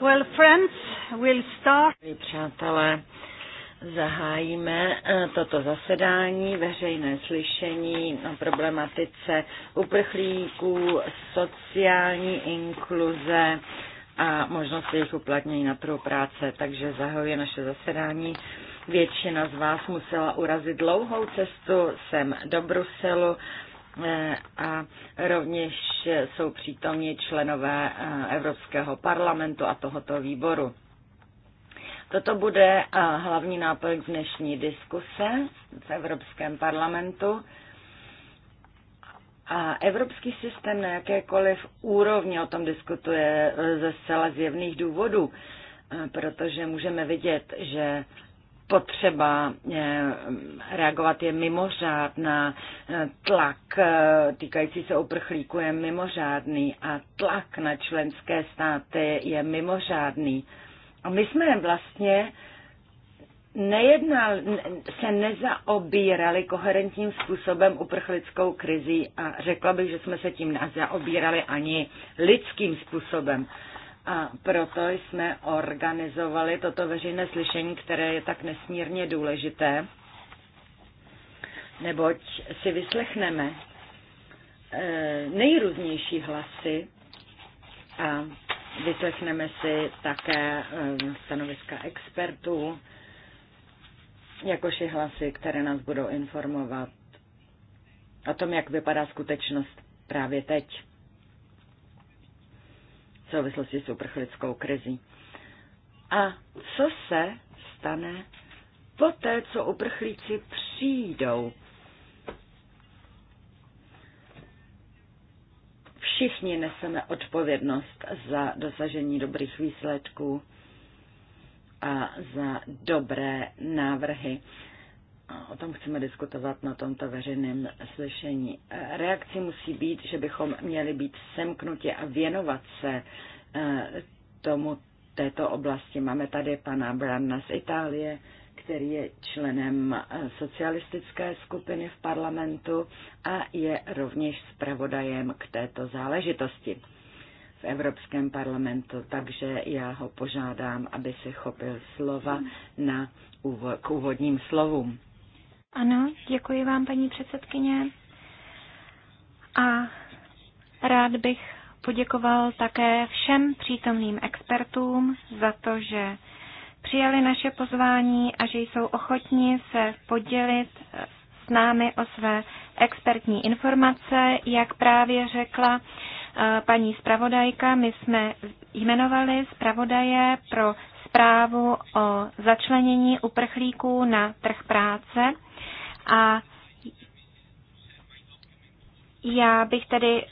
Well, friends, we'll start. Přátelé, zahájíme eh, toto zasedání, veřejné slyšení o problematice uprchlíků, sociální inkluze a možnost jejich uplatnění na trhu práce. Takže zahajuje naše zasedání. Většina z vás musela urazit dlouhou cestu sem do Bruselu Eh, a rovněž jsou přítomni členové eh, Evropského parlamentu a tohoto výboru. Toto bude eh, hlavní náplň dnešní diskuse v Evropském parlamentu. A evropský systém na jakékoliv úrovni o tom diskutuje ze zcela zjevných důvodů, protože můžeme vidět, že potřeba eh, reagovat je mimořádná, tlak eh, týkající se uprchlíků je mimořádný a tlak na členské státy je mimořádný. A my jsme vlastně nejednal, se nezaobírali koherentním způsobem uprchlickou krizí a řekla bych, že jsme se tím nezaobírali ani lidským způsobem. A proto jsme organizovali toto veřejné slyšení, které je tak nesmírně důležité, neboť si vyslechneme eh, nejrůznější hlasy a vyslechneme si také eh, stanoviska expertů, jakož i hlasy, které nás budou informovat o tom, jak vypadá skutečnost právě teď v souvislosti s uprchlickou krizí. A co se stane poté, co uprchlíci přijdou? Všichni neseme odpovědnost za dosažení dobrých výsledků a za dobré návrhy o tom chceme diskutovat na tomto veřejném slyšení. Reakcí musí být, že bychom měli být semknutě a věnovat se e, tomu této oblasti. Máme tady pana Branna z Itálie, který je členem e, socialistické skupiny v parlamentu a je rovněž zpravodajem k této záležitosti v Evropském parlamentu, takže já ho požádám, aby se chopil slova na úvo- k úvodním slovům. Ano, děkuji vám, paní předsedkyně. A rád bych poděkoval také všem přítomným expertům za to, že přijali naše pozvání a že jsou ochotní se podělit s námi o své expertní informace. Jak právě řekla eh, paní zpravodajka, my jsme jmenovali zpravodaje pro zprávu o začlenění uprchlíků na trh práce. A já bych tedy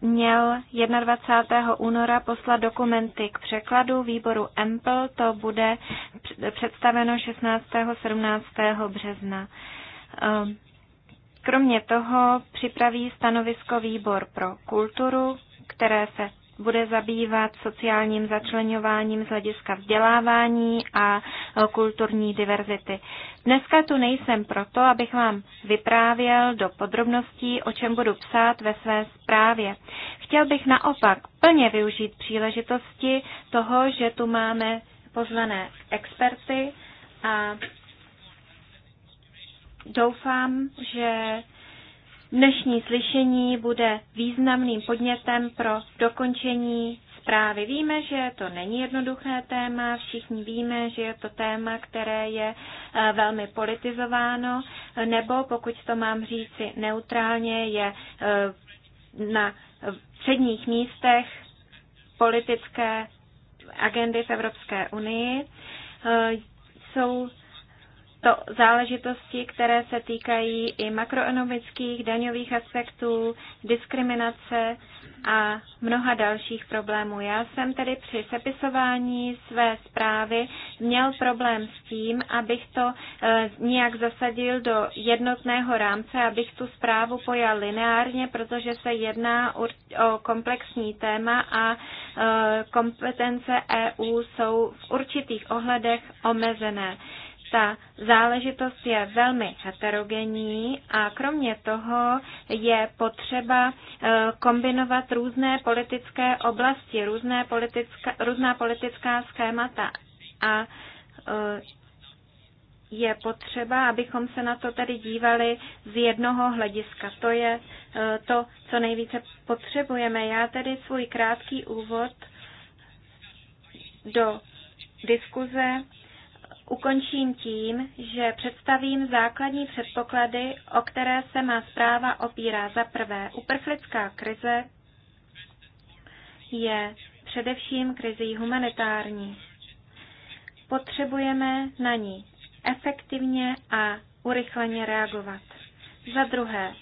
uh, měl 21. února poslat dokumenty k překladu výboru EMPL, to bude představeno 16. 17. března. Uh, kromě toho připraví stanovisko výbor pro kulturu, které se bude zabývat sociálním začlenováním z hlediska vzdělávání a e, kulturní diverzity. Dneska tu nejsem proto, abych vám vyprávěl do podrobností, o čem budu psát ve své zprávě. Chtěl bych naopak plně využít příležitosti toho, že tu máme pozvané experty a doufám, že Dnešní slyšení bude významným podnětem pro dokončení zprávy. Víme, že to není jednoduché téma, všichni víme, že je to téma, které je eh, velmi politizováno, nebo pokud to mám říci neutrálně, je eh, na předních místech politické agendy v Evropské unii. Eh, jsou to záležitosti, které se týkají i makroekonomických, daňových aspektů, diskriminace a mnoha dalších problémů. Já jsem tedy při sepisování své zprávy měl problém s tím, abych to e, nějak zasadil do jednotného rámce, abych tu zprávu pojal lineárně, protože se jedná o, o komplexní téma a eh, e, kompetence EU jsou v určitých ohledech omezené. E, ta záležitost je velmi heterogenní a kromě toho je potřeba eh, kombinovat různé politické oblasti, různé politická, různá politická schémata a eh, je potřeba, abychom se na to tedy dívali z jednoho hlediska. To je eh, to, co nejvíce potřebujeme. Já tedy svůj krátký úvod do diskuze ukončím tím, že představím základní předpoklady, o které se má zpráva opírá. Za prvé, uprchlická krize je především krizí humanitární. Potřebujeme na ní efektivně a urychleně reagovat. Za druhé,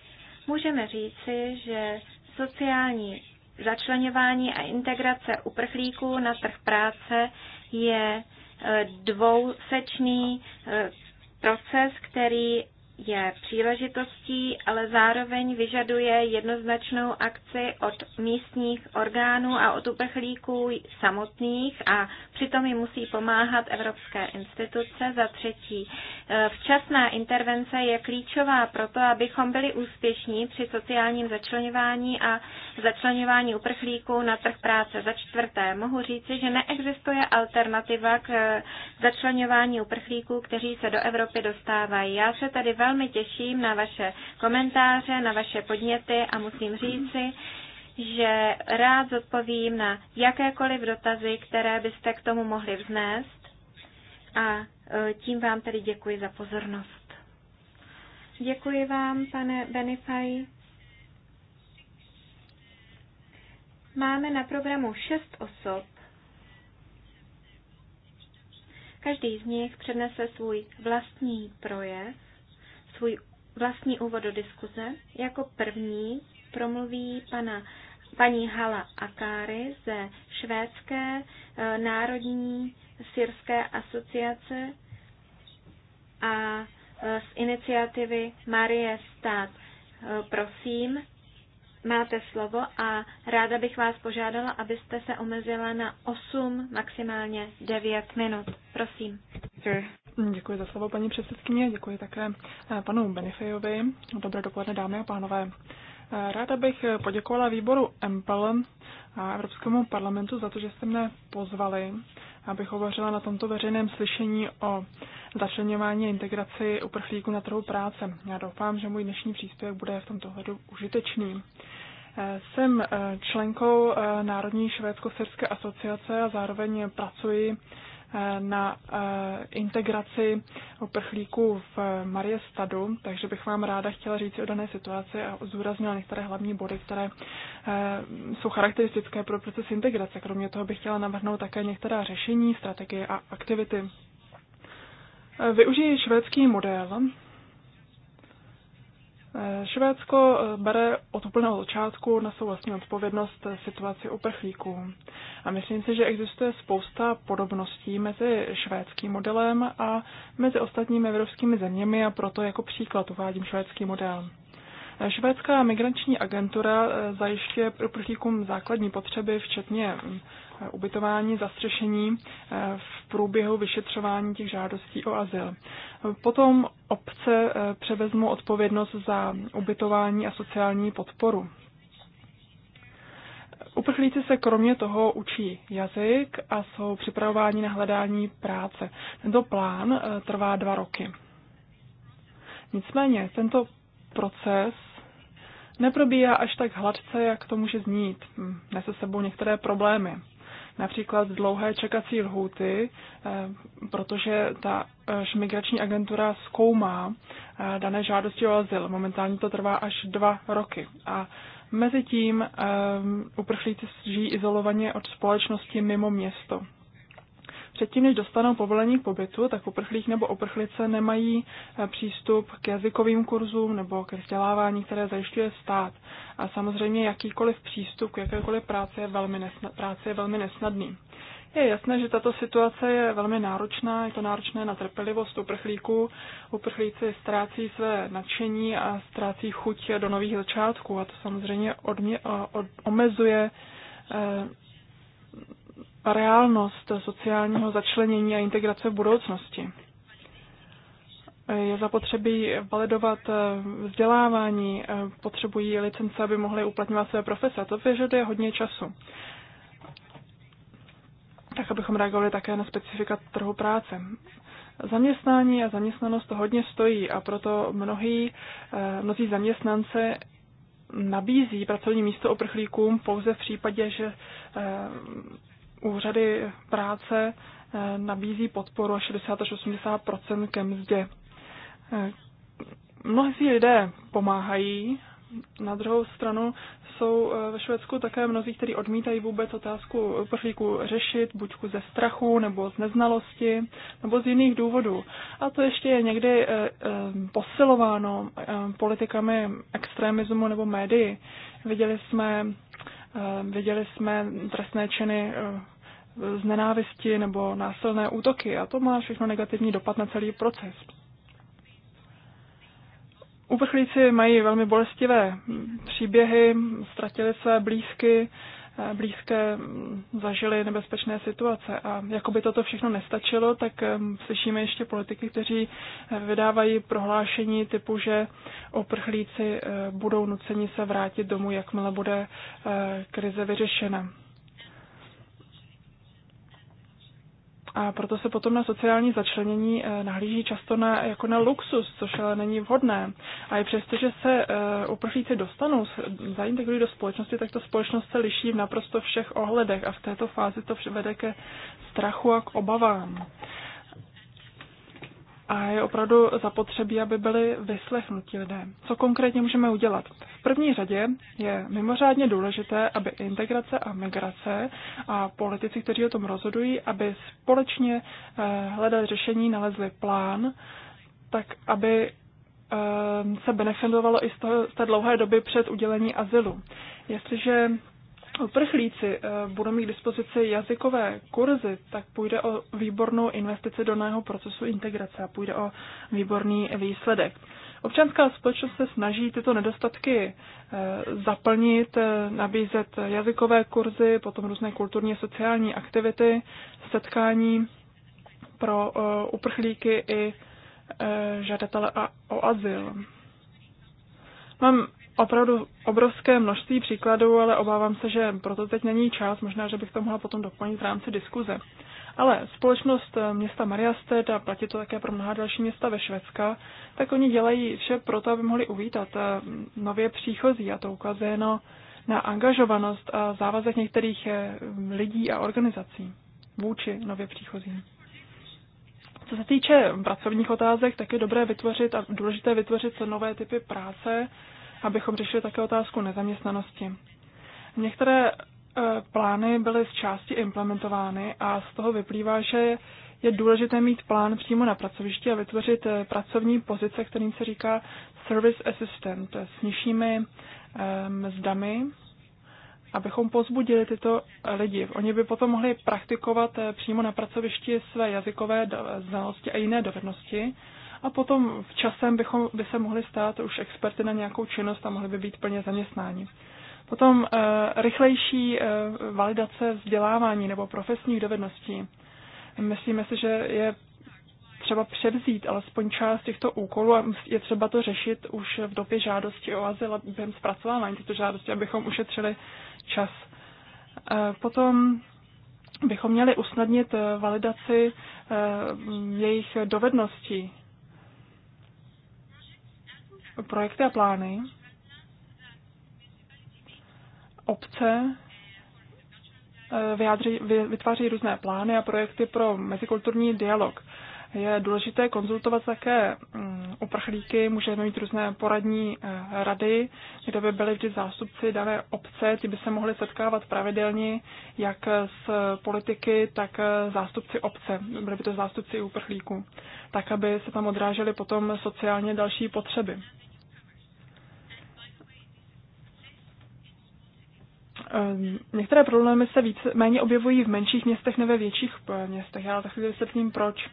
můžeme říci, že sociální začlenování a integrace uprchlíků na trh práce je dvousečný eh, proces, který je příležitostí, ale zároveň vyžaduje jednoznačnou akci od místních orgánů a od uprchlíků samotných a přitom jim musí pomáhat evropské instituce. Za třetí, eh, včasná intervence je klíčová proto, abychom byli úspěšní při sociálním začlenování a začlenování uprchlíků na trh práce. Za čtvrté, mohu říci, že neexistuje alternativa k eh, začlenování uprchlíků, kteří se do Evropy dostávají. Já se tady velmi velmi těším na vaše komentáře, na vaše podněty a musím říci, že rád zodpovím na jakékoliv dotazy, které byste k tomu mohli vznést. A e, tím vám tedy děkuji za pozornost. Děkuji vám, pane Benifaj. Máme na programu šest osob. Každý z nich přednese svůj vlastní projev svůj vlastní úvod do diskuze. Jako první promluví pana, paní Hala Akary ze Švédské eh, národní syrské asociace a eh, z iniciativy Marie Stát. Eh, prosím, máte slovo a ráda bych vás požádala, abyste se omezila na 8, maximálně 9 minut. Prosím. Děkuji za slovo, paní předsedkyně. Děkuji také eh, panu Benifejovi. Dobré dopoledne, dámy a pánové. Eh, ráda bych poděkovala výboru EMPL a Evropskému parlamentu za to, že jste mne pozvali, abych hovořila na tomto veřejném slyšení o začlenování a integraci uprchlíků na trhu práce. Já doufám, že můj dnešní příspěvek bude v tomto hledu užitečný. Eh, jsem členkou Národní švédsko-syrské asociace a zároveň pracuji Eh, na eh, integraci uprchlíků v Marie Stadu, takže bych vám ráda chtěla říct o dané situaci a zúraznila některé hlavní body, které eh, jsou charakteristické pro proces integrace. Kromě toho bych chtěla navrhnout také některá řešení, strategie a aktivity. Využijí švédský model, Švédsko eh, bere od úplného začátku na svou vlastní odpovědnost situaci uprchlíků. A myslím si, že existuje spousta podobností mezi švédským modelem a mezi ostatními evropskými zeměmi a proto jako příklad uvádím švédský model. Švédská migrační agentura eh, zajišťuje uprchlíkům základní potřeby, včetně eh, ubytování, zastřešení eh, v průběhu vyšetřování těch žádostí o azyl. Potom obce převezmu odpovědnost za ubytování a sociální podporu. Uprchlíci se kromě toho učí jazyk a jsou připravováni na hledání práce. Tento plán trvá dva roky. Nicméně tento proces neprobíhá až tak hladce, jak to může znít. Hm, nese sebou některé problémy. Například dlouhé čekací lhůty, eh, protože ta eh, migrační agentura zkoumá eh, dané žádosti o azyl. Momentálně to trvá až dva roky. A mezi tím uprchlíci žijí izolovaně od společnosti mimo město. Předtím, než dostanou povolení k pobytu, tak uprchlík nebo uprchlice nemají e, přístup k jazykovým kurzům nebo ke vzdělávání, které zajišťuje stát. A samozřejmě jakýkoliv přístup k jakékoliv práci je velmi, nesna- práci je velmi nesnadný. Je jasné, že tato situace je velmi náročná, je to náročné na trpělivost uprchlíků. Uprchlíci ztrácí své nadšení a ztrácí chuť do nových začátků a to samozřejmě odmě- od- omezuje e, reálnost sociálního začlenění a integrace v budoucnosti. Je zapotřebí validovat eh, vzdělávání, eh, potřebují licence, aby mohli uplatňovat své profese. To vyžaduje hodně času. Tak, abychom reagovali také na specifika trhu práce. Zaměstnání a zaměstnanost to hodně stojí a proto mnohí, eh, mnozí zaměstnance nabízí pracovní místo oprchlíkům pouze v případě, že úřady práce eh, nabízí podporu až 60 až 80 ke mzdě. Eh, mnozí lidé pomáhají, na druhou stranu jsou eh, ve Švédsku také mnozí, kteří odmítají vůbec otázku uprchlíků řešit, buď ze strachu, nebo z neznalosti, nebo z jiných důvodů. A to ještě je někdy posilováno politikami extremismu nebo médií. Viděli jsme, viděli jsme trestné činy z nenávisti nebo násilné útoky a to má všechno negativní dopad na celý proces. Uprchlíci mají velmi bolestivé příběhy, ztratili své blízky, blízké zažili nebezpečné situace. A jako by toto všechno nestačilo, tak slyšíme ještě politiky, kteří eh, vydávají prohlášení typu, že oprchlíci eh, budou nuceni se vrátit domů, jakmile bude eh, krize vyřešena. a proto se potom na sociální začlenění eh, nahlíží často na, jako na luxus, což ale není vhodné. A i přesto, že se eh, uprchlíci dostanou, zaintegrují do společnosti, tak ta společnost se liší v naprosto všech ohledech a v této fázi to vede ke strachu a k obavám a je opravdu zapotřebí, aby byli vyslechnutí lidé. Co konkrétně můžeme udělat? V první řadě je mimořádně důležité, aby integrace a migrace a politici, kteří o tom rozhodují, aby společně eh, hledali řešení, nalezli plán, tak aby eh, se benefitovalo i z, toho, z té dlouhé doby před udělení azylu. Jestliže uprchlíci eh, budou mít k dispozici jazykové kurzy, tak půjde o výbornou investici do nového procesu integrace a půjde o výborný výsledek. Občanská společnost se snaží tyto nedostatky eh, zaplnit, eh, nabízet jazykové kurzy, potom různé kulturní a sociální aktivity, setkání pro uprchlíky i žadatele o azyl. Mám opravdu obrovské množství příkladů, ale obávám se, že proto teď není čas, možná, že bych to mohla potom doplnit v rámci diskuze. Ale společnost eh, města Mariasted a platí to také pro mnoha další města ve Švédska, tak oni dělají vše pro to, aby mohli uvítat eh, nově příchozí a to ukazuje no, na angažovanost a závazek některých eh, lidí a organizací vůči nově příchozím. Co se týče pracovních otázek, tak je dobré vytvořit a důležité vytvořit nové typy práce, abychom řešili také otázku nezaměstnanosti. Některé e, plány byly z části implementovány a z toho vyplývá, že je důležité mít plán přímo na pracovišti a vytvořit e, pracovní pozice, kterým se říká service assistant, e, s nižšími mzdami, abychom pozbudili tyto lidi. Oni by potom mohli praktikovat přímo na pracovišti své jazykové znalosti a jiné dovednosti a potom v časem bychom, by se mohli stát už experty na nějakou činnost a mohli by být plně zaměstnáni. Potom e, rychlejší e, validace vzdělávání nebo profesních dovedností. Myslíme si, že je třeba převzít alespoň část těchto úkolů a je třeba to řešit už v době žádosti o azyl během zpracování těchto žádostí, abychom ušetřili čas. Eh, potom bychom měli usnadnit validaci jejich dovedností projekty a plány. Obce eh, vyjádří, vytváří různé plány a projekty pro mezikulturní dialog. Je důležité konzultovat také mm, uprchlíky, můžeme mít různé poradní eh, rady, kde by byli vždy zástupci dané obce, ti by se mohli setkávat pravidelně jak s politiky, tak eh, zástupci obce, byly by to zástupci uprchlíků, tak aby se tam odrážely potom sociálně další potřeby. Ehm, některé problémy se víc méně objevují v menších městech nebo ve větších eh, městech. Já za chvíli vysvětlím proč.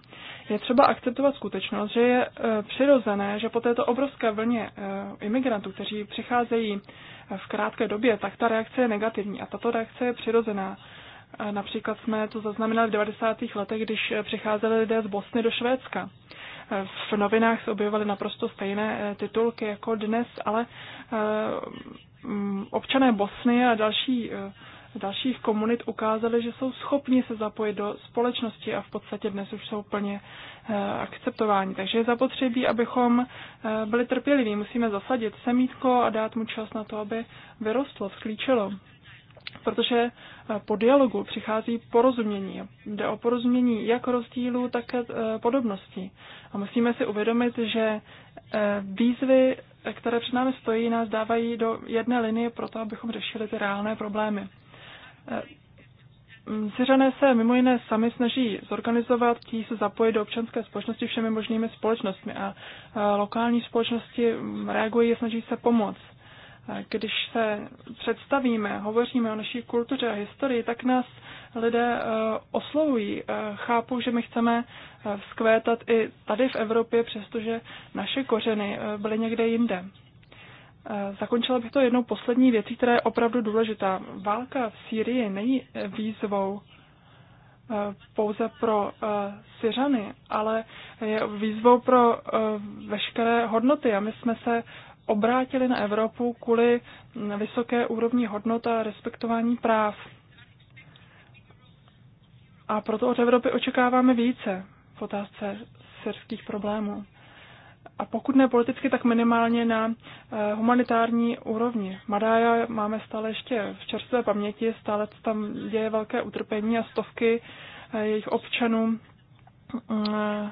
Je třeba akceptovat skutečnost, že je eh, přirozené, že po této obrovské vlně eh, imigrantů, kteří přicházejí v krátké době, tak ta reakce je negativní a tato reakce je přirozená. Například jsme to zaznamenali v 90. letech, když přicházeli lidé z Bosny do Švédska. V novinách se objevovaly naprosto stejné titulky jako dnes, ale Mm, občané Bosny a další, eh, dalších komunit ukázali, že jsou schopni se zapojit do společnosti a v podstatě dnes už jsou plně eh, akceptováni. Takže je zapotřebí, abychom eh, byli trpěliví. Musíme zasadit semítko a dát mu čas na to, aby vyrostlo, sklíčilo. Protože po dialogu přichází porozumění. Jde o porozumění jak rozdílů, tak podobností. A musíme si uvědomit, že výzvy které před námi stojí, nás dávají do jedné linie pro to, abychom řešili ty reálné problémy. Eh, mm, Syřané se mimo jiné sami snaží zorganizovat, ti se zapojit do občanské společnosti všemi možnými společnostmi a eh, lokální společnosti mm, reagují a snaží se pomoct. Když se představíme, hovoříme o naší kultuře a historii, tak nás lidé eh, oslovují. Eh, chápu, že my chceme eh, vzkvétat i tady v Evropě, přestože naše kořeny byly někde jinde. Zakončila bych to jednou poslední věcí, která je opravdu důležitá. Válka v Sýrii není výzvou pouze pro Syřany, ale je výzvou pro veškeré hodnoty. A my jsme se obrátili na Evropu kvůli vysoké úrovni hodnot a respektování práv. A proto od Evropy očekáváme více v otázce syrských problémů. A pokud ne politicky, tak minimálně na eh, humanitární úrovni. Madája máme stále ještě v čerstvé paměti, stále tam děje velké utrpení a stovky eh, jejich občanů eh,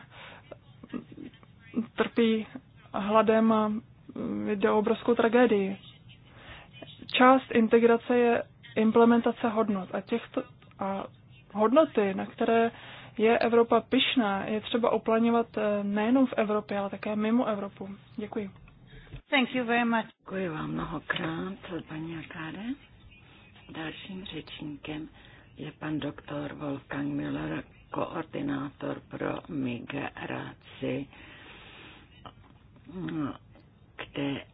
trpí hladem a jde o obrovskou tragédii. Část integrace je implementace hodnot a, těchto, a hodnoty, na které je Evropa pyšná, je třeba uplaňovat eh, nejenom v Evropě, ale také mimo Evropu. Děkuji. Thank you very much. Děkuji vám mnohokrát, paní Akáde. Dalším řečníkem je pan doktor Wolfgang Müller, koordinátor pro migraci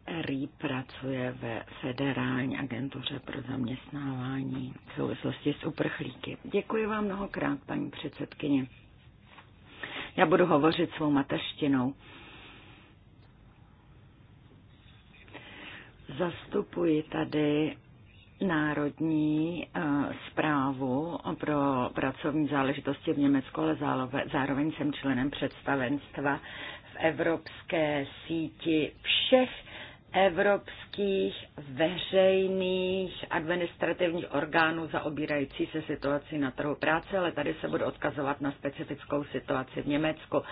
který pracuje ve Federální agentuře pro zaměstnávání v souvislosti s uprchlíky. Děkuji vám mnohokrát, paní předsedkyně. Já budu hovořit svou Mateštinou. Zastupuji tady národní eh, zprávu pro pracovní záležitosti v Německu, ale zároveň jsem členem představenstva evropské síti všech evropských veřejných administrativních orgánů zaobírající se situací na trhu práce, ale tady se budu odkazovat na specifickou situaci v Německu.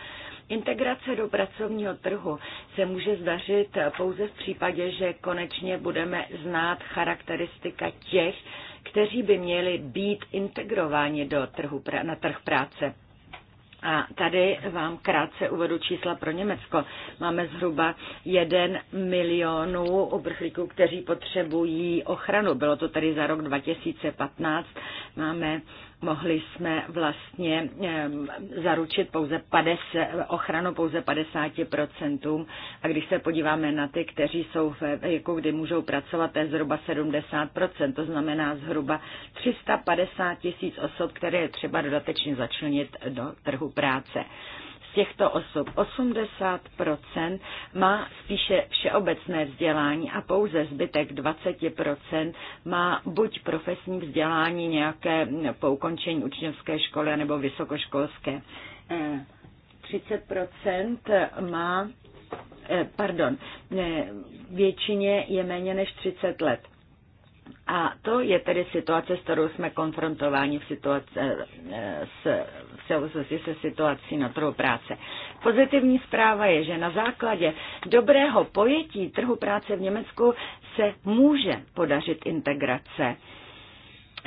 Integrace do pracovního trhu se může zdařit pouze v případě, že konečně budeme znát charakteristika těch, kteří by měli být integrováni do trhu, na trh práce. A tady vám krátce uvedu čísla pro Německo. Máme zhruba 1 milionů uprchlíků, kteří potřebují ochranu. Bylo to tady za rok 2015. Máme mohli jsme vlastně zaručit pouze 50, ochranu pouze 50%. A když se podíváme na ty, kteří jsou v věku, kdy můžou pracovat, to je zhruba 70%, to znamená zhruba 350 tisíc osob, které je třeba dodatečně začlenit do trhu práce těchto osob 80 má spíše všeobecné vzdělání a pouze zbytek 20 má buď profesní vzdělání nějaké po ukončení učňovské školy nebo vysokoškolské. 30 eh, má, eh, pardon, většině je méně než 30 let. A to je tedy situace, s kterou jsme konfrontováni v, situace, eh, s, v souvislosti se situací na trhu práce. Pozitivní zpráva je, že na základě dobrého pojetí trhu práce v Německu se může podařit integrace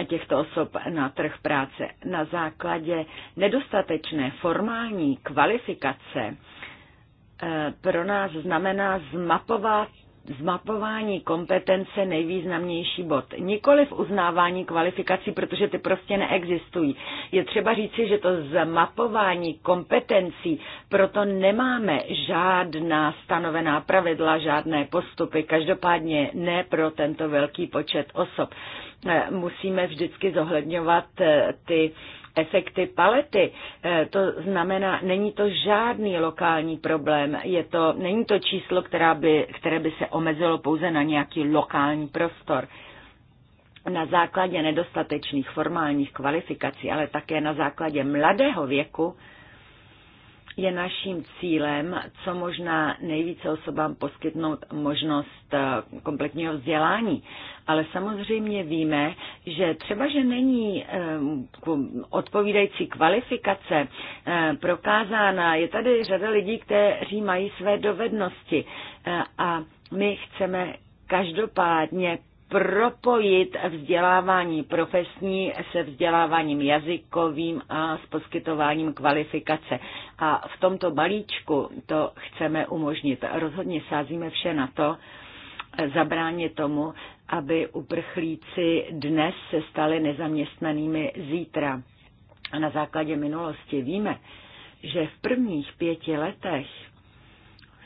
těchto osob na trh práce. Na základě nedostatečné formální kvalifikace eh, pro nás znamená zmapovat zmapování kompetence nejvýznamnější bod. Nikoli v uznávání kvalifikací, protože ty prostě neexistují. Je třeba říci, že to zmapování kompetencí, proto nemáme žádná stanovená pravidla, žádné postupy, každopádně ne pro tento velký počet osob. Eh, musíme vždycky zohledňovat eh, ty efekty palety. Eh, to znamená, není to žádný lokální problém, je to, není to číslo, která by, které by se omezilo pouze na nějaký lokální prostor. Na základě nedostatečných formálních kvalifikací, ale také na základě mladého věku, je naším cílem co možná nejvíce osobám poskytnout možnost eh, kompletního vzdělání. Ale samozřejmě víme, že třeba, že není eh, odpovídající kvalifikace eh, prokázána, je tady řada lidí, kteří mají své dovednosti a my chceme každopádně propojit vzdělávání profesní se vzděláváním jazykovým a s poskytováním kvalifikace. A v tomto balíčku to chceme umožnit. Rozhodně sázíme vše na to, zabráně tomu, aby uprchlíci dnes se stali nezaměstnanými zítra. A na základě minulosti víme, že v prvních pěti letech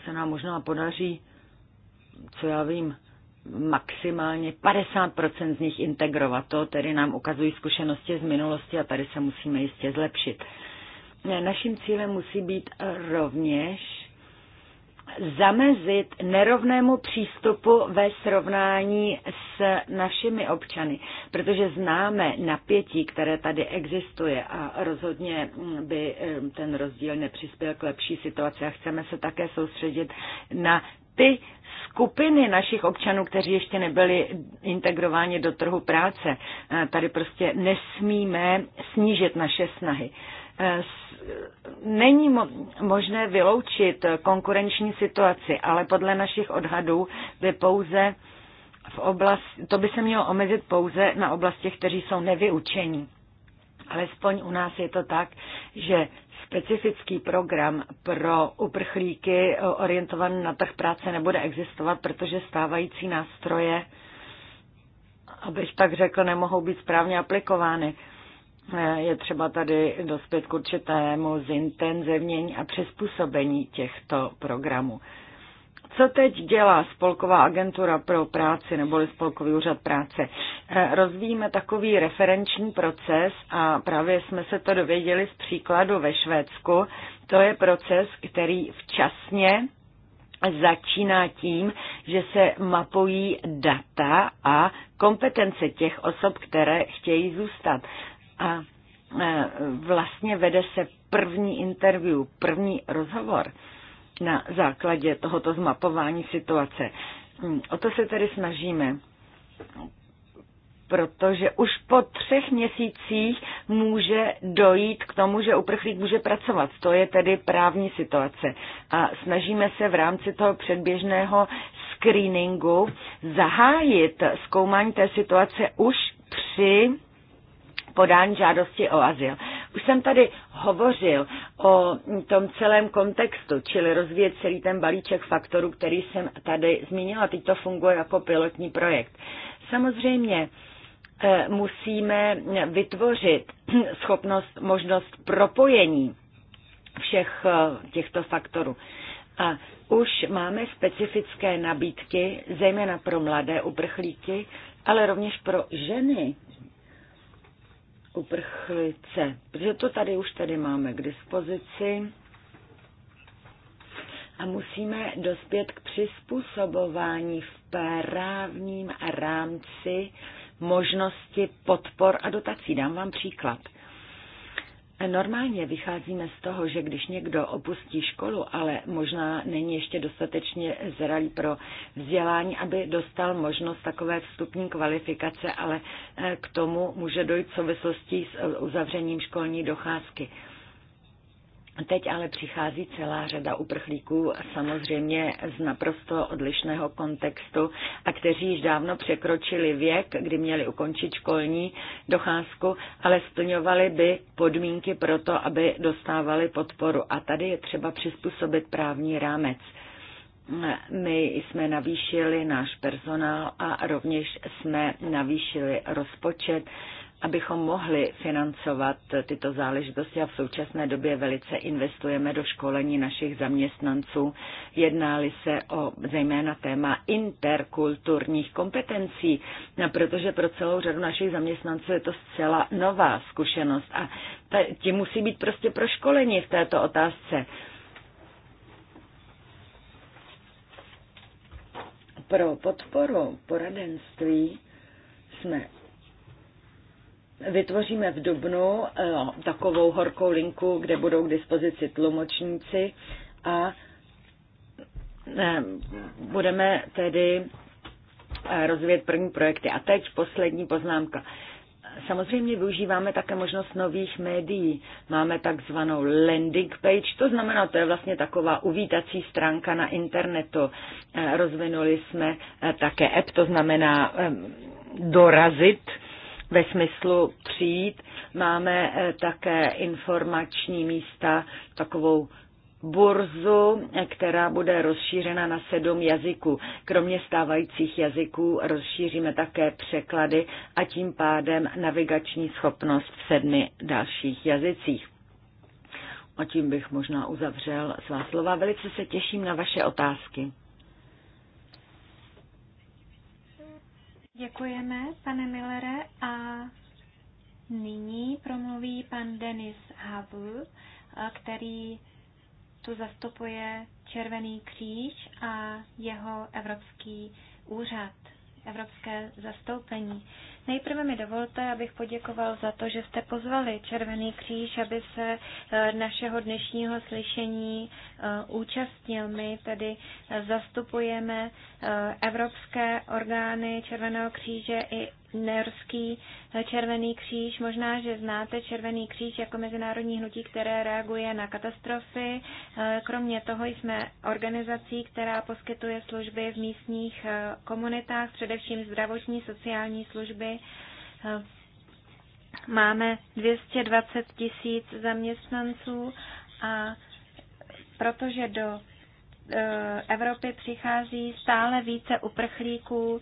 se nám možná podaří, co já vím, maximálně 50% z nich integrovat. To tedy nám ukazují zkušenosti z minulosti a tady se musíme jistě zlepšit. Naším cílem musí být rovněž zamezit nerovnému přístupu ve srovnání s našimi občany, protože známe napětí, které tady existuje a rozhodně by eh, ten rozdíl nepřispěl k lepší situaci a chceme se také soustředit na ty skupiny našich občanů, kteří ještě nebyli integrováni do trhu práce. Eh, tady prostě nesmíme snížit naše snahy. Eh, není možné vyloučit konkurenční situaci, ale podle našich odhadů by pouze v oblast, to by se mělo omezit pouze na oblastech, kteří jsou nevyučení. Alespoň u nás je to tak, že specifický program pro uprchlíky orientovaný na trh práce nebude existovat, protože stávající nástroje, abych tak řekl, nemohou být správně aplikovány. Eh, je třeba tady dospět k určitému zintenzivnění a přizpůsobení těchto programů. Co teď dělá Spolková agentura pro práci neboli Spolkový úřad práce? Eh, rozvíjíme takový referenční proces a právě jsme se to dověděli z příkladu ve Švédsku. To je proces, který včasně začíná tím, že se mapují data a kompetence těch osob, které chtějí zůstat. A eh, vlastně vede se první interview, první rozhovor na základě tohoto zmapování situace. Hmm, o to se tedy snažíme protože už po třech měsících může dojít k tomu, že uprchlík může pracovat. To je tedy právní situace. A snažíme se v rámci toho předběžného screeningu zahájit zkoumání té situace už při podání žádosti o azyl. Už jsem tady hovořil o tom celém kontextu, čili rozvíjet celý ten balíček faktorů, který jsem tady zmínila. Teď to funguje jako pilotní projekt. Samozřejmě eh, musíme vytvořit schopnost, možnost propojení všech eh, těchto faktorů. A už máme specifické nabídky, zejména pro mladé uprchlíky, ale rovněž pro ženy, uprchlice, protože to tady už tady máme k dispozici a musíme dospět k přizpůsobování v právním rámci možnosti podpor a dotací. Dám vám příklad. Normálně vycházíme z toho, že když někdo opustí školu, ale možná není ještě dostatečně zralý pro vzdělání, aby dostal možnost takové vstupní kvalifikace, ale eh, k tomu může dojít v souvislosti s eh, uzavřením školní docházky. Teď ale přichází celá řada uprchlíků samozřejmě z naprosto odlišného kontextu a kteří již dávno překročili věk, kdy měli ukončit školní docházku, ale splňovali by podmínky pro to, aby dostávali podporu. A tady je třeba přizpůsobit právní rámec. My jsme navýšili náš personál a rovněž jsme navýšili rozpočet abychom mohli financovat tyto záležitosti a v současné době velice investujeme do školení našich zaměstnanců. Jednáli se o zejména téma interkulturních kompetencí, no, protože pro celou řadu našich zaměstnanců je to zcela nová zkušenost a ti musí být prostě proškoleni v této otázce. Pro podporu poradenství jsme vytvoříme v Dubnu eh, takovou horkou linku, kde budou k dispozici tlumočníci a eh, budeme tedy eh, rozvíjet první projekty. A teď poslední poznámka. Samozřejmě využíváme také možnost nových médií. Máme takzvanou landing page, to znamená, to je vlastně taková uvítací stránka na internetu. Rozvinuli jsme také app, to znamená dorazit ve smyslu přijít. Máme eh, také informační místa, takovou burzu, eh, která bude rozšířena na sedm jazyků. Kromě stávajících jazyků rozšíříme také překlady a tím pádem navigační schopnost v sedmi dalších jazycích. A tím bych možná uzavřel svá slova. Velice se těším na vaše otázky. Děkujeme, pane Millere. A nyní promluví pan Denis Havl, eh, který tu zastupuje Červený kříž a jeho Evropský úřad, Evropské zastoupení. Nejprve mi dovolte, abych poděkoval za to, že jste pozvali Červený kříž, aby se eh, našeho dnešního slyšení eh, účastnil. My tedy eh, zastupujeme evropské orgány Červeného kříže i Nerský eh, Červený kříž. Možná, že znáte Červený kříž jako mezinárodní hnutí, které reaguje na katastrofy. Eh, kromě toho jsme organizací, která poskytuje služby v místních eh, komunitách, především zdravotní, sociální služby. Máme 220 tisíc zaměstnanců a protože do Evropy přichází stále více uprchlíků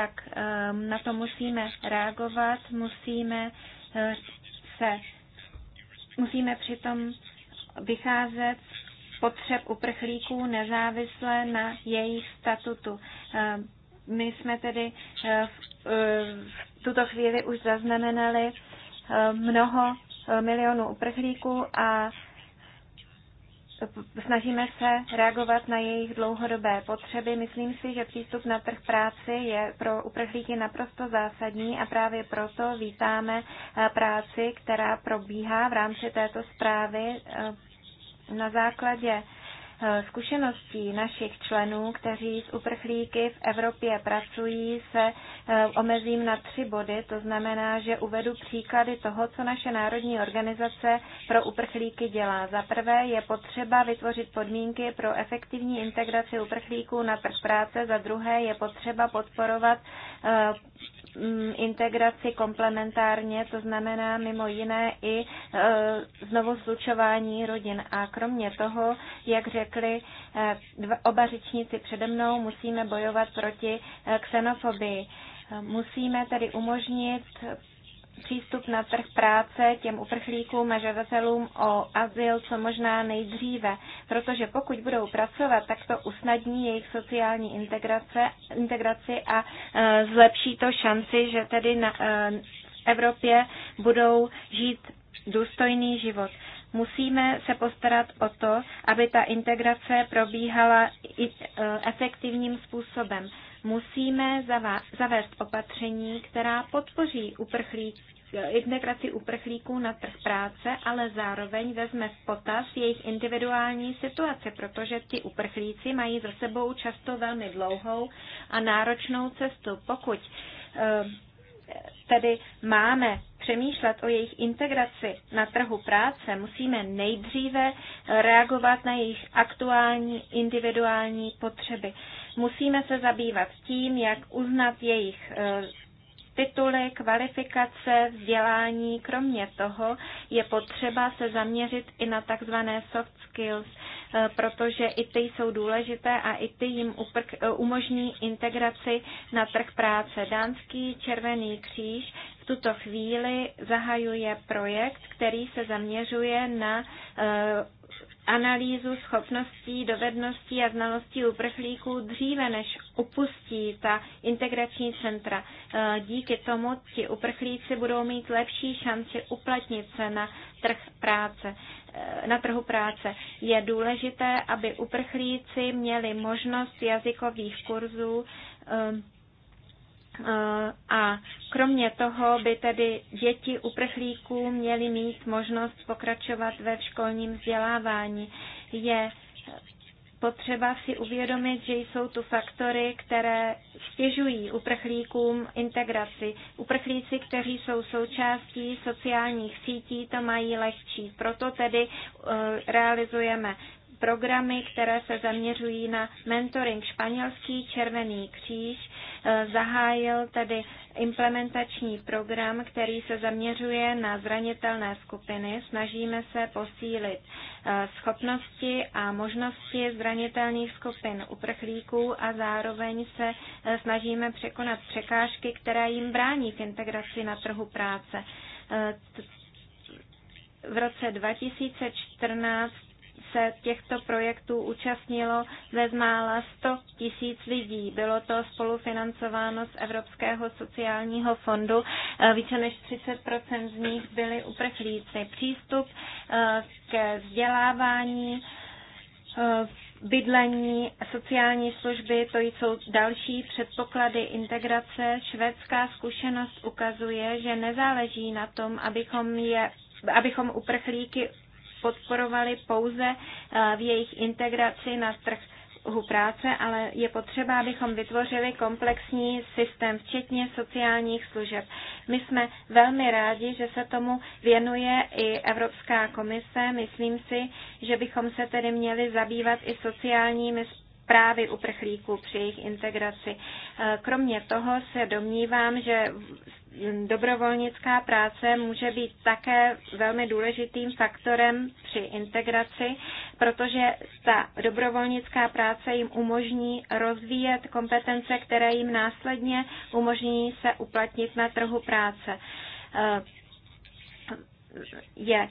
tak ehm, na to musíme reagovat, musíme eh, se, musíme přitom vycházet z potřeb uprchlíků nezávisle na jejich statutu. Ehm, my jsme tedy eh, eh, v tuto chvíli už zaznamenali mnoho milionů uprchlíků a Snažíme se reagovat na jejich dlouhodobé potřeby. Myslím si, že přístup na trh práce je pro uprchlíky naprosto zásadní a právě proto vítáme eh, práci, která probíhá v rámci této zprávy eh, na základě Eh, zkušeností našich členů, kteří s uprchlíky v Evropě pracují, se eh, omezím na tři body. To znamená, že uvedu příklady toho, co naše národní organizace pro uprchlíky dělá. Za prvé je potřeba vytvořit podmínky pro efektivní integraci uprchlíků na trh práce. Za druhé je potřeba podporovat eh, Mm, integraci komplementárně, to znamená mimo jiné i e, znovu slučování rodin. A kromě toho, jak řekli e, oba řečníci přede mnou, musíme bojovat proti e, xenofobii. Musíme tedy umožnit přístup na trh práce těm uprchlíkům a žadatelům o azyl co možná nejdříve, protože pokud budou pracovat, tak to usnadní jejich sociální integrace, integraci a e, zlepší to šanci, že tedy na, e, v Evropě budou žít důstojný život. Musíme se postarat o to, aby ta integrace probíhala e, efektivním způsobem. Musíme zavést opatření, která podpoří integraci uprchlíků na trh práce, ale zároveň vezme v potaz jejich individuální situace, protože ti uprchlíci mají za sebou často velmi dlouhou a náročnou cestu. Pokud eh, tedy máme přemýšlet o jejich integraci na trhu práce, musíme nejdříve reagovat na jejich aktuální individuální potřeby. Musíme se zabývat tím, jak uznat jejich eh, tituly, kvalifikace, vzdělání. Kromě toho je potřeba se zaměřit i na takzvané soft skills, eh, protože i ty jsou důležité a i ty jim eh, umožní integraci na trh práce. Dánský Červený kříž v tuto chvíli zahajuje projekt, který se zaměřuje na analýzu schopností, dovedností a znalostí uprchlíků dříve, než opustí ta integrační centra. Eh, díky tomu ti uprchlíci budou mít lepší šanci uplatnit se na trh práce. Eh, na trhu práce je důležité, aby uprchlíci měli možnost jazykových kurzů, eh, Eh, a kromě toho by tedy děti uprchlíků měly mít možnost pokračovat ve školním vzdělávání. Je potřeba si uvědomit, že jsou tu faktory, které stěžují uprchlíkům integraci. Uprchlíci, kteří jsou součástí sociálních sítí, to mají lehčí. Proto tedy eh, realizujeme programy, které se zaměřují na mentoring. Španělský Červený kříž eh, zahájil tedy implementační program, který se zaměřuje na zranitelné skupiny. Snažíme se posílit eh, schopnosti a možnosti zranitelných skupin uprchlíků a zároveň se eh, snažíme překonat překážky, které jim brání k integraci na trhu práce v roce 2014 se těchto projektů účastnilo bezmála 100 tisíc lidí. Bylo to spolufinancováno z Evropského sociálního fondu. E, více než 30 z nich byli uprchlíci. Přístup e, ke vzdělávání e, bydlení, sociální služby, to jsou další předpoklady integrace. Švédská zkušenost ukazuje, že nezáleží na tom, abychom je abychom uprchlíky podporovali pouze eh, v jejich integraci na trh práce, ale je potřeba, abychom vytvořili komplexní systém, včetně sociálních služeb. My jsme velmi rádi, že se tomu věnuje i Evropská komise. Myslím si, že bychom se tedy měli zabývat i sociálními právy uprchlíků při jejich integraci. Eh, kromě toho se domnívám, že dobrovolnická práce může být také velmi důležitým faktorem při integraci, protože ta dobrovolnická práce jim umožní rozvíjet kompetence, které jim následně umožní se uplatnit na trhu práce. Eh, je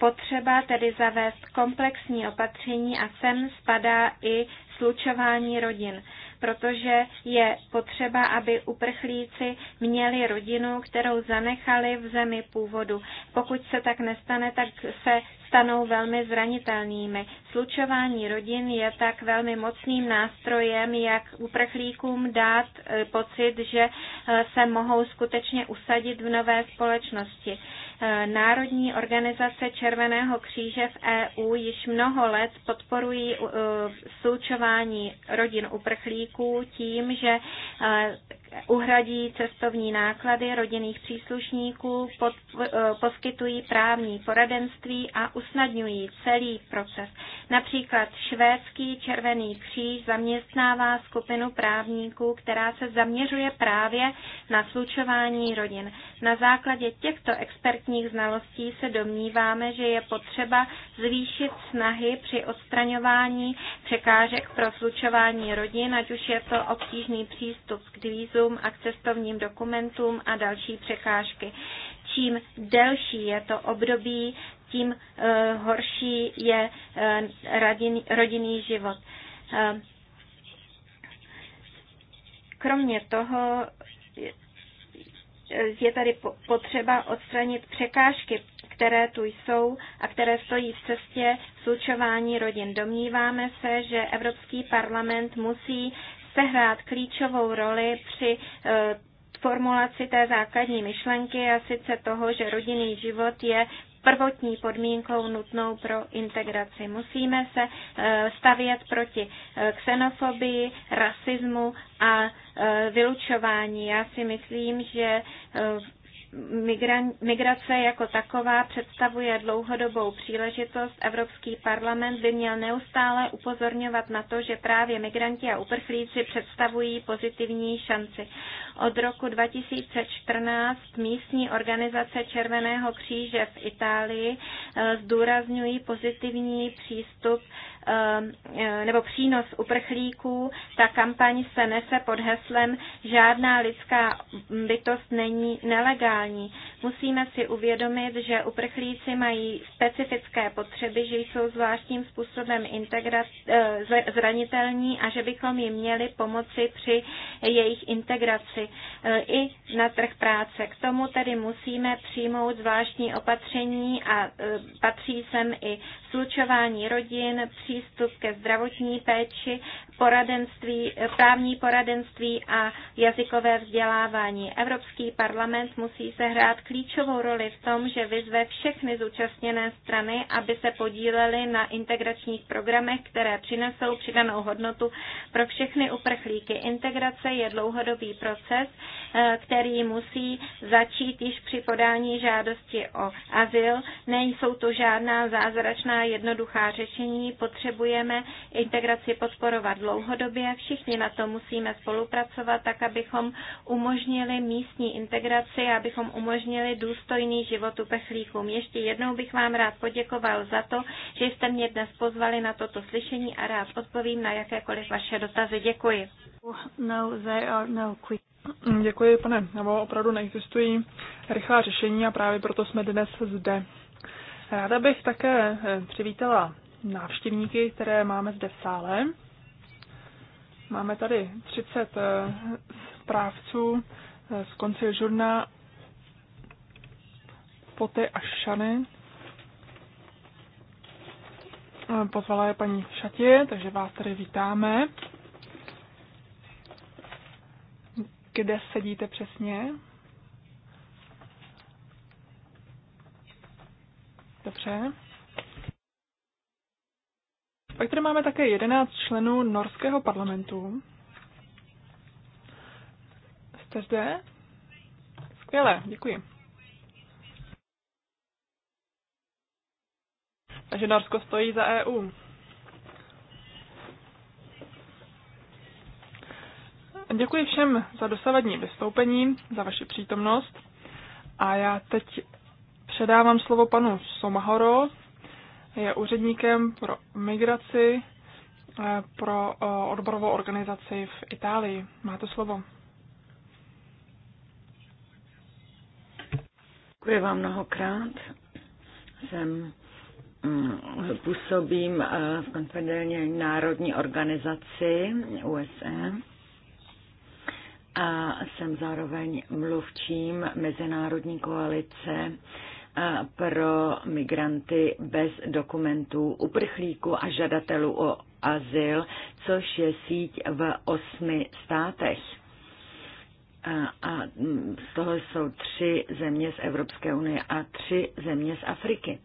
potřeba tedy zavést komplexní opatření a sem spadá i slučování rodin protože je potřeba, aby uprchlíci měli rodinu, kterou zanechali v zemi původu. Pokud se tak nestane, tak se stanou velmi zranitelnými. Slučování rodin je tak velmi mocným nástrojem, jak uprchlíkům dát eh, pocit, že eh, se mohou skutečně usadit v nové společnosti. Eh, Národní organizace Červeného kříže v EU již mnoho let podporují eh, slučování rodin uprchlíků tím, že eh, uhradí cestovní náklady rodinných příslušníků, pod, eh, poskytují právní poradenství a usnadňují celý proces. Například švédský Červený kříž zaměstnává skupinu právníků, která se zaměřuje právě na slučování rodin. Na základě těchto expertních znalostí se domníváme, že je potřeba zvýšit snahy při odstraňování překážek pro slučování rodin, ať už je to obtížný přístup k vízu, vízům a k cestovním dokumentům a další překážky. Čím delší je to období, tím eh, horší je eh, rodinný život. Eh, kromě toho je tady potřeba odstranit překážky, které tu jsou a které stojí v cestě slučování rodin. Domníváme se, že Evropský parlament musí sehrát klíčovou roli při eh, formulaci té základní myšlenky a sice toho, že rodinný život je prvotní podmínkou nutnou pro integraci. Musíme se eh, stavět proti eh, xenofobii, rasismu a vylučování. Já si myslím, že Migrace jako taková představuje dlouhodobou příležitost. Evropský parlament by měl neustále upozorňovat na to, že právě migranti a uprchlíci představují pozitivní šanci. Od roku 2014 místní organizace Červeného kříže v Itálii eh, zdůrazňují pozitivní přístup Um, eh, nebo přínos uprchlíků, ta kampaň se nese pod heslem žádná lidská bytost není nelegální. Musíme si uvědomit, že uprchlíci mají specifické potřeby, že jsou zvláštním způsobem integra- eh, zranitelní a že bychom jim měli pomoci při jejich integraci eh, i na trh práce. K tomu tedy musíme přijmout zvláštní opatření a patří sem i slučování rodin, přístup ke zdravotní péči, poradenství, právní poradenství a jazykové vzdělávání. Evropský parlament musí se hrát klíčovou roli v tom, že vyzve všechny zúčastněné strany, aby se podílely na integračních programech, které přinesou přidanou hodnotu pro všechny uprchlíky. Integrace je dlouhodobý proces, eh, který musí začít již při podání žádosti o azyl. Nejsou to žádná zázračná jednoduchá řešení, potřeba potřebujeme integraci podporovat dlouhodobě. Všichni na to musíme spolupracovat, tak abychom umožnili místní integraci, a abychom umožnili důstojný život uprchlíkům. Ještě jednou bych vám rád poděkoval za to, že jste mě dnes pozvali na toto slyšení a rád odpovím na jakékoliv vaše dotazy. Děkuji. No, there are no quick... Děkuji, pane. Nebo opravdu neexistují rychlá řešení a právě proto jsme dnes zde. Ráda bych také eh, přivítala návštěvníky, které máme zde v sále. Máme tady 30 zprávců eh, eh, z konce žurna Poty a Šany. Eh, pozvala je paní Šatě, takže vás tady vítáme. Kde sedíte přesně? Dobře. Pak tady máme také 11 členů norského parlamentu. Jste zde? Skvěle, děkuji. Takže Norsko stojí za EU. Děkuji všem za dosavadní vystoupení, za vaši přítomnost. A já teď předávám slovo panu Somahoro, je úředníkem pro migraci eh, pro eh, odborovou organizaci v Itálii. Máte slovo. Děkuji vám mnohokrát. Jsem mm, působím eh, v konfederální národní organizaci USA a jsem zároveň mluvčím Mezinárodní koalice pro migranty bez dokumentů, uprchlíků a žadatelů o azyl, což je síť v osmi státech. A z toho jsou tři země z Evropské unie a tři země z Afriky.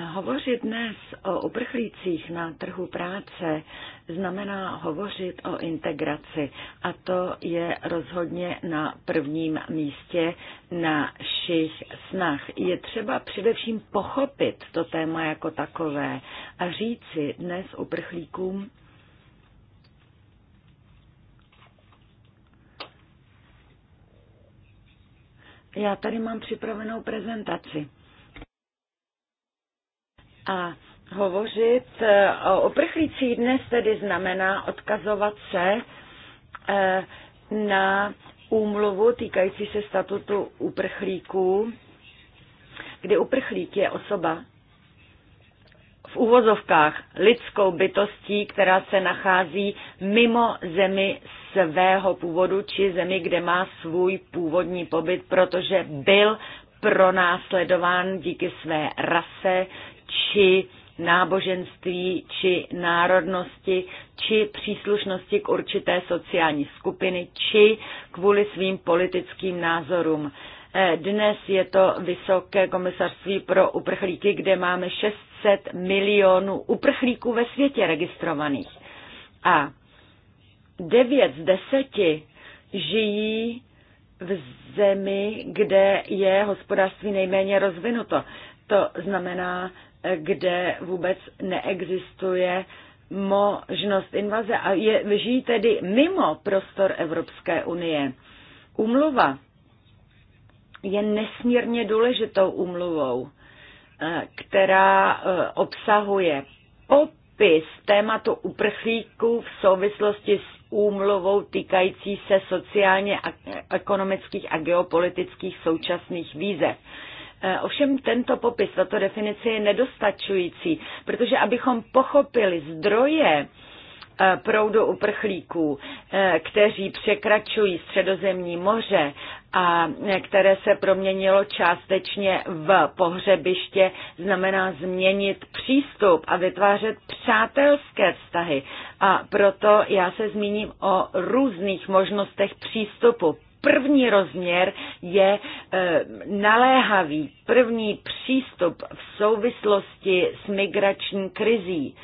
Hovořit dnes o uprchlících na trhu práce znamená hovořit o integraci a to je rozhodně na prvním místě našich snah. Je třeba především pochopit to téma jako takové a říci dnes uprchlíkům, Já tady mám připravenou prezentaci. A hovořit eh, o uprchlících dnes tedy znamená odkazovat se eh, na úmluvu týkající se statutu uprchlíků, kdy uprchlík je osoba v úvozovkách lidskou bytostí, která se nachází mimo zemi svého původu či zemi, kde má svůj původní pobyt, protože byl pronásledován díky své rase, či náboženství, či národnosti, či příslušnosti k určité sociální skupiny, či kvůli svým politickým názorům. Eh, dnes je to Vysoké komisařství pro uprchlíky, kde máme 600 milionů uprchlíků ve světě registrovaných. A 9 z 10 žijí v zemi, kde je hospodářství nejméně rozvinuto. To znamená, kde vůbec neexistuje možnost invaze a je, žijí tedy mimo prostor Evropské unie. Umluva je nesmírně důležitou umluvou, eh, která eh, obsahuje popis tématu uprchlíků v souvislosti s úmluvou týkající se sociálně, ekonomických a geopolitických současných výzev. E, ovšem tento popis, tato definice je nedostačující, protože abychom pochopili zdroje, e, proudu uprchlíků, e, kteří překračují středozemní moře a které se proměnilo částečně v pohřebiště, znamená změnit přístup a vytvářet přátelské vztahy. A proto já se zmíním o různých možnostech přístupu první rozměr je eh, naléhavý první přístup v souvislosti s migrační krizí.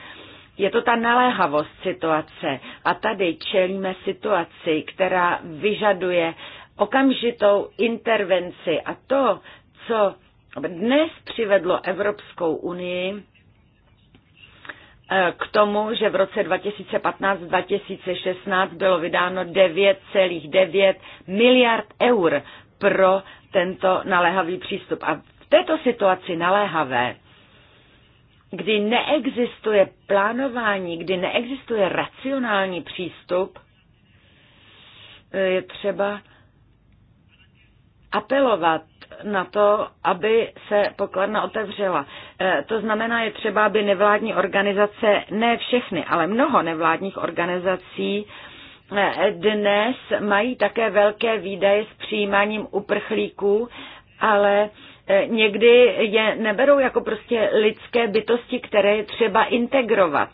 Je to ta naléhavost situace a tady čelíme situaci, která vyžaduje okamžitou intervenci a to, co dnes přivedlo Evropskou unii k tomu, že v roce 2015-2016 bylo vydáno 9,9 miliard eur pro tento naléhavý přístup. A v této situaci naléhavé, kdy neexistuje plánování, kdy neexistuje racionální přístup, je třeba apelovat na to, aby se pokladna otevřela. E, to znamená, je třeba, aby nevládní organizace, ne všechny, ale mnoho nevládních organizací e, dnes mají také velké výdaje s přijímáním uprchlíků, ale e, někdy je neberou jako prostě lidské bytosti, které je třeba integrovat.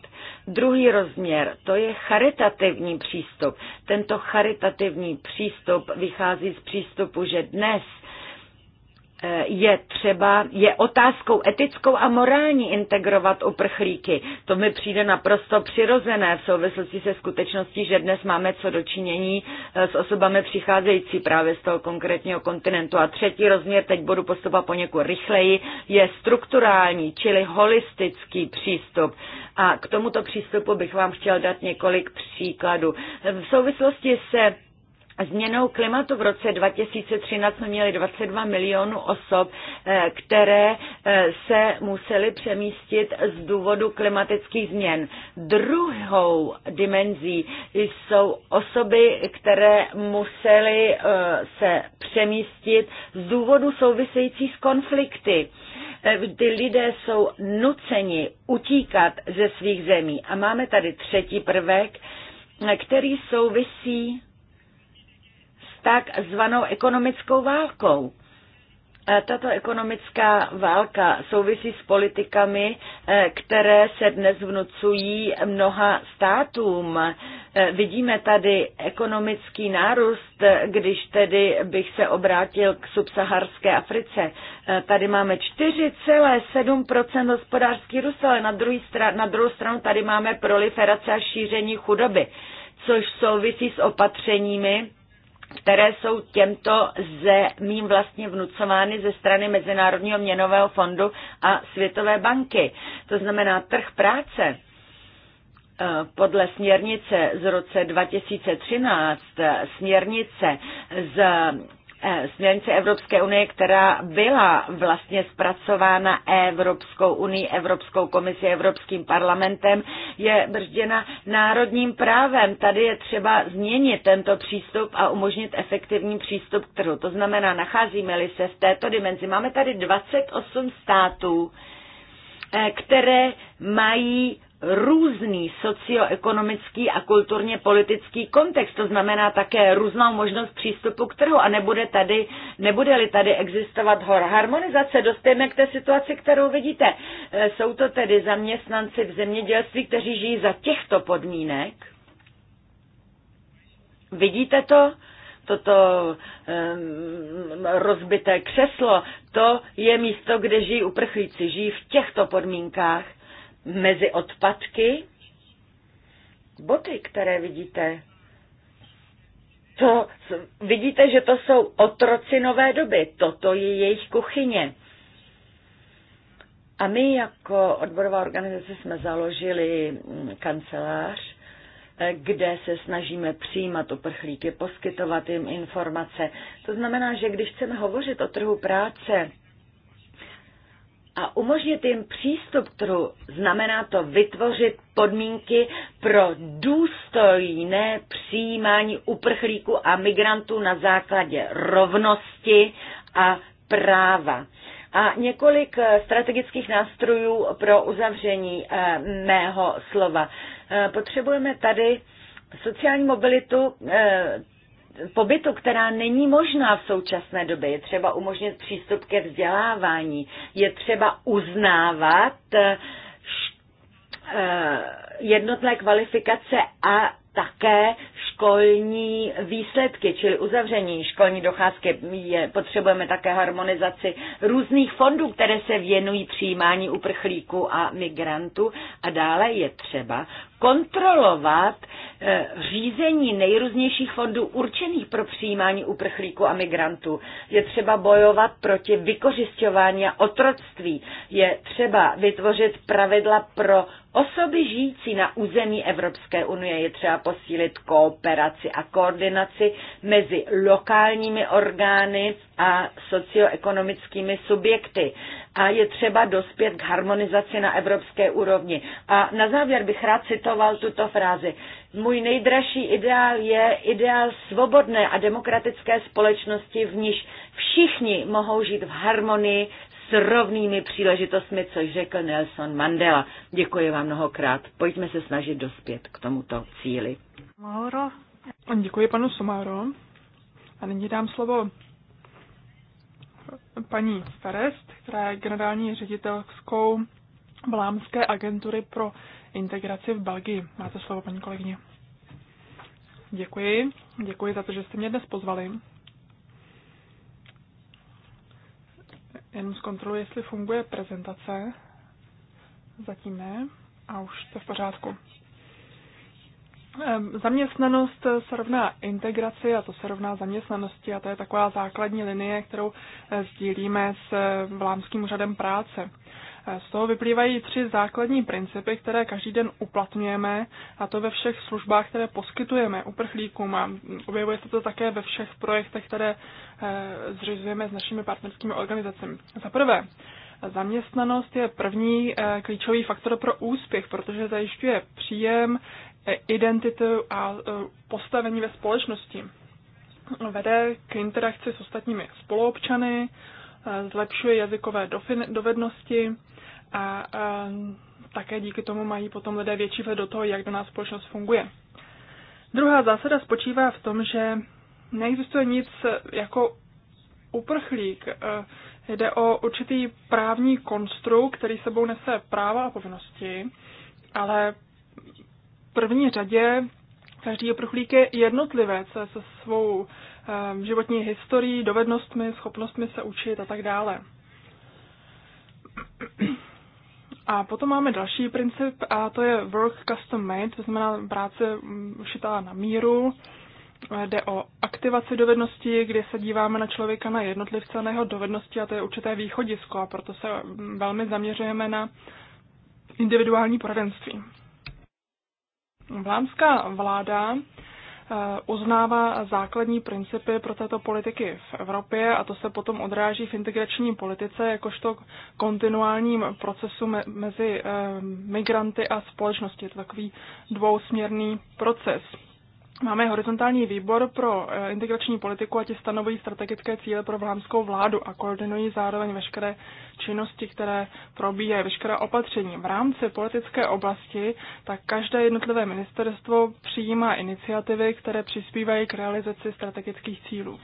Druhý rozměr, to je charitativní přístup. Tento charitativní přístup vychází z přístupu, že dnes je třeba, je otázkou etickou a morální integrovat uprchlíky. To mi přijde naprosto přirozené v souvislosti se skutečností, že dnes máme co dočinění eh, s osobami přicházející právě z toho konkrétního kontinentu. A třetí rozměr, teď budu postupovat poněkud rychleji, je strukturální, čili holistický přístup. A k tomuto přístupu bych vám chtěl dát několik příkladů. V souvislosti se změnou klimatu v roce 2013 jsme měli 22 milionů osob, eh, které eh, se musely přemístit z důvodu klimatických změn. Druhou dimenzí jsou osoby, které musely eh, se přemístit z důvodu související s konflikty. Ty lidé jsou nuceni utíkat ze svých zemí. A máme tady třetí prvek, který souvisí tak zvanou ekonomickou válkou. E, tato ekonomická válka souvisí s politikami, e, které se dnes vnucují mnoha státům. E, vidíme tady ekonomický nárůst, když tedy bych se obrátil k subsaharské Africe. Tady máme 4,7 hospodářský růst, ale na, druhý stran, na druhou stranu tady máme proliferace a šíření chudoby, což souvisí s opatřeními, které jsou těmto zemím vlastně vnucovány ze strany Mezinárodního měnového fondu a Světové banky. To znamená, trh práce eh, podle směrnice z roce 2013, směrnice z Eh, směrnice Evropské unie, která byla vlastně zpracována Evropskou unii, Evropskou komisi, Evropským parlamentem, je brzděna národním právem. Tady je třeba změnit tento přístup a umožnit efektivní přístup k trhu. To znamená, nacházíme-li se v této dimenzi. Máme tady 28 států, eh, které mají různý socioekonomický a kulturně politický kontext, to znamená také různou možnost přístupu k trhu a nebude tady, nebude-li tady existovat hor harmonizace, dostejme k té situaci, kterou vidíte. E, jsou to tedy zaměstnanci v zemědělství, kteří žijí za těchto podmínek. Vidíte to? toto um, rozbité křeslo, to je místo, kde žijí uprchlíci, žijí v těchto podmínkách mezi odpadky. Boty, které vidíte, to, vidíte, že to jsou otroci nové doby. Toto je jejich kuchyně. A my jako odborová organizace jsme založili mm, kancelář, eh, kde se snažíme přijímat uprchlíky, poskytovat jim informace. To znamená, že když chceme hovořit o trhu práce, a umožnit jim přístup k trhu, znamená to vytvořit podmínky pro důstojné přijímání uprchlíků a migrantů na základě rovnosti a práva. A několik eh, strategických nástrojů pro uzavření eh, mého slova. Eh, potřebujeme tady sociální mobilitu pobytu, která není možná v současné době. Je třeba umožnit přístup ke vzdělávání, je třeba uznávat eh, jednotné kvalifikace a také školní výsledky, čili uzavření školní docházky. Je, potřebujeme také harmonizaci různých fondů, které se věnují přijímání uprchlíků a migrantů. A dále je třeba kontrolovat e, řízení nejrůznějších fondů určených pro přijímání uprchlíků a migrantů. Je třeba bojovat proti vykořišťování a otroctví. Je třeba vytvořit pravidla pro Osoby žijící na území Evropské unie je třeba posílit kooperaci a koordinaci mezi lokálními orgány a socioekonomickými subjekty. A je třeba dospět k harmonizaci na evropské úrovni. A na závěr bych rád citoval tuto frázi. Můj nejdražší ideál je ideál svobodné a demokratické společnosti, v níž všichni mohou žít v harmonii s rovnými příležitostmi, což řekl Nelson Mandela. Děkuji vám mnohokrát. Pojďme se snažit dospět k tomuto cíli. Máro. Děkuji panu Somáro. A nyní dám slovo paní Ferest, která je generální ředitelskou Vlámské agentury pro integraci v Belgii. Máte slovo, paní kolegyně. Děkuji. Děkuji za to, že jste mě dnes pozvali. Jenom zkontroluji, jestli funguje prezentace. Zatím ne. A už to v pořádku. Ehm, zaměstnanost se rovná integraci a to se rovná zaměstnanosti a to je taková základní linie, kterou eh, sdílíme s eh, Vlámským úřadem práce. Z toho vyplývají tři základní principy, které každý den uplatňujeme, a to ve všech službách, které poskytujeme uprchlíkům. A objevuje se to také ve všech projektech, které eh, zřizujeme s našimi partnerskými organizacemi. Za prvé, zaměstnanost je první eh, klíčový faktor pro úspěch, protože zajišťuje příjem, eh, identitu a postavení ve společnosti. Vede k interakci s ostatními spoluobčany, zlepšuje jazykové dovednosti, a také díky tomu mají potom lidé větší vhled do toho, jak do nás společnost funguje. Druhá zásada spočívá v tom, že neexistuje nic jako uprchlík. E, jde o určitý právní konstrukt, který sebou nese práva a povinnosti, ale v první řadě každý uprchlík je jednotlivec se svou e, životní historií, dovednostmi, schopnostmi se učit a tak dále. A potom máme další princip a to je work custom made, to znamená práce ušitá na míru. Jde o aktivaci dovedností, kde se díváme na člověka, na jednotlivce, na jeho dovednosti a to je určité východisko a proto se velmi zaměřujeme na individuální poradenství. Vlámská vláda Eh, uznává základní principy pro této politiky v Evropě a to se potom odráží v integrační politice jakožto kontinuálním procesu me- mezi eh, migranty a společností. Je to takový dvousměrný proces. Máme horizontální výbor pro eh, integrační politiku a ti stanovují strategické cíle pro vlámskou vládu a koordinují zároveň veškeré činnosti, které probíhají, veškeré opatření. V rámci politické oblasti tak každé jednotlivé ministerstvo přijímá iniciativy, které přispívají k realizaci strategických cílů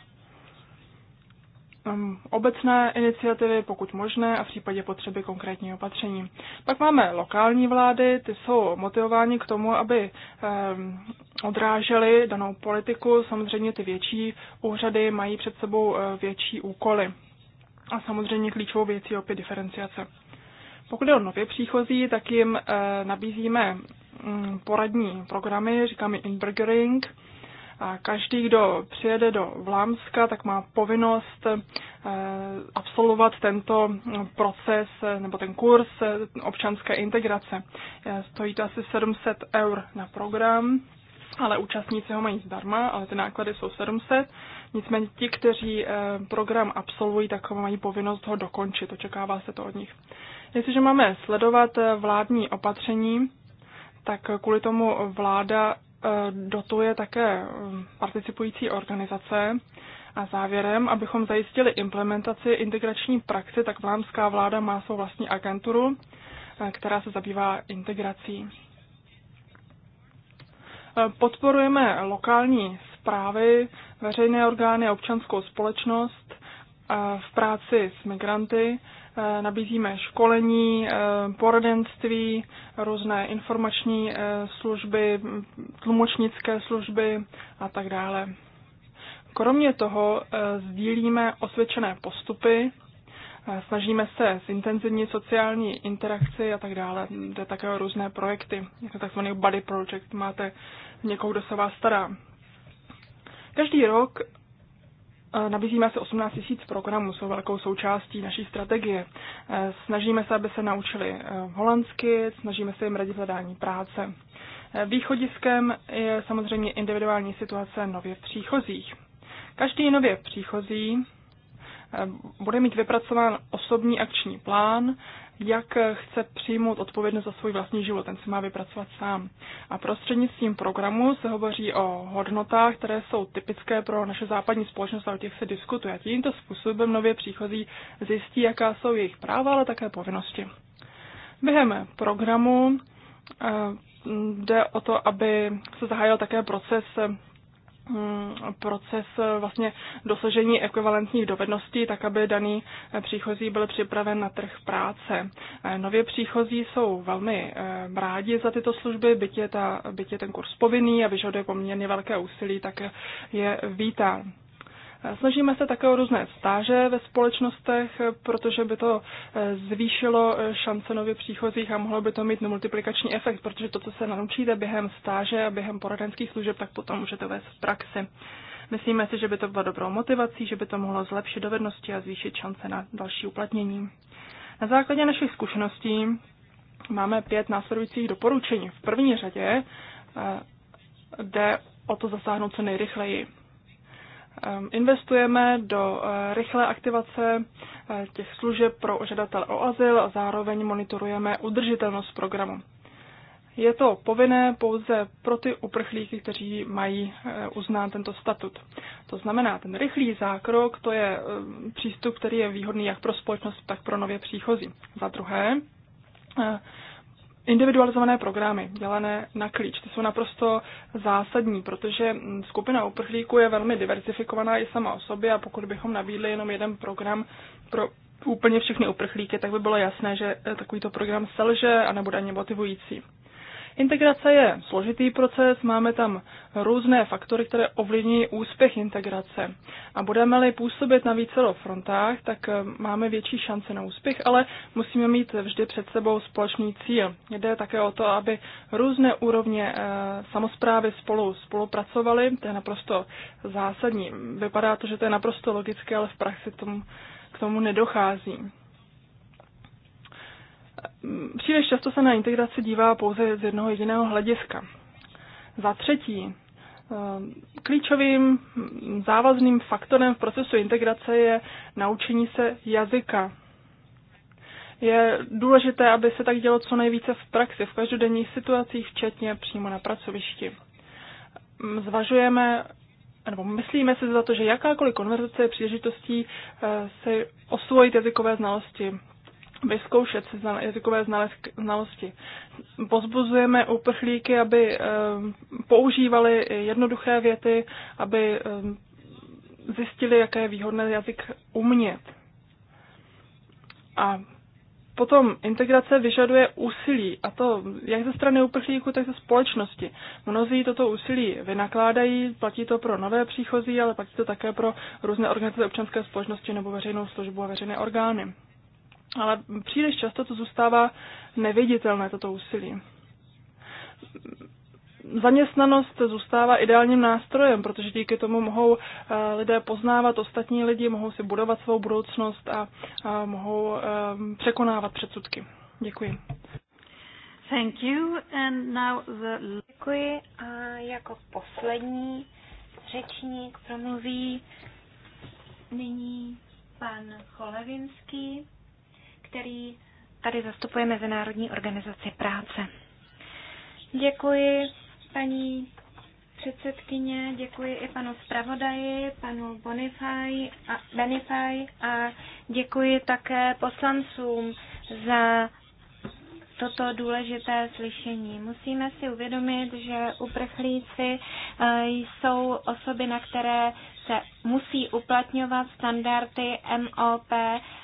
obecné iniciativy, pokud možné, a v případě potřeby konkrétní opatření. Pak máme lokální vlády, ty jsou motivovány k tomu, aby odrážely danou politiku. Samozřejmě ty větší úřady mají před sebou e, větší úkoly. A samozřejmě klíčovou věcí opět diferenciace. Pokud je o nově příchozí, tak jim e, nabízíme mm, poradní programy, říkáme inburgering, a každý, kdo přijede do Vlámska, tak má povinnost eh, absolvovat tento proces eh, nebo ten kurz eh, občanské integrace. Stojí to asi 700 eur na program, ale účastníci ho mají zdarma, ale ty náklady jsou 700. Nicméně ti, kteří program absolvují, tak mají povinnost ho dokončit, očekává se to od nich. Jestliže máme sledovat vládní opatření, tak kvůli tomu vláda E, dotuje také mm, participující organizace. A závěrem, abychom zajistili implementaci integrační praxe, tak vlámská vláda má svou vlastní agenturu, e, která se zabývá integrací. E, podporujeme lokální zprávy, veřejné orgány a občanskou společnost v práci s migranty Eh, nabízíme školení, eh, poradenství, různé informační eh, služby, mm, tlumočnické služby a tak dále. Kromě toho sdílíme osvědčené postupy, snažíme se zintenzivnit sociální interakci a tak dále. Jde také o různé projekty, jako takzvaný body project, máte někoho, kdo se vás stará. Každý rok Eh, nabízíme asi 18 000 programů, jsou velkou součástí naší strategie. Eh, snažíme se, aby se naučili eh, holandsky, snažíme se jim radit hledání práce. Východiskem je samozřejmě individuální situace nově příchozích. Každý nově příchozí bude mít vypracován osobní akční plán, jak chce přijmout odpovědnost za svůj vlastní život, ten si má vypracovat sám. A prostřednictvím programu se hovoří o hodnotách, které jsou typické pro naše západní společnost a o těch se diskutuje. Tímto způsobem nově příchozí zjistí, jaká jsou jejich práva, ale také povinnosti. Během programu eh, jde o to, aby se zahájil také proces eh, Mm, proces eh, vlastně dosažení ekvivalentních dovedností, tak aby daný eh, příchozí byl připraven na trh práce. Eh, nově příchozí jsou velmi rádi za tyto služby, byť je, ta, byť je ten kurz povinný a vyžaduje poměrně velké úsilí, tak je vítán. Snažíme se také o různé stáže ve společnostech, protože by to eh, zvýšilo eh, šance nově příchozích a mohlo by to mít multiplikační efekt, protože to, co se naučíte během stáže a během poradenských služeb, tak potom můžete vést v praxi. Myslíme si, že by to bylo dobrou motivací, že by to mohlo zlepšit dovednosti a zvýšit šance na další uplatnění. Na základě našich zkušeností máme pět následujících doporučení. V první řadě eh, jde o to zasáhnout co nejrychleji. Ehm, investujeme do eh, rychlé aktivace eh, těch služeb pro žadatel o azyl a zároveň monitorujeme udržitelnost programu. Je to povinné pouze pro ty uprchlíky, kteří mají eh, uznán tento statut. To znamená, ten rychlý zákrok, to je ehm, přístup, který je výhodný jak pro společnost, tak pro nově příchozí. Za druhé, individualizované programy dělané na klíč. Ty jsou naprosto zásadní, protože mm, skupina uprchlíků je velmi diversifikovaná i sama o sobě a pokud bychom nabídli jenom jeden program pro úplně všechny uprchlíky, tak by bylo jasné, že eh, takovýto program selže a nebude ani motivující. Integrace je složitý proces, máme tam různé faktory, které ovlivní úspěch integrace. A budeme-li působit na více frontách, tak eh, máme větší šance na úspěch, ale musíme mít vždy před sebou společný cíl. Jde také o to, aby různé úrovně eh, samozprávy spolu spolupracovaly, to je naprosto zásadní. Vypadá to, že to je naprosto logické, ale v praxi tomu, k tomu nedochází příliš často se na integraci dívá pouze z jednoho jediného hlediska. Za třetí, eh, klíčovým závazným faktorem v procesu integrace je naučení se jazyka. Je důležité, aby se tak dělo co nejvíce v praxi, v každodenních situacích, včetně přímo na pracovišti. Zvažujeme nebo myslíme si za to, že jakákoliv konverzace je příležitostí eh, se osvojit jazykové znalosti vyzkoušet si jazykové znalosti. Pozbuzujeme uprchlíky, aby eh, používali jednoduché věty, aby eh, zjistili, jaké je výhodné jazyk umět. A potom integrace vyžaduje úsilí, a to jak ze strany uprchlíků, tak ze společnosti. Mnozí toto úsilí vynakládají, platí to pro nové příchozí, ale platí to také pro různé organizace občanské společnosti nebo veřejnou službu a veřejné orgány ale příliš často to zůstává neviditelné, toto úsilí. Zaměstnanost zůstává ideálním nástrojem, protože díky tomu mohou eh, lidé poznávat ostatní lidi, mohou si budovat svou budoucnost a, mohou ehm, překonávat předsudky. Děkuji. Thank you. And now the... Děkuji. A jako poslední řečník promluví nyní pan Cholevinský který tady zastupuje Mezinárodní organizaci práce. Děkuji paní předsedkyně, děkuji i panu zpravodaji, panu Bonifaj a, Benifaj a děkuji také poslancům za toto důležité slyšení. Musíme si uvědomit, že uprchlíci eh, jsou osoby, na které se musí uplatňovat standardy MOP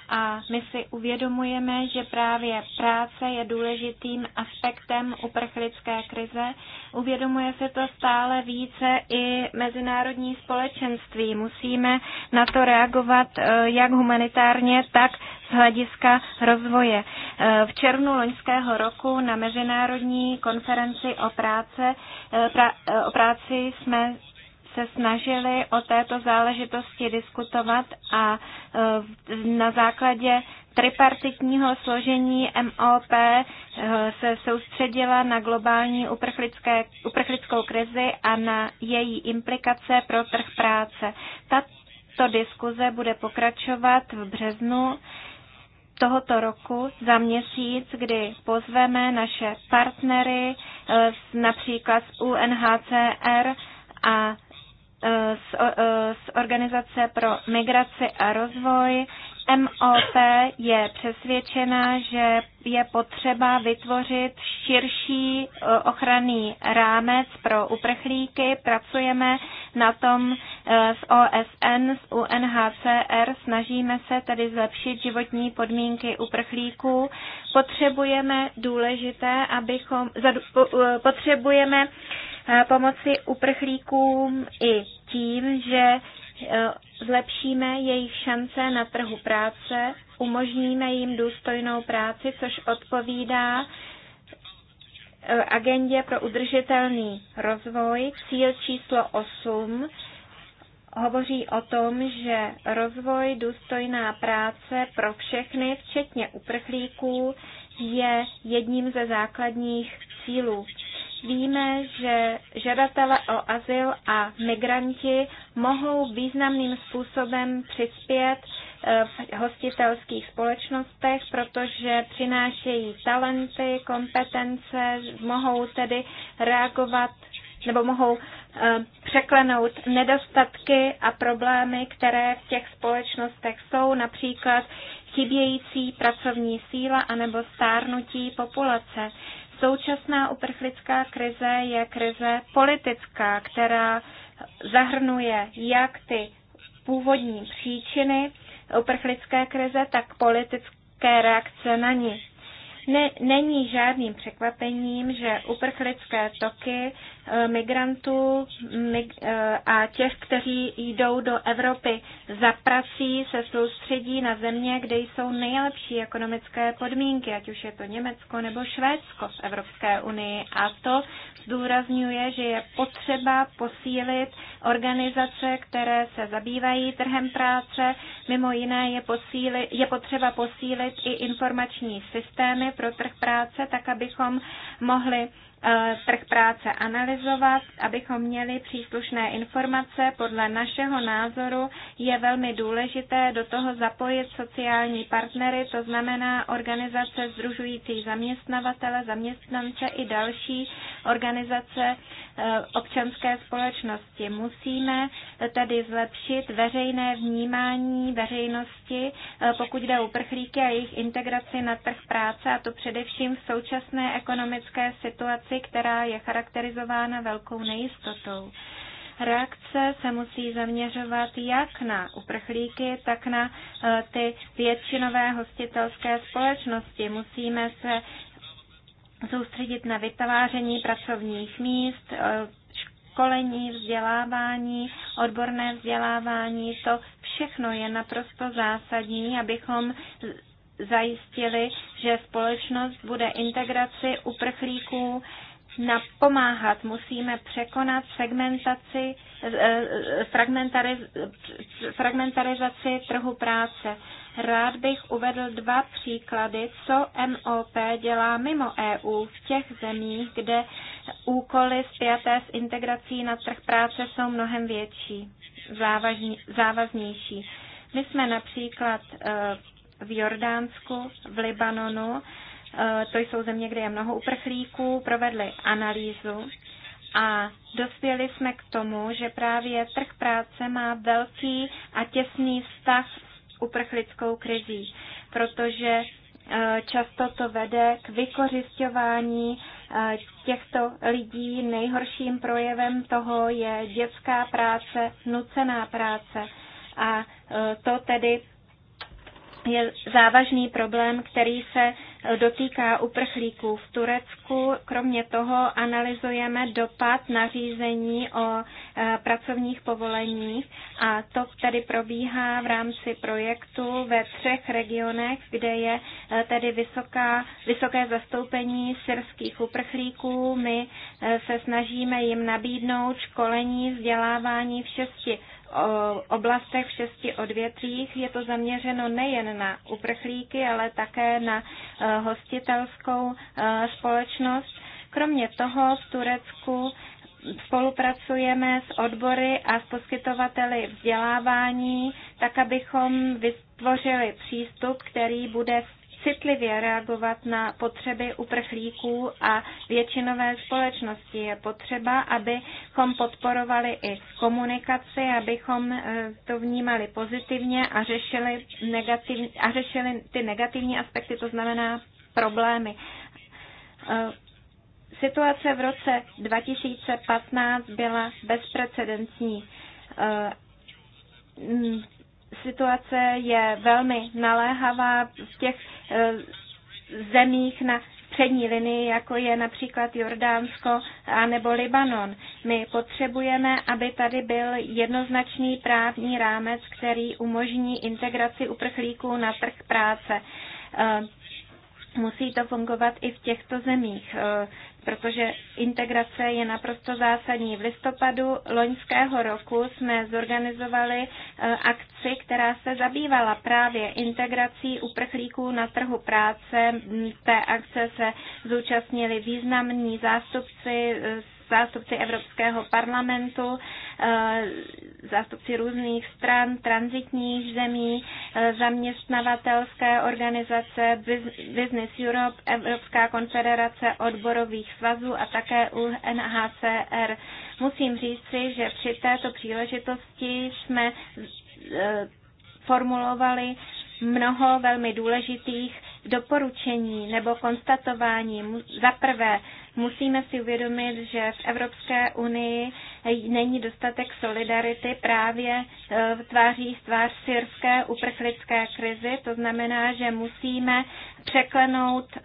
a my si uvědomujeme, že právě práce je důležitým aspektem uprchlické krize. Uvědomuje se to stále více i mezinárodní společenství. Musíme na to reagovat eh, jak humanitárně, tak z hlediska rozvoje. Eh, v červnu loňského roku na mezinárodní konferenci o, práce, eh, pra, o práci jsme se snažili o této záležitosti diskutovat a e, na základě tripartitního složení MOP e, se soustředila na globální uprchlické, uprchlickou krizi a na její implikace pro trh práce. Tato diskuze bude pokračovat v březnu tohoto roku za měsíc, kdy pozveme naše partnery e, například z UNHCR a Eh, z, eh, z Organizace pro migraci a rozvoj. MOP je přesvědčena, že je potřeba vytvořit širší eh, ochranný rámec pro uprchlíky. Pracujeme na tom s OSN, s UNHCR, snažíme se tedy zlepšit životní podmínky uprchlíků. Potřebujeme důležité, abychom, potřebujeme pomoci uprchlíkům i tím, že e, zlepšíme jejich šance na trhu práce, umožníme jim důstojnou práci, což odpovídá e, agendě pro udržitelný rozvoj. Cíl číslo 8 hovoří o tom, že rozvoj důstojná práce pro všechny, včetně uprchlíků, je jedním ze základních cílů Víme, že žadatele o azyl a migranti mohou významným způsobem přispět eh, v hostitelských společnostech, protože přinášejí talenty, kompetence, mohou tedy reagovat nebo mohou eh, překlenout nedostatky a problémy, které v těch společnostech jsou, například chybějící pracovní síla anebo stárnutí populace. Současná uprchlická krize je krize politická, která zahrnuje jak ty původní příčiny uprchlické krize, tak politické reakce na ní. Ne, není žádným překvapením, že uprchlické toky migrantů eh, a těch, kteří jdou do Evropy za prací, se soustředí na země, kde jsou nejlepší ekonomické podmínky, ať už je to Německo nebo Švédsko v Evropské unii. A to zdůrazňuje, že je potřeba posílit organizace, které se zabývají trhem práce. Mimo jiné je, posíli, je potřeba posílit i informační systémy pro trh práce, tak abychom mohli Eh, trh práce analyzovat, abychom měli příslušné informace. Podle našeho názoru je velmi důležité do toho zapojit sociální partnery, to znamená organizace združující zaměstnavatele, zaměstnance i další organizace eh, občanské společnosti. Musíme tedy zlepšit veřejné vnímání veřejnosti, eh, pokud jde o uprchlíky a jejich integraci na trh práce, a to především v současné ekonomické situaci krizi, která je charakterizována velkou nejistotou. Reakce se musí zaměřovat jak na uprchlíky, tak na eh, ty většinové hostitelské společnosti. Musíme se soustředit na vytváření pracovních míst, eh, školení, vzdělávání, odborné vzdělávání, to všechno je naprosto zásadní, abychom zajistili, že společnost bude integraci uprchlíků napomáhat. Musíme překonat segmentaci, eh, eh, fragmentariz, fragmentarizaci trhu práce. Rád bych uvedl dva příklady, co MOP dělá mimo EU v těch zemích, kde úkoly spjaté s integrací na trh práce jsou mnohem větší, závažnější. závaznější. My jsme například eh, v Jordánsku, v Libanonu, eh, to jsou země, kde je mnoho uprchlíků, provedli analýzu a dospěli jsme k tomu, že právě trh práce má velký a těsný vztah s uprchlickou krizí, protože eh, často to vede k vykořišťování eh, těchto lidí. Nejhorším projevem toho je dětská práce, nucená práce a to tedy je závažný problém, který se dotýká uprchlíků v Turecku. Kromě toho analyzujeme dopad nařízení o e, pracovních povoleních a to tady probíhá v rámci projektu ve třech regionech, kde je e, tedy vysoká, vysoké zastoupení syrských uprchlíků. My e, se snažíme jim nabídnout školení, vzdělávání v šesti oblastech, v šesti odvětvích. Je to zaměřeno nejen na uprchlíky, ale také na eh, hostitelskou eh, společnost. Kromě toho v Turecku spolupracujeme s odbory a s poskytovateli vzdělávání, tak abychom vytvořili přístup, který bude citlivě reagovat na potřeby uprchlíků a většinové společnosti. Je potřeba, abychom podporovali i komunikaci, abychom e, to vnímali pozitivně a řešili, negativ, a řešili ty negativní aspekty, to znamená problémy. E, situace v roce 2015 byla bezprecedentní e, situace je velmi naléhavá v těch eh, zemích na přední linii, jako je například Jordánsko a nebo Libanon. My potřebujeme, aby tady byl jednoznačný právní rámec, který umožní integraci uprchlíků na trh práce. Eh, musí to fungovat i v těchto zemích. Eh, protože integrace je naprosto zásadní. V listopadu loňského roku jsme zorganizovali eh, akci, která se zabývala právě integrací uprchlíků na trhu práce. Té akce se zúčastnili významní zástupci z eh, zástupci Evropského parlamentu, eh, zástupci různých stran, transitních zemí, eh, zaměstnavatelské organizace, Business Europe, Evropská konfederace odborových svazů a také UNHCR. Musím si, že při této příležitosti jsme eh, formulovali mnoho velmi důležitých doporučení nebo konstatování. Za prvé, musíme si uvědomit, že v Evropské unii není dostatek solidarity právě e, v tváří tvář syrské uprchlické krizi. To znamená, že musíme překlenout e,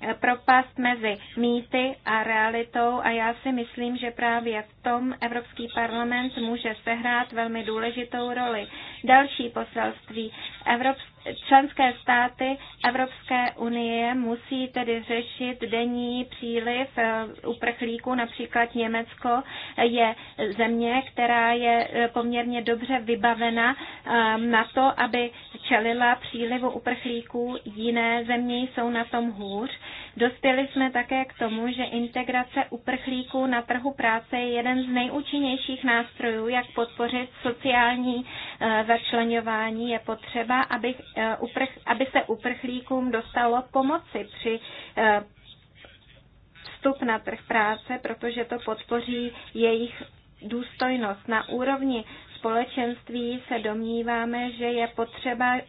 Eh, propast mezi mýty a realitou a já si myslím, že právě v tom Evropský parlament může sehrát velmi důležitou roli. Další poselství. Evropský Členské státy Evropské unie musí tedy řešit denní příliv eh, uprchlíků. Například Německo je země, která je eh, poměrně dobře vybavena eh, na to, aby čelila přílivu uprchlíků. Jiné země jsou na tom hůř. Dospěli jsme také k tomu, že integrace uprchlíků na trhu práce je jeden z nejúčinnějších nástrojů, jak podpořit sociální začlenování. Je potřeba, aby Eh, aby se uprchlíkům dostalo pomoci při eh, vstup na trh práce, protože to podpoří jejich důstojnost. Na úrovni společenství se domníváme, že je potřeba eh,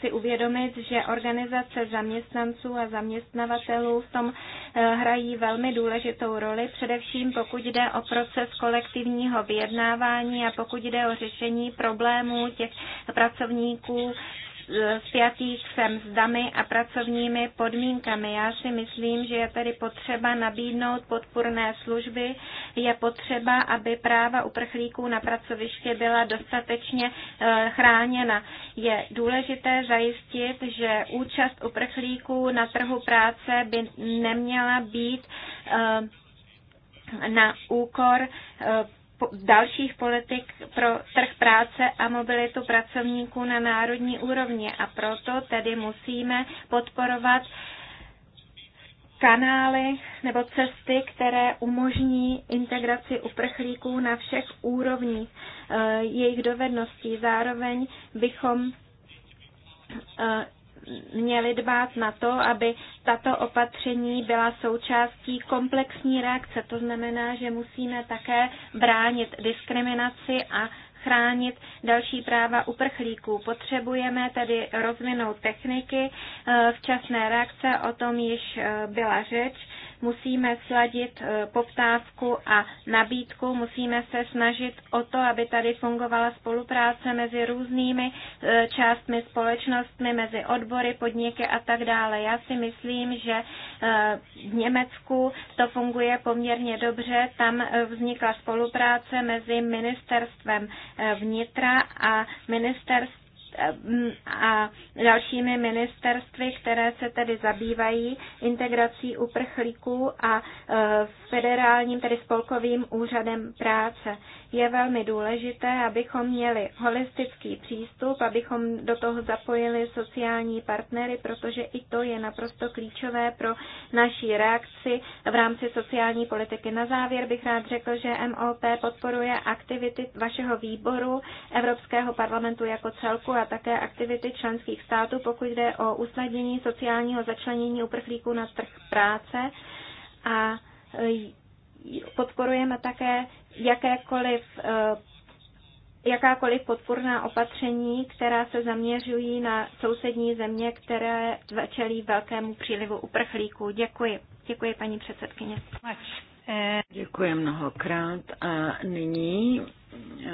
si uvědomit, že organizace zaměstnanců a zaměstnavatelů v tom hrají velmi důležitou roli, především pokud jde o proces kolektivního vyjednávání a pokud jde o řešení problémů těch pracovníků spjatých se mzdami a pracovními podmínkami. Já si myslím, že je tedy potřeba nabídnout podpůrné služby, je potřeba, aby práva uprchlíků na pracoviště byla dostatečně eh, chráněna. Je důležité zajistit, že účast uprchlíků na trhu práce by neměla být eh, na úkor eh, dalších politik pro trh práce a mobilitu pracovníků na národní úrovni. A proto tedy musíme podporovat kanály nebo cesty, které umožní integraci uprchlíků na všech úrovních eh, jejich dovedností. Zároveň bychom eh, měli dbát na to, aby tato opatření byla součástí komplexní reakce. To znamená, že musíme také bránit diskriminaci a chránit další práva uprchlíků. Potřebujeme tedy rozvinout techniky eh, včasné reakce, o tom již eh, byla řeč. Musíme sladit e, poptávku a nabídku, musíme se snažit o to, aby tady fungovala spolupráce mezi různými e, částmi společnostmi, mezi odbory, podniky a tak dále. Já si myslím, že e, v Německu to funguje poměrně dobře. Tam vznikla spolupráce mezi ministerstvem vnitra a ministerstvem a dalšími ministerstvy, které se tedy zabývají integrací uprchlíků a e, federálním, tedy spolkovým úřadem práce je velmi důležité, abychom měli holistický přístup, abychom do toho zapojili sociální partnery, protože i to je naprosto klíčové pro naší reakci v rámci sociální politiky. Na závěr bych rád řekl, že MOP podporuje aktivity vašeho výboru Evropského parlamentu jako celku a také aktivity členských států, pokud jde o usnadnění sociálního začlenění uprchlíků na trh práce a podporujeme také jakékoliv eh, jakákoliv podpůrná opatření, která se zaměřují na sousední země, které čelí velkému přílivu uprchlíků. Děkuji. Děkuji, paní předsedkyně. Děkuji mnohokrát a nyní eh,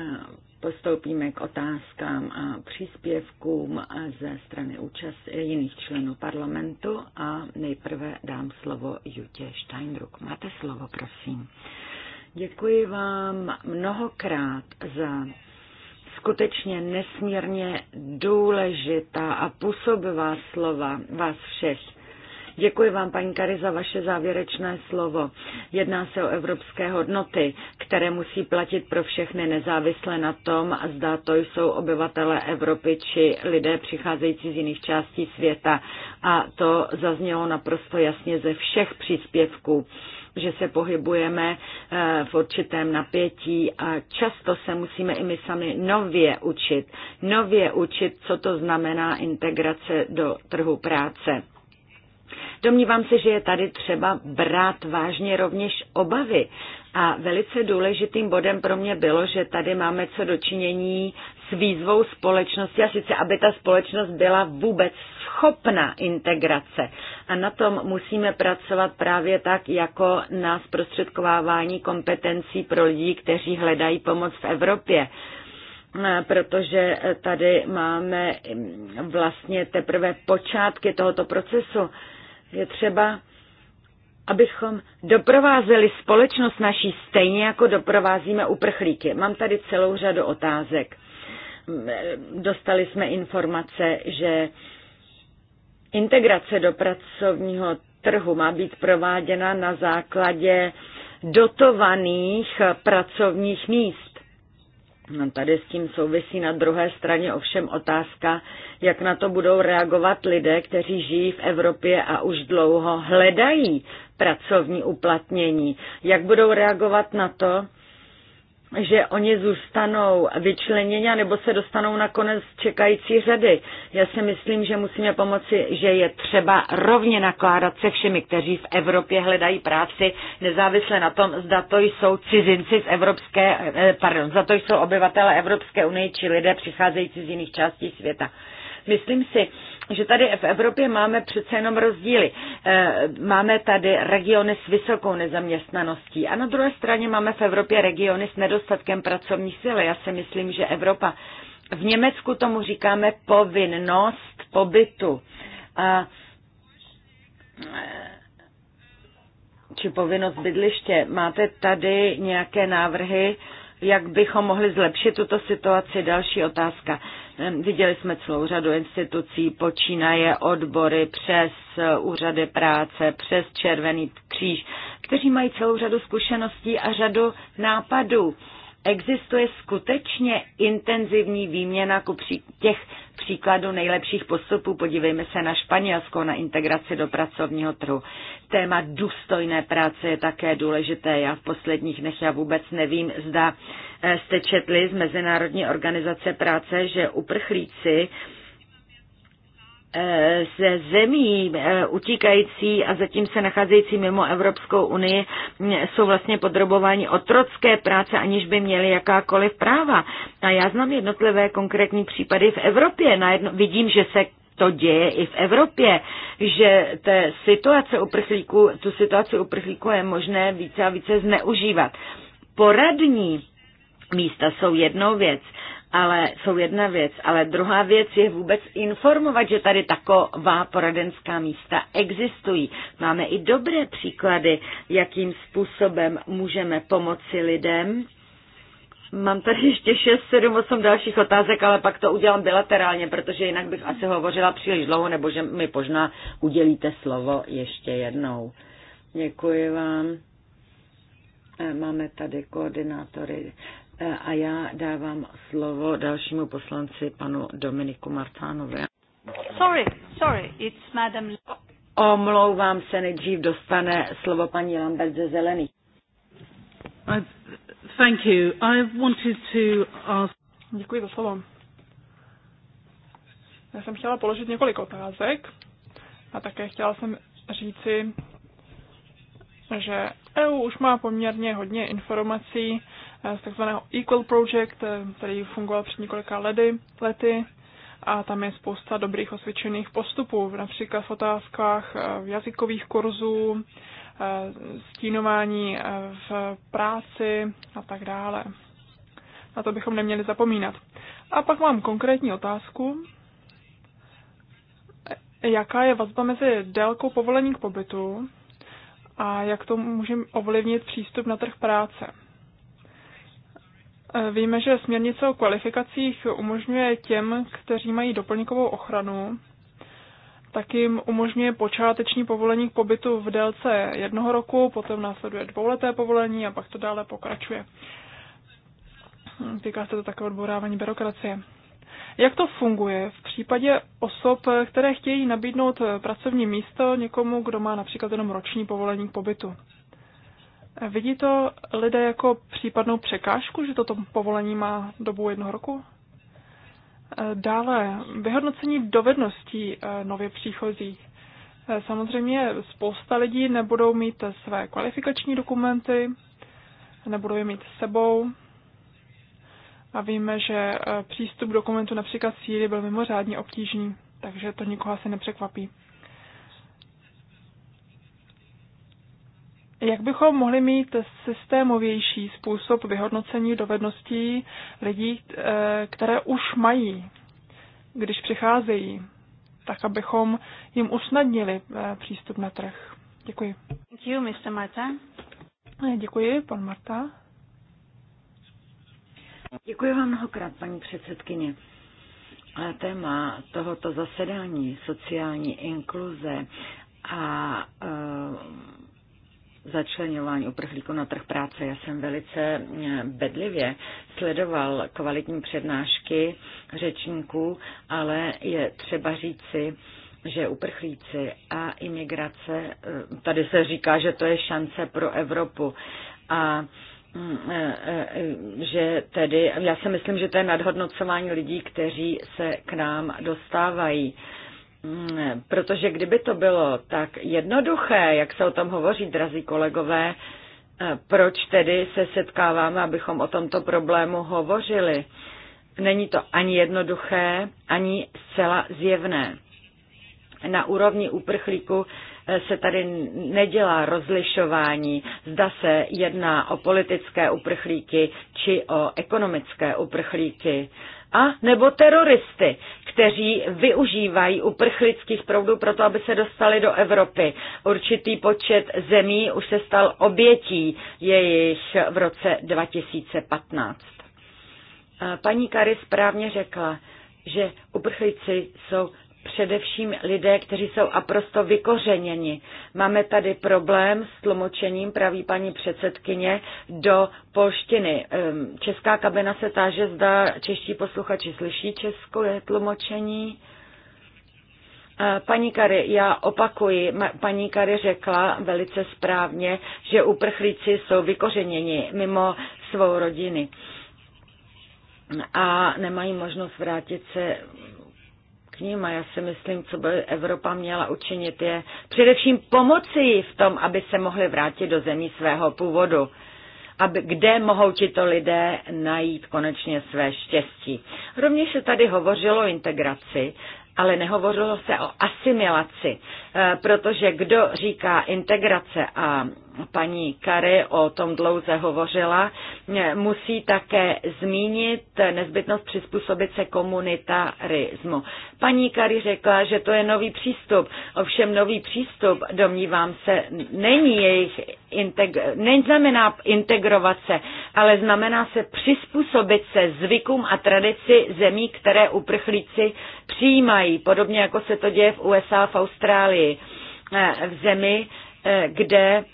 postoupíme k otázkám a příspěvkům ze strany účast jiných členů parlamentu a nejprve dám slovo Jutě Steinruck. Máte slovo, prosím. Děkuji vám mnohokrát za skutečně nesmírně důležitá a působivá slova vás všech. Děkuji vám, paní Kary, za vaše závěrečné slovo. Jedná se o evropské hodnoty, které musí platit pro všechny nezávisle na tom, zda to jsou obyvatele Evropy či lidé přicházející z jiných částí světa. A to zaznělo naprosto jasně ze všech příspěvků že se pohybujeme eh, v určitém napětí a často se musíme i my sami nově učit. Nově učit, co to znamená integrace do trhu práce. Domnívám se, že je tady třeba brát vážně rovněž obavy. A velice důležitým bodem pro mě bylo, že tady máme co dočinění s výzvou společnosti a sice, aby ta společnost byla vůbec schopna integrace. A na tom musíme pracovat právě tak, jako na zprostředkovávání kompetencí pro lidi, kteří hledají pomoc v Evropě protože tady máme vlastně teprve počátky tohoto procesu je třeba, abychom doprovázeli společnost naší stejně, jako doprovázíme uprchlíky. Mám tady celou řadu otázek. Dostali jsme informace, že integrace do pracovního trhu má být prováděna na základě dotovaných pracovních míst. No, tady s tím souvisí na druhé straně ovšem otázka, jak na to budou reagovat lidé, kteří žijí v Evropě a už dlouho hledají pracovní uplatnění. Jak budou reagovat na to, že oni zůstanou vyčleněni nebo se dostanou na konec čekající řady. Já si myslím, že musíme pomoci, že je třeba rovně nakládat se všemi, kteří v Evropě hledají práci, nezávisle na tom, zda to jsou cizinci z Evropské, eh, pardon, zda to jsou obyvatele Evropské unie či lidé přicházející z jiných částí světa. Myslím si, že tady v Evropě máme přece jenom rozdíly. Eh, máme tady regiony s vysokou nezaměstnaností a na druhé straně máme v Evropě regiony s nedostatkem pracovní síly. Já si myslím, že Evropa, v Německu tomu říkáme povinnost pobytu. A, eh, či povinnost bydliště. Máte tady nějaké návrhy, jak bychom mohli zlepšit tuto situaci? Další otázka. Viděli jsme celou řadu institucí, počínaje odbory přes eh, úřady práce, přes Červený kříž, kteří mají celou řadu zkušeností a řadu nápadů. Existuje skutečně intenzivní výměna ku těch příkladu nejlepších postupů. Podívejme se na Španělsko, na integraci do pracovního trhu. Téma důstojné práce je také důležité. Já v posledních dnech já vůbec nevím, zda eh, jste četli z Mezinárodní organizace práce, že uprchlíci ze zemí eh, utíkající a zatím se nacházející mimo Evropskou unii jsou vlastně podrobováni otrocké práce, aniž by měli jakákoliv práva. A já znám jednotlivé konkrétní případy v Evropě. Najedno, vidím, že se to děje i v Evropě, že té situace uprchlíků, tu situaci uprchlíků je možné více a více zneužívat. Poradní místa jsou jednou věc, ale jsou jedna věc, ale druhá věc je vůbec informovat, že tady taková poradenská místa existují. Máme i dobré příklady, jakým způsobem můžeme pomoci lidem. Mám tady ještě 6, 7, 8 dalších otázek, ale pak to udělám bilaterálně, protože jinak bych asi hovořila příliš dlouho, nebo že mi možná udělíte slovo ještě jednou. Děkuji vám. Máme tady koordinátory E, a já dávám slovo dalšímu poslanci, panu Dominiku Martánovi. Sorry, sorry, it's Madam... Omlouvám se, nejdřív dostane slovo paní Lambert ze Zelených. Thank you. I wanted to ask... Děkuji za slovo. Já jsem chtěla položit několik otázek a také chtěla jsem říci, že EU už má poměrně hodně informací Eh, z takzvaného Equal Project, eh, který fungoval před několika lety, lety a tam je spousta dobrých osvědčených postupů, například v otázkách eh, jazykových kurzů, stínování v práci a tak dále. Na to bychom neměli zapomínat. A pak mám konkrétní otázku. Jaká je vazba mezi délkou povolení k pobytu a jak to může ovlivnit přístup na trh práce? Víme, že směrnice o kvalifikacích umožňuje těm, kteří mají doplňkovou ochranu, tak jim umožňuje počáteční povolení k pobytu v délce jednoho roku, potom následuje dvouleté povolení a pak to dále pokračuje. Týká se to také odborávání byrokracie. Jak to funguje v případě osob, které chtějí nabídnout pracovní místo někomu, kdo má například jenom roční povolení k pobytu? Vidí to lidé jako případnou překážku, že toto povolení má dobu jednoho roku? Dále, vyhodnocení dovedností eh, nově příchozích. Eh, samozřejmě spousta lidí nebudou mít své kvalifikační dokumenty, nebudou je mít s sebou. A víme, že eh, přístup k dokumentu například Sýry byl mimořádně obtížný, takže to nikoho asi nepřekvapí. Jak bychom mohli mít systémovější způsob vyhodnocení dovedností lidí, eh, které už mají, když přicházejí, tak abychom jim usnadnili eh, přístup na trh? Děkuji. Thank you, Mr. Marta. Eh, děkuji, pan Marta. Děkuji vám mnohokrát, paní předsedkyně. A téma tohoto zasedání sociální inkluze a uh, začlenování uprchlíků na trh práce. Já jsem velice eh, bedlivě sledoval kvalitní přednášky řečníků, ale je třeba říci, že uprchlíci a imigrace, eh, tady se říká, že to je šance pro Evropu a mm, eh, že tedy, já si myslím, že to je nadhodnocování lidí, kteří se k nám dostávají Protože kdyby to bylo tak jednoduché, jak se o tom hovoří, drazí kolegové, proč tedy se setkáváme, abychom o tomto problému hovořili? Není to ani jednoduché, ani zcela zjevné. Na úrovni uprchlíku se tady nedělá rozlišování, zda se jedná o politické uprchlíky či o ekonomické uprchlíky a nebo teroristy, kteří využívají uprchlických proudů proto, aby se dostali do Evropy. Určitý počet zemí už se stal obětí jejich v roce 2015. Paní Kary správně řekla, že uprchlíci jsou především lidé, kteří jsou aprosto vykořeněni. Máme tady problém s tlumočením, praví paní předsedkyně, do polštiny. Ehm, česká kabina se táže, zda čeští posluchači slyší české tlumočení. Eh, paní Kary, já opakuji, paní Kary řekla velice správně, že uprchlíci jsou vykořeněni mimo svou rodiny a nemají možnost vrátit se ním a já si myslím, co by Evropa měla učinit, je především pomoci jí v tom, aby se mohli vrátit do zemí svého původu aby, kde mohou tito lidé najít konečně své štěstí. Rovněž se tady hovořilo o integraci, ale nehovořilo se o asimilaci, eh, protože kdo říká integrace a paní Kary o tom dlouze hovořila, musí také zmínit nezbytnost přizpůsobit se komunitarismu. Paní Kary řekla, že to je nový přístup, ovšem nový přístup, domnívám se, není jejich integ- neznamená integrovat se, ale znamená se přizpůsobit se zvykům a tradici zemí, které uprchlíci přijímají, podobně jako se to děje v USA, v Austrálii, eh, v zemi, eh, kde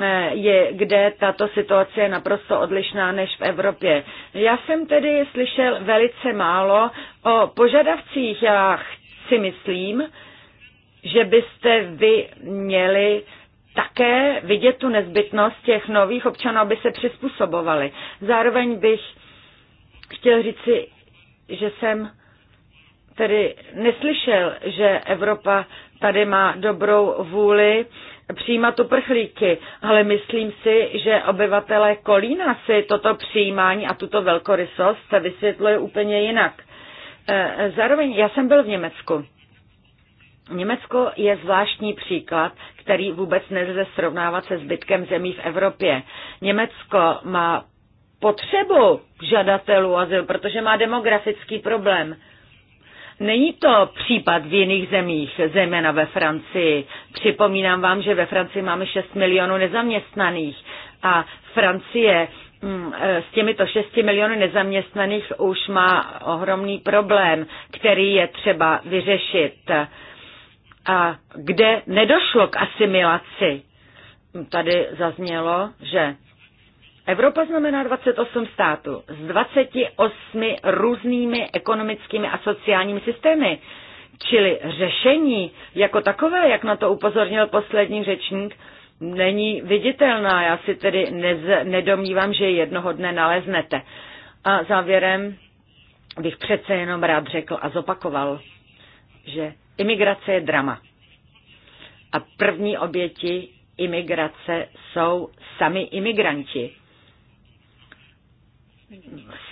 Eh, je, kde tato situace je naprosto odlišná než v Evropě. Já jsem tedy slyšel velice málo o požadavcích. Já si myslím, že byste vy měli také vidět tu nezbytnost těch nových občanů, aby se přizpůsobovali. Zároveň bych chtěl říci, že jsem tedy neslyšel, že Evropa tady má dobrou vůli přijímat uprchlíky, ale myslím si, že obyvatelé Kolína si toto přijímání a tuto velkorysost se vysvětluje úplně jinak. E, zároveň já jsem byl v Německu. Německo je zvláštní příklad, který vůbec nelze srovnávat se zbytkem zemí v Evropě. Německo má potřebu žadatelů azyl, protože má demografický problém. Není to případ v jiných zemích, zejména ve Francii. Připomínám vám, že ve Francii máme 6 milionů nezaměstnaných a Francie mm, e, s těmito 6 miliony nezaměstnaných už má ohromný problém, který je třeba vyřešit. A kde nedošlo k asimilaci? Tady zaznělo, že Evropa znamená 28 států s 28 různými ekonomickými a sociálními systémy. Čili řešení jako takové, jak na to upozornil poslední řečník, není viditelná. Já si tedy nez, nedomnívám, že jednoho dne naleznete. A závěrem bych přece jenom rád řekl a zopakoval, že imigrace je drama. A první oběti imigrace jsou sami imigranti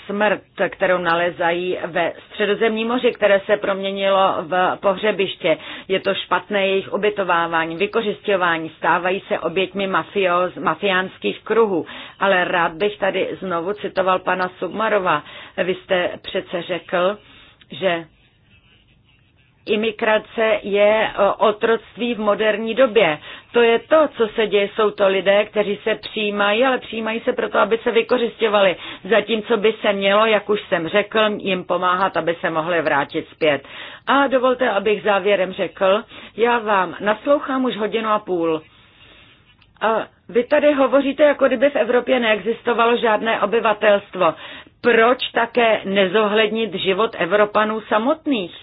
smrt, kterou nalezají ve středozemní moři, které se proměnilo v pohřebiště. Je to špatné jejich obětovávání, vykořišťování, stávají se oběťmi mafios, mafiánských kruhů. Ale rád bych tady znovu citoval pana Submarova. Vy jste přece řekl, že imigrace je e, otroctví v moderní době. To je to, co se děje. Jsou to lidé, kteří se přijímají, ale přijímají se proto, aby se vykořišťovali. Zatímco by se mělo, jak už jsem řekl, jim pomáhat, aby se mohli vrátit zpět. A dovolte, abych závěrem řekl, já vám naslouchám už hodinu a půl. A vy tady hovoříte, jako kdyby v Evropě neexistovalo žádné obyvatelstvo. Proč také nezohlednit život Evropanů samotných?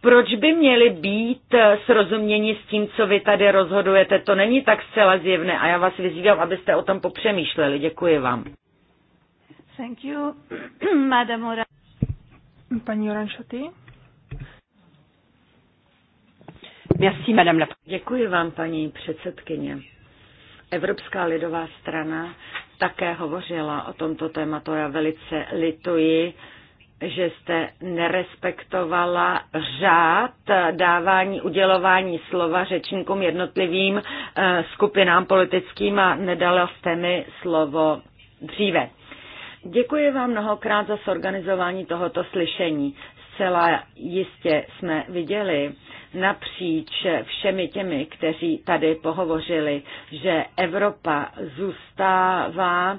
proč by měli být srozuměni s tím, co vy tady rozhodujete? To není tak zcela zjevné a já vás vyzývám, abyste o tom popřemýšleli. Děkuji vám. Thank you, Madame Ora. Paní Oranšoty. Merci, Madame la... Děkuji vám, paní předsedkyně. Evropská lidová strana také hovořila o tomto tématu. Já velice lituji, že jste nerespektovala řád dávání, udělování slova řečníkům jednotlivým eh, skupinám politickým a nedala jste mi slovo dříve. Děkuji vám mnohokrát za sorganizování tohoto slyšení. Zcela jistě jsme viděli napříč všemi těmi, kteří tady pohovořili, že Evropa zůstává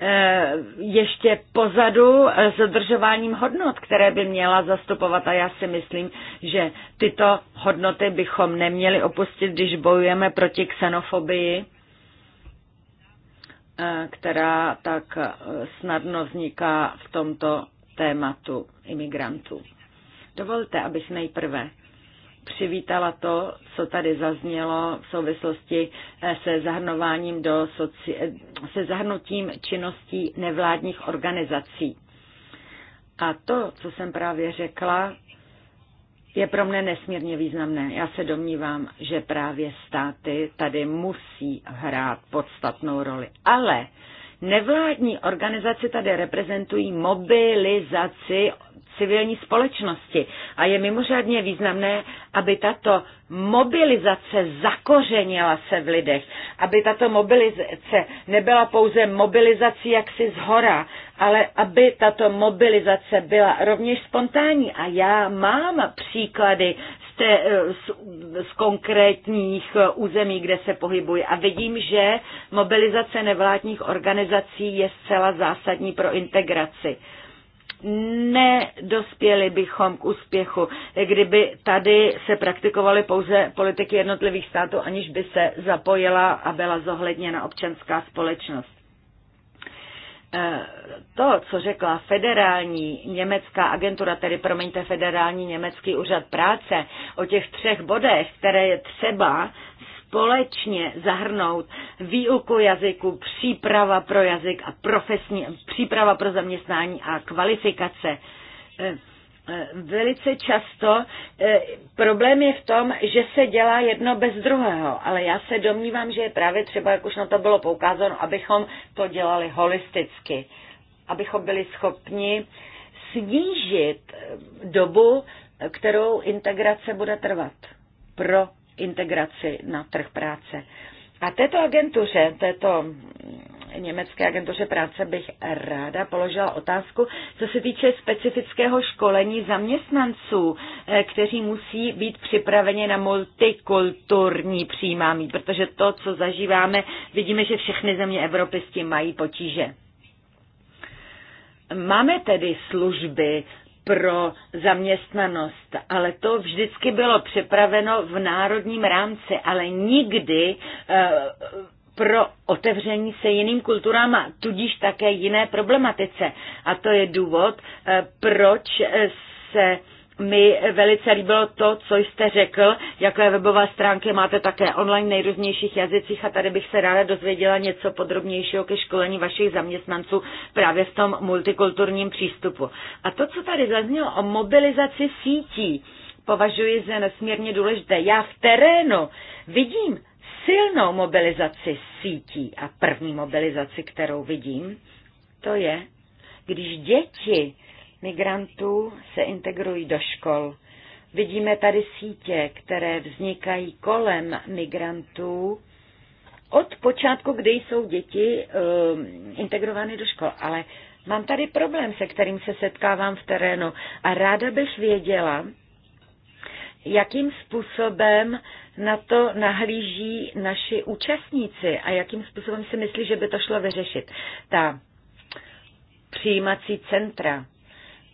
Eh, ještě pozadu eh, s držováním hodnot, které by měla zastupovat a já si myslím, že tyto hodnoty bychom neměli opustit, když bojujeme proti xenofobii, eh, která tak snadno vzniká v tomto tématu imigrantů. Dovolte, abych nejprve přivítala to, co tady zaznělo v souvislosti eh, se zahrnováním do soci... Eh, se zahrnutím činností nevládních organizací. A to, co jsem právě řekla, je pro mne nesmírně významné. Já se domnívám, že právě státy tady musí hrát podstatnou roli. Ale nevládní organizace tady reprezentují mobilizaci civilní společnosti. A je mimořádně významné, aby tato mobilizace zakořenila se v lidech, aby tato mobilizace nebyla pouze mobilizací jaksi zhora, ale aby tato mobilizace byla rovněž spontánní. A já mám příklady z, té, eh, z, z konkrétních eh, území, kde se pohybuji a vidím, že mobilizace nevládních organizací je zcela zásadní pro integraci nedospěli bychom k úspěchu, kdyby tady se praktikovaly pouze politiky jednotlivých států, aniž by se zapojila a byla zohledněna občanská společnost eh, to, co řekla federální německá agentura, tedy promiňte, federální německý úřad práce, o těch třech bodech, které je třeba společně zahrnout výuku jazyku, příprava pro jazyk a profesní, příprava pro zaměstnání a kvalifikace. Eh, eh, velice často eh, problém je v tom, že se dělá jedno bez druhého, ale já se domnívám, že je právě třeba, jak už na to bylo poukázáno, abychom to dělali holisticky, abychom byli schopni snížit dobu, kterou integrace bude trvat pro integraci na trh práce. A této agentuře, této německé agentuře práce bych ráda položila otázku, co se týče specifického školení zaměstnanců, eh, kteří musí být připraveni na multikulturní přijímání, protože to, co zažíváme, vidíme, že všechny země Evropy s tím mají potíže. Máme tedy služby pro zaměstnanost, ale to vždycky bylo připraveno v národním rámci, ale nikdy eh, pro otevření se jiným kulturám a tudíž také jiné problematice. A to je důvod, eh, proč eh, se mi velice líbilo to, co jste řekl, jaké webové stránky máte také online v nejrůznějších jazycích a tady bych se ráda dozvěděla něco podrobnějšího ke školení vašich zaměstnanců právě v tom multikulturním přístupu. A to, co tady zaznělo o mobilizaci sítí, považuji za nesmírně důležité. Já v terénu vidím silnou mobilizaci sítí a první mobilizaci, kterou vidím, to je, když děti migrantů se integrují do škol. Vidíme tady sítě, které vznikají kolem migrantů od počátku, kdy jsou děti um, integrovány do škol. Ale mám tady problém, se kterým se setkávám v terénu a ráda bych věděla, jakým způsobem na to nahlíží naši účastníci a jakým způsobem si myslí, že by to šlo vyřešit. Ta přijímací centra,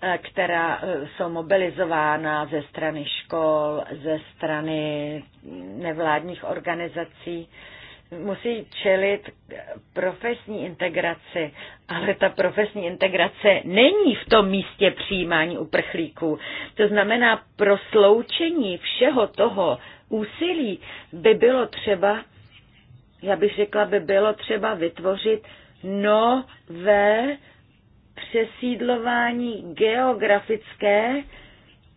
Eh, která eh, jsou mobilizována ze strany škol, ze strany nevládních organizací, musí čelit profesní integraci, ale ta profesní integrace není v tom místě přijímání uprchlíků. To znamená, pro sloučení všeho toho úsilí by bylo třeba, já bych řekla, by bylo třeba vytvořit nové přesídlování geografické,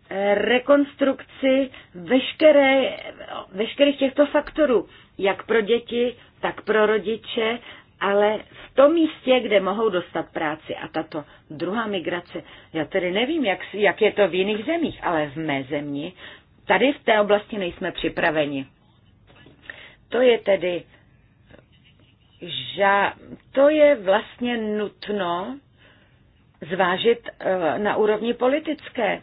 eh, rekonstrukci veškeré, veškerých těchto faktorů, jak pro děti, tak pro rodiče, ale v tom místě, kde mohou dostat práci. A tato druhá migrace, já tedy nevím, jak, jak je to v jiných zemích, ale v mé zemi, tady v té oblasti nejsme připraveni. To je tedy, že to je vlastně nutno zvážit eh, na úrovni politické.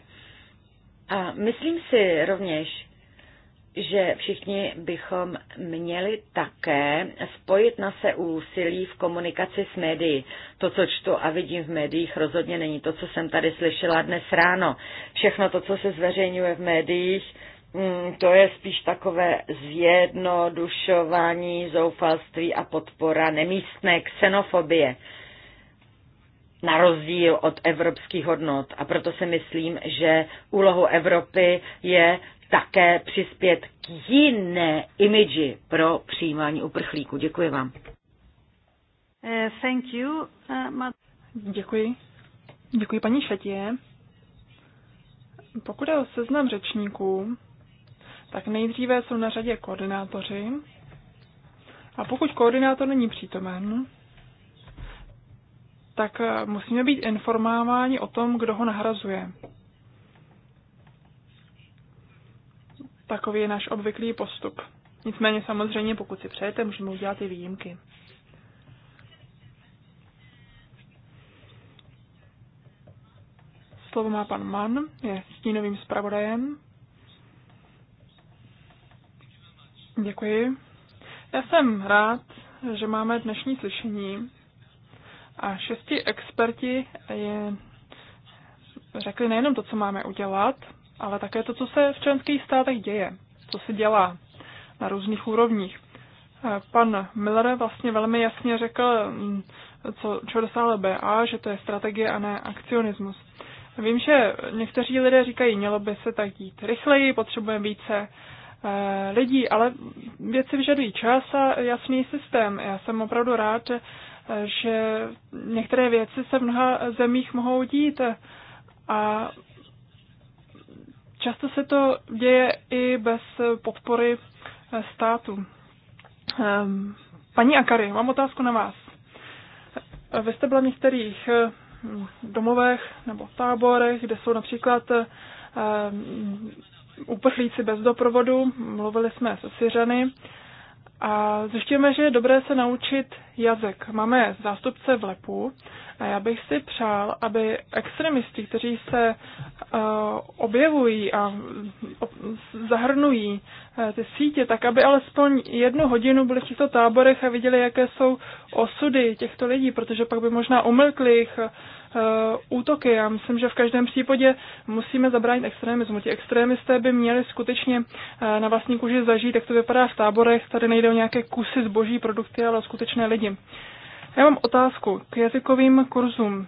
A myslím si rovněž, že všichni bychom měli také spojit na se úsilí v komunikaci s médií. To, co čtu a vidím v médiích, rozhodně není to, co jsem tady slyšela dnes ráno. Všechno to, co se zveřejňuje v médiích, mm, to je spíš takové zjednodušování, zoufalství a podpora nemístné ksenofobie na rozdíl od evropských hodnot. A proto si myslím, že úlohou Evropy je také přispět k jiné imidži pro přijímání uprchlíků. Děkuji vám. Uh, thank you. Uh, Děkuji. Děkuji paní Šetě. Pokud je o seznam řečníků, tak nejdříve jsou na řadě koordinátoři. A pokud koordinátor není přítomen, tak eh, musíme být informováni o tom, kdo ho nahrazuje. Takový je náš obvyklý postup. Nicméně samozřejmě, pokud si přejete, můžeme udělat i výjimky. Slovo má pan Mann, je stínovým zpravodajem. Děkuji. Já jsem rád, že máme dnešní slyšení a šesti experti je, řekli nejenom to, co máme udělat, ale také to, co se v členských státech děje, co se dělá na různých úrovních. Eh, pan Miller vlastně velmi jasně řekl, mm, co, čeho dosáhl BA, že to je strategie a ne akcionismus. Vím, že někteří lidé říkají, mělo by se tak dít rychleji, potřebujeme více eh, lidí, ale věci vyžadují čas a jasný systém. Já jsem opravdu rád, že že některé věci se v mnoha zemích mohou dít a často se to děje i bez podpory eh, státu. Ehm, paní Akary, mám otázku na vás. Vy jste byla v některých eh, domovech nebo táborech, kde jsou například eh, uprchlíci bez doprovodu, mluvili jsme se Syřany a zjišťujeme, že je dobré se naučit jazyk. Máme zástupce v Lepu a já bych si přál, aby extremisti, kteří se uh, objevují a ob, zahrnují uh, ty sítě, tak aby alespoň jednu hodinu byli v těchto táborech a viděli, jaké jsou osudy těchto lidí, protože pak by možná umlkli jich uh, eh, útoky. Já myslím, že v každém případě musíme zabránit extremismu. Ti extremisté by měli skutečně uh, na vlastní kůži zažít, jak to vypadá v táborech. Tady nejde o nějaké kusy zboží, produkty, ale o skutečné lidi lidi. Já mám otázku k jazykovým kurzům.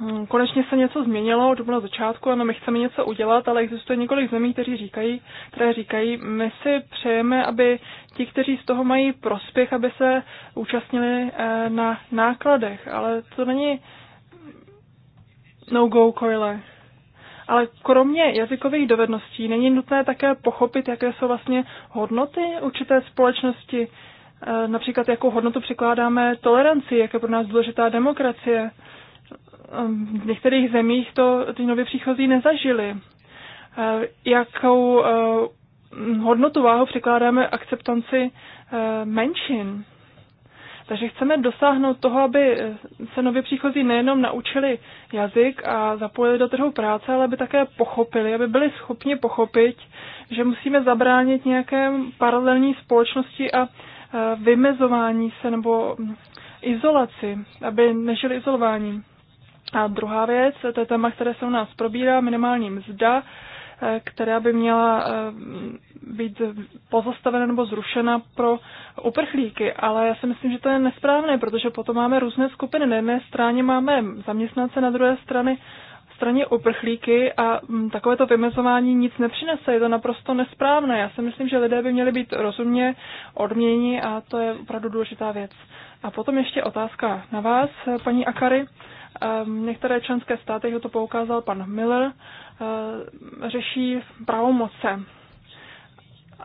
Hmm, konečně se něco změnilo, to bylo na začátku, ano, my chceme něco udělat, ale existuje několik zemí, kteří říkají, které říkají, my si přejeme, aby ti, kteří z toho mají prospěch, aby se účastnili eh, na nákladech, ale to není no-go koile. Ale kromě jazykových dovedností není nutné také pochopit, jaké jsou vlastně hodnoty určité společnosti, Eh, například jakou hodnotu přikládáme toleranci, jak je pro nás důležitá demokracie. Ehm, v některých zemích to ty nově příchozí nezažili. Eh, jakou eh, hodnotu váhu přikládáme akceptanci menšin. Takže chceme dosáhnout toho, aby se nově příchozí nejenom naučili jazyk a zapojili do trhu práce, ale aby také pochopili, aby byli schopni pochopit, že musíme zabránit nějaké paralelní společnosti a Eh, vymezování se nebo izolaci, aby nežili izolování A druhá věc, to je téma, které se u nás probírá, minimální mzda, eh, která by měla eh, být pozastavena nebo zrušena pro uprchlíky. Ale já si myslím, že to je nesprávné, protože potom máme různé skupiny. Na jedné straně máme zaměstnance, na druhé straně straně uprchlíky a mm, takovéto vymezování nic nepřinese. Je to naprosto nesprávné. Já si myslím, že lidé by měli být rozumně odměněni a to je opravdu důležitá věc. A potom ještě otázka na vás, paní Akary. Ehm, některé členské státy, jak to poukázal pan Miller, ehm, řeší pravomoce.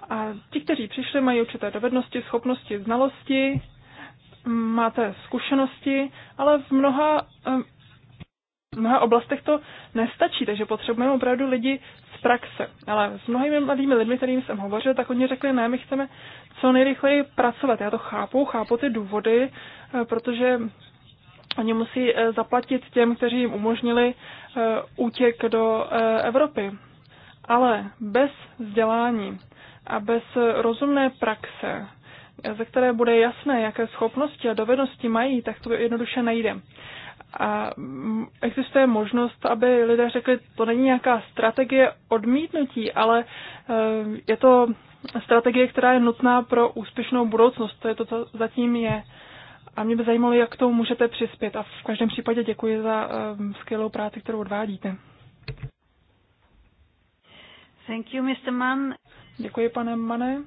A ti, kteří přišli, mají určité dovednosti, schopnosti, znalosti, máte zkušenosti, ale v mnoha ehm, v mnoha oblastech to nestačí, takže potřebujeme opravdu lidi z praxe. Ale s mnohými mladými lidmi, kterým jsem hovořil, tak oni řekli, ne, my chceme co nejrychleji pracovat. Já to chápu, chápu ty důvody, eh, protože oni musí eh, zaplatit těm, kteří jim umožnili eh, útěk do Evropy. Ale bez vzdělání a bez rozumné praxe, ze které bude jasné, jaké schopnosti a dovednosti mají, tak to jednoduše nejde. A existuje možnost, aby lidé řekli, to není nějaká strategie odmítnutí, ale e, je to strategie, která je nutná pro úspěšnou budoucnost. To je to, co zatím je. A mě by zajímalo, jak tomu můžete přispět. A v každém případě děkuji za e, skvělou práci, kterou odvádíte. Thank you, Mr. Mann. Děkuji, pane Mane.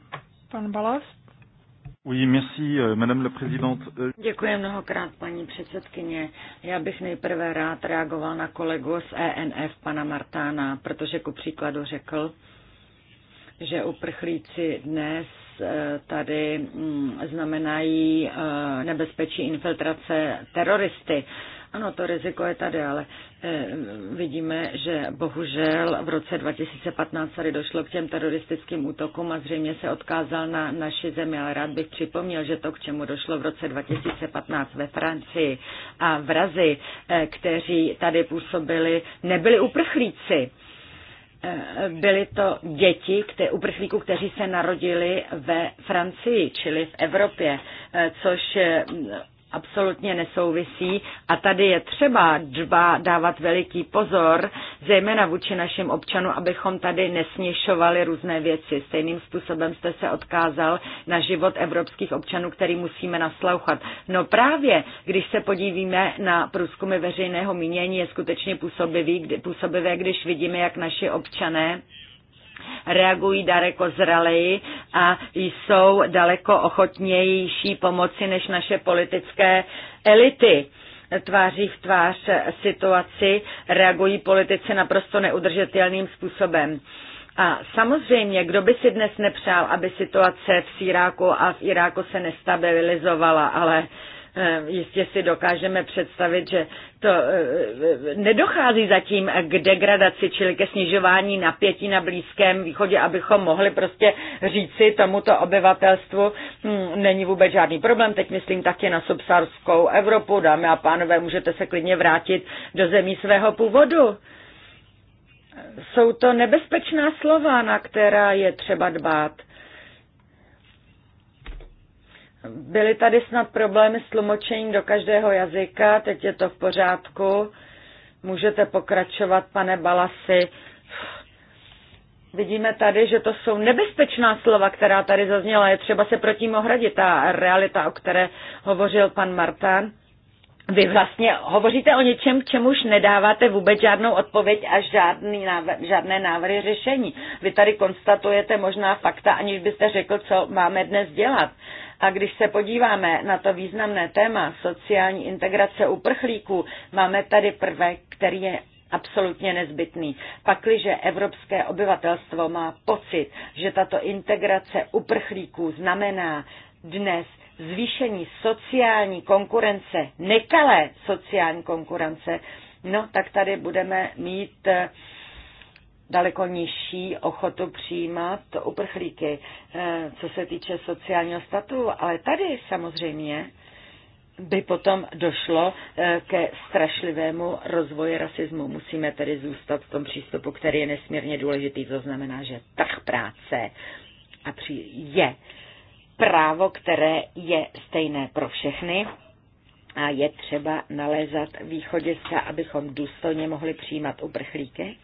Pan Balast. Oui, merci, euh, madame la présidente. Euh, Děkuji mnohokrát, paní předsedkyně. Já bych nejprve rád reagoval na kolegu z ENF, pana Martána, protože ku příkladu řekl, že uprchlíci dnes eh, tady mm, znamenají eh, nebezpečí infiltrace teroristy. Ano, to riziko je tady, ale e, vidíme, že bohužel v roce 2015 tady došlo k těm teroristickým útokům a zřejmě se odkázal na naši zemi, ale rád bych připomněl, že to, k čemu došlo v roce 2015 ve Francii a vrazy, e, eh, kteří tady působili, nebyli uprchlíci eh, byly to děti kte, uprchlíků, kteří se narodili ve Francii, čili v Evropě, což absolutně nesouvisí a tady je třeba dba dávat veliký pozor, zejména vůči našim občanům, abychom tady nesměšovali různé věci. Stejným způsobem jste se odkázal na život evropských občanů, který musíme naslouchat. No právě, když se podívíme na průzkumy veřejného mínění, je skutečně působivý, působivé, když vidíme, jak naši občané reagují daleko zraleji a jsou daleko ochotnější pomoci než naše politické elity tváří v tvář situaci reagují politici naprosto neudržitelným způsobem. A samozřejmě, kdo by si dnes nepřál, aby situace v Síráku a v Iráku se nestabilizovala, ale Eh, jistě si dokážeme představit, že to eh, eh, nedochází zatím k degradaci, čili ke snižování napětí na Blízkém východě, abychom mohli prostě říci tomuto obyvatelstvu, hm, není vůbec žádný problém, teď myslím taky na subsarskou Evropu, dámy a pánové, můžete se klidně vrátit do zemí svého původu. Jsou to nebezpečná slova, na která je třeba dbát. Byly tady snad problémy s tlumočením do každého jazyka, teď je to v pořádku. Můžete pokračovat, pane Balasi. Vidíme tady, že to jsou nebezpečná slova, která tady zazněla. Je třeba se proti tím ohradit. Ta realita, o které hovořil pan Martan. Vy vlastně hovoříte o něčem, čemuž nedáváte vůbec žádnou odpověď a žádný návr- žádné návrhy řešení. Vy tady konstatujete možná fakta, aniž byste řekl, co máme dnes dělat. A když se podíváme na to významné téma sociální integrace uprchlíků, máme tady prvek, který je absolutně nezbytný. Pakliže evropské obyvatelstvo má pocit, že tato integrace uprchlíků znamená dnes zvýšení sociální konkurence, nekalé sociální konkurence, no tak tady budeme mít uh, daleko nižší ochotu přijímat uprchlíky, eh, co se týče sociálního statu. Ale tady samozřejmě by potom došlo eh, ke strašlivému rozvoji rasismu. Musíme tedy zůstat v tom přístupu, který je nesmírně důležitý. To znamená, že trh práce a při je právo, které je stejné pro všechny a je třeba nalézat východiska, abychom důstojně mohli přijímat uprchlíky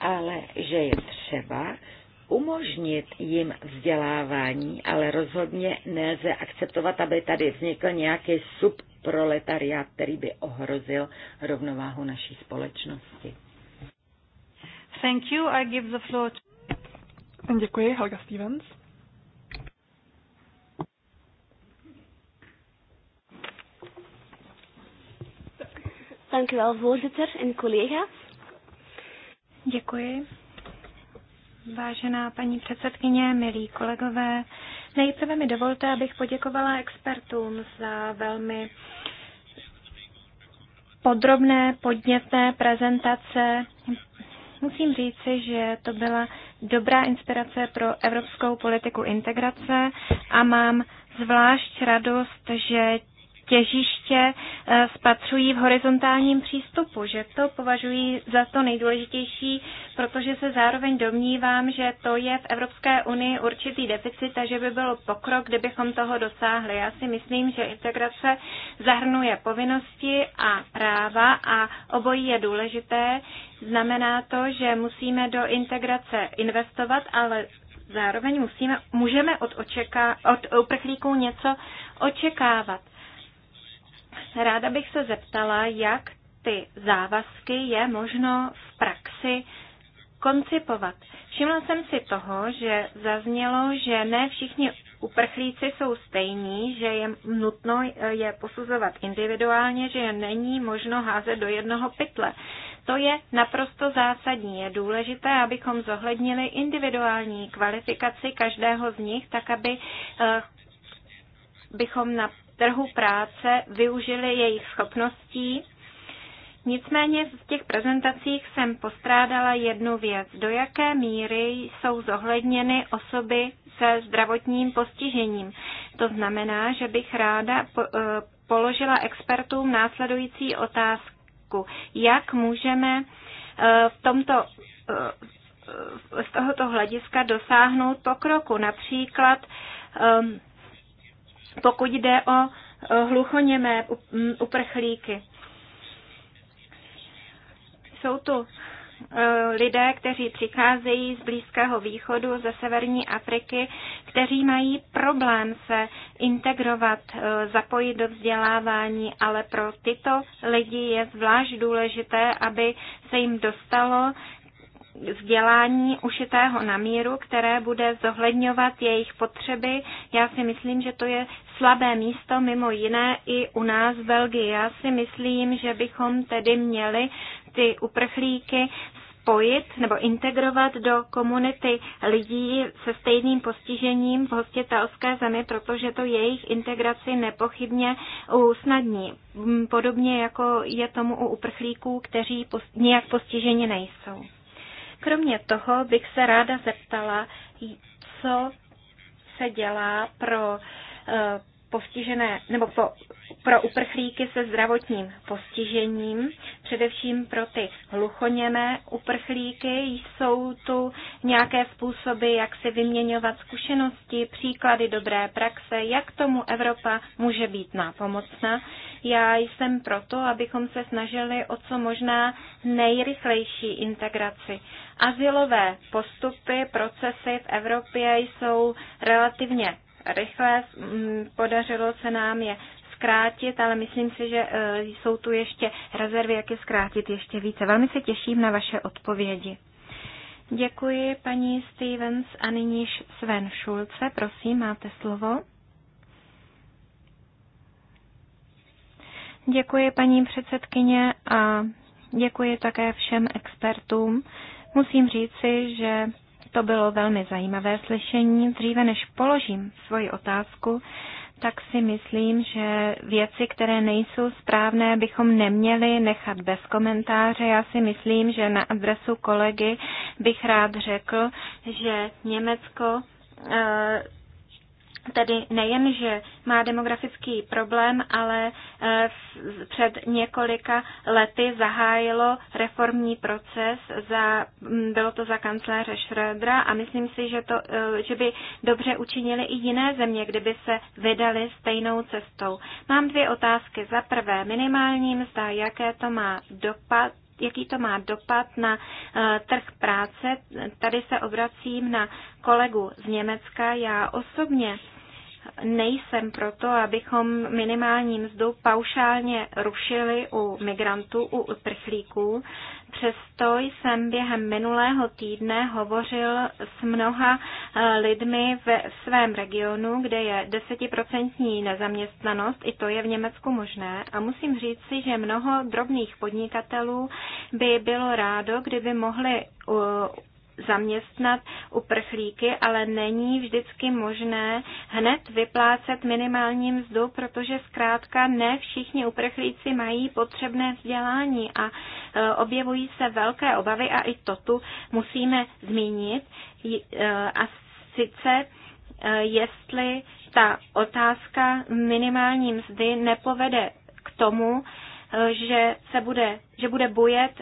ale že je třeba umožnit jim vzdělávání, ale rozhodně nelze akceptovat, aby tady vznikl nějaký subproletariat, který by ohrozil rovnováhu naší společnosti. Thank you. I give the floor to... Děkuji, Helga Stevens. Dank u wel, voorzitter en Děkuji. Vážená paní předsedkyně, milí kolegové, nejprve mi dovolte, abych poděkovala expertům za velmi podrobné, podnětné prezentace. Musím říci, že to byla dobrá inspirace pro evropskou politiku integrace a mám zvlášť radost, že těžiště eh, spatřují v horizontálním přístupu, že to považují za to nejdůležitější, protože se zároveň domnívám, že to je v Evropské unii určitý deficit a že by byl pokrok, kdybychom toho dosáhli. Já si myslím, že integrace zahrnuje povinnosti a práva a obojí je důležité. Znamená to, že musíme do integrace investovat, ale zároveň musíme, můžeme od, očeká, od uprchlíků něco očekávat. Ráda bych se zeptala, jak ty závazky je možno v praxi koncipovat. Všimla jsem si toho, že zaznělo, že ne všichni uprchlíci jsou stejní, že je nutno je posuzovat individuálně, že je není možno házet do jednoho pytle. To je naprosto zásadní. Je důležité, abychom zohlednili individuální kvalifikaci každého z nich, tak aby eh, bychom na trhu práce využili jejich schopností. Nicméně v těch prezentacích jsem postrádala jednu věc. Do jaké míry jsou zohledněny osoby se zdravotním postižením? To znamená, že bych ráda eh, položila expertům následující otázku. Jak můžeme eh, v tomto eh, z tohoto hlediska dosáhnout pokroku. Například ehm, pokud jde o e, hluchoněmé uprchlíky. Jsou tu e, lidé, kteří přicházejí z Blízkého východu, ze severní Afriky, kteří mají problém se integrovat, e, zapojit do vzdělávání, ale pro tyto lidi je zvlášť důležité, aby se jim dostalo vzdělání ušitého na míru, které bude zohledňovat jejich potřeby. Já si myslím, že to je slabé místo, mimo jiné i u nás v Belgii. Já si myslím, že bychom tedy měli ty uprchlíky spojit nebo integrovat do komunity lidí se stejným postižením v hostitelské zemi, protože to jejich integraci nepochybně usnadní. Podobně jako je tomu u uprchlíků, kteří post, nějak postiženi nejsou. Kromě toho bych se ráda zeptala, co se dělá pro eh, postižené nebo po pro uprchlíky se zdravotním postižením, především pro ty hluchoněmé uprchlíky. Jsou tu nějaké způsoby, jak si vyměňovat zkušenosti, příklady dobré praxe, jak tomu Evropa může být nápomocná. Já jsem proto, abychom se snažili o co možná nejrychlejší integraci. Azylové postupy, procesy v Evropě jsou relativně rychlé, mm, podařilo se nám je zkrátit, ale myslím si, že e, jsou tu ještě rezervy, jak je zkrátit ještě více. Velmi se těším na vaše odpovědi. Děkuji paní Stevens a nyní Sven Šulce. Prosím, máte slovo. Děkuji paní předsedkyně a děkuji také všem expertům. Musím říci, že to bylo velmi zajímavé slyšení. Dříve než položím svoji otázku, tak si myslím, že věci, které nejsou správné, bychom neměli nechat bez komentáře. Já si myslím, že na adresu kolegy bych rád řekl, že Německo eh, tedy nejen, že má demografický problém, ale eh, před několika lety zahájilo reformní proces, za, mm, bylo to za kancléře Schrödera a myslím si, že, to, eh, že by dobře učinili i jiné země, kdyby se vydali stejnou cestou. Mám dvě otázky. Za prvé, minimální mzda, jaké to má dopad jaký to má dopad na eh, trh práce. Tady se obracím na kolegu z Německa. Já osobně nejsem proto, abychom minimální mzdu paušálně rušili u migrantů, u uprchlíků. Přesto jsem během minulého týdne hovořil s mnoha eh, lidmi ve svém regionu, kde je desetiprocentní nezaměstnanost, i to je v Německu možné. A musím říci, že mnoho drobných podnikatelů by bylo rádo, kdyby mohli eh, zaměstnat uprchlíky, ale není vždycky možné hned vyplácet minimální mzdu, protože zkrátka ne všichni uprchlíci mají potřebné vzdělání a e, objevují se velké obavy a i to tu musíme zmínit. E, a sice e, jestli ta otázka minimální mzdy nepovede k tomu, že, se bude, že bude bujet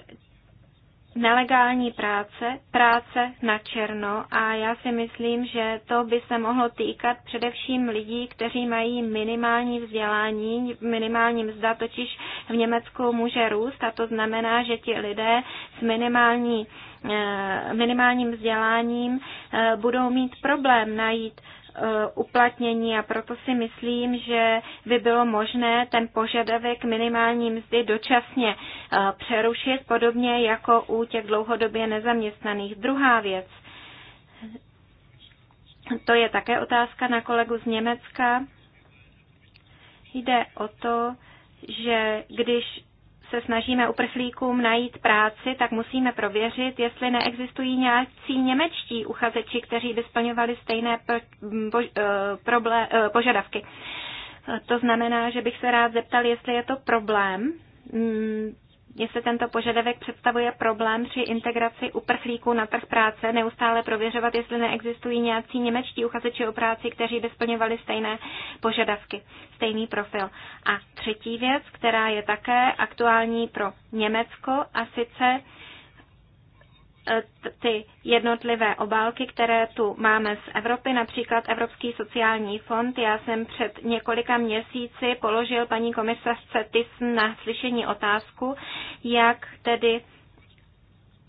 nelegální práce, práce na černo a já si myslím, že to by se mohlo týkat především lidí, kteří mají minimální vzdělání, minimální mzda totiž v Německu může růst a to znamená, že ti lidé s minimální, eh, minimálním vzděláním eh, budou mít problém najít Eh, uplatnění a proto si myslím, že by bylo možné ten požadavek minimální mzdy dočasně eh, přerušit, podobně jako u těch dlouhodobě nezaměstnaných. Druhá věc, to je také otázka na kolegu z Německa. Jde o to, že když se snažíme uprchlíkům najít práci, tak musíme prověřit, jestli neexistují nějací němečtí uchazeči, kteří by splňovali stejné e, e, požadavky. E, to znamená, že bych se rád zeptal, jestli je to problém mm, jestli tento požadavek představuje problém při integraci uprchlíků na trh práce, neustále prověřovat, jestli neexistují nějací němečtí uchazeči o práci, kteří by splňovali stejné požadavky, stejný profil. A třetí věc, která je také aktuální pro Německo, a sice ty jednotlivé obálky, které tu máme z Evropy, například Evropský sociální fond. Já jsem před několika měsíci položil paní komisařce Thyssen na slyšení otázku, jak tedy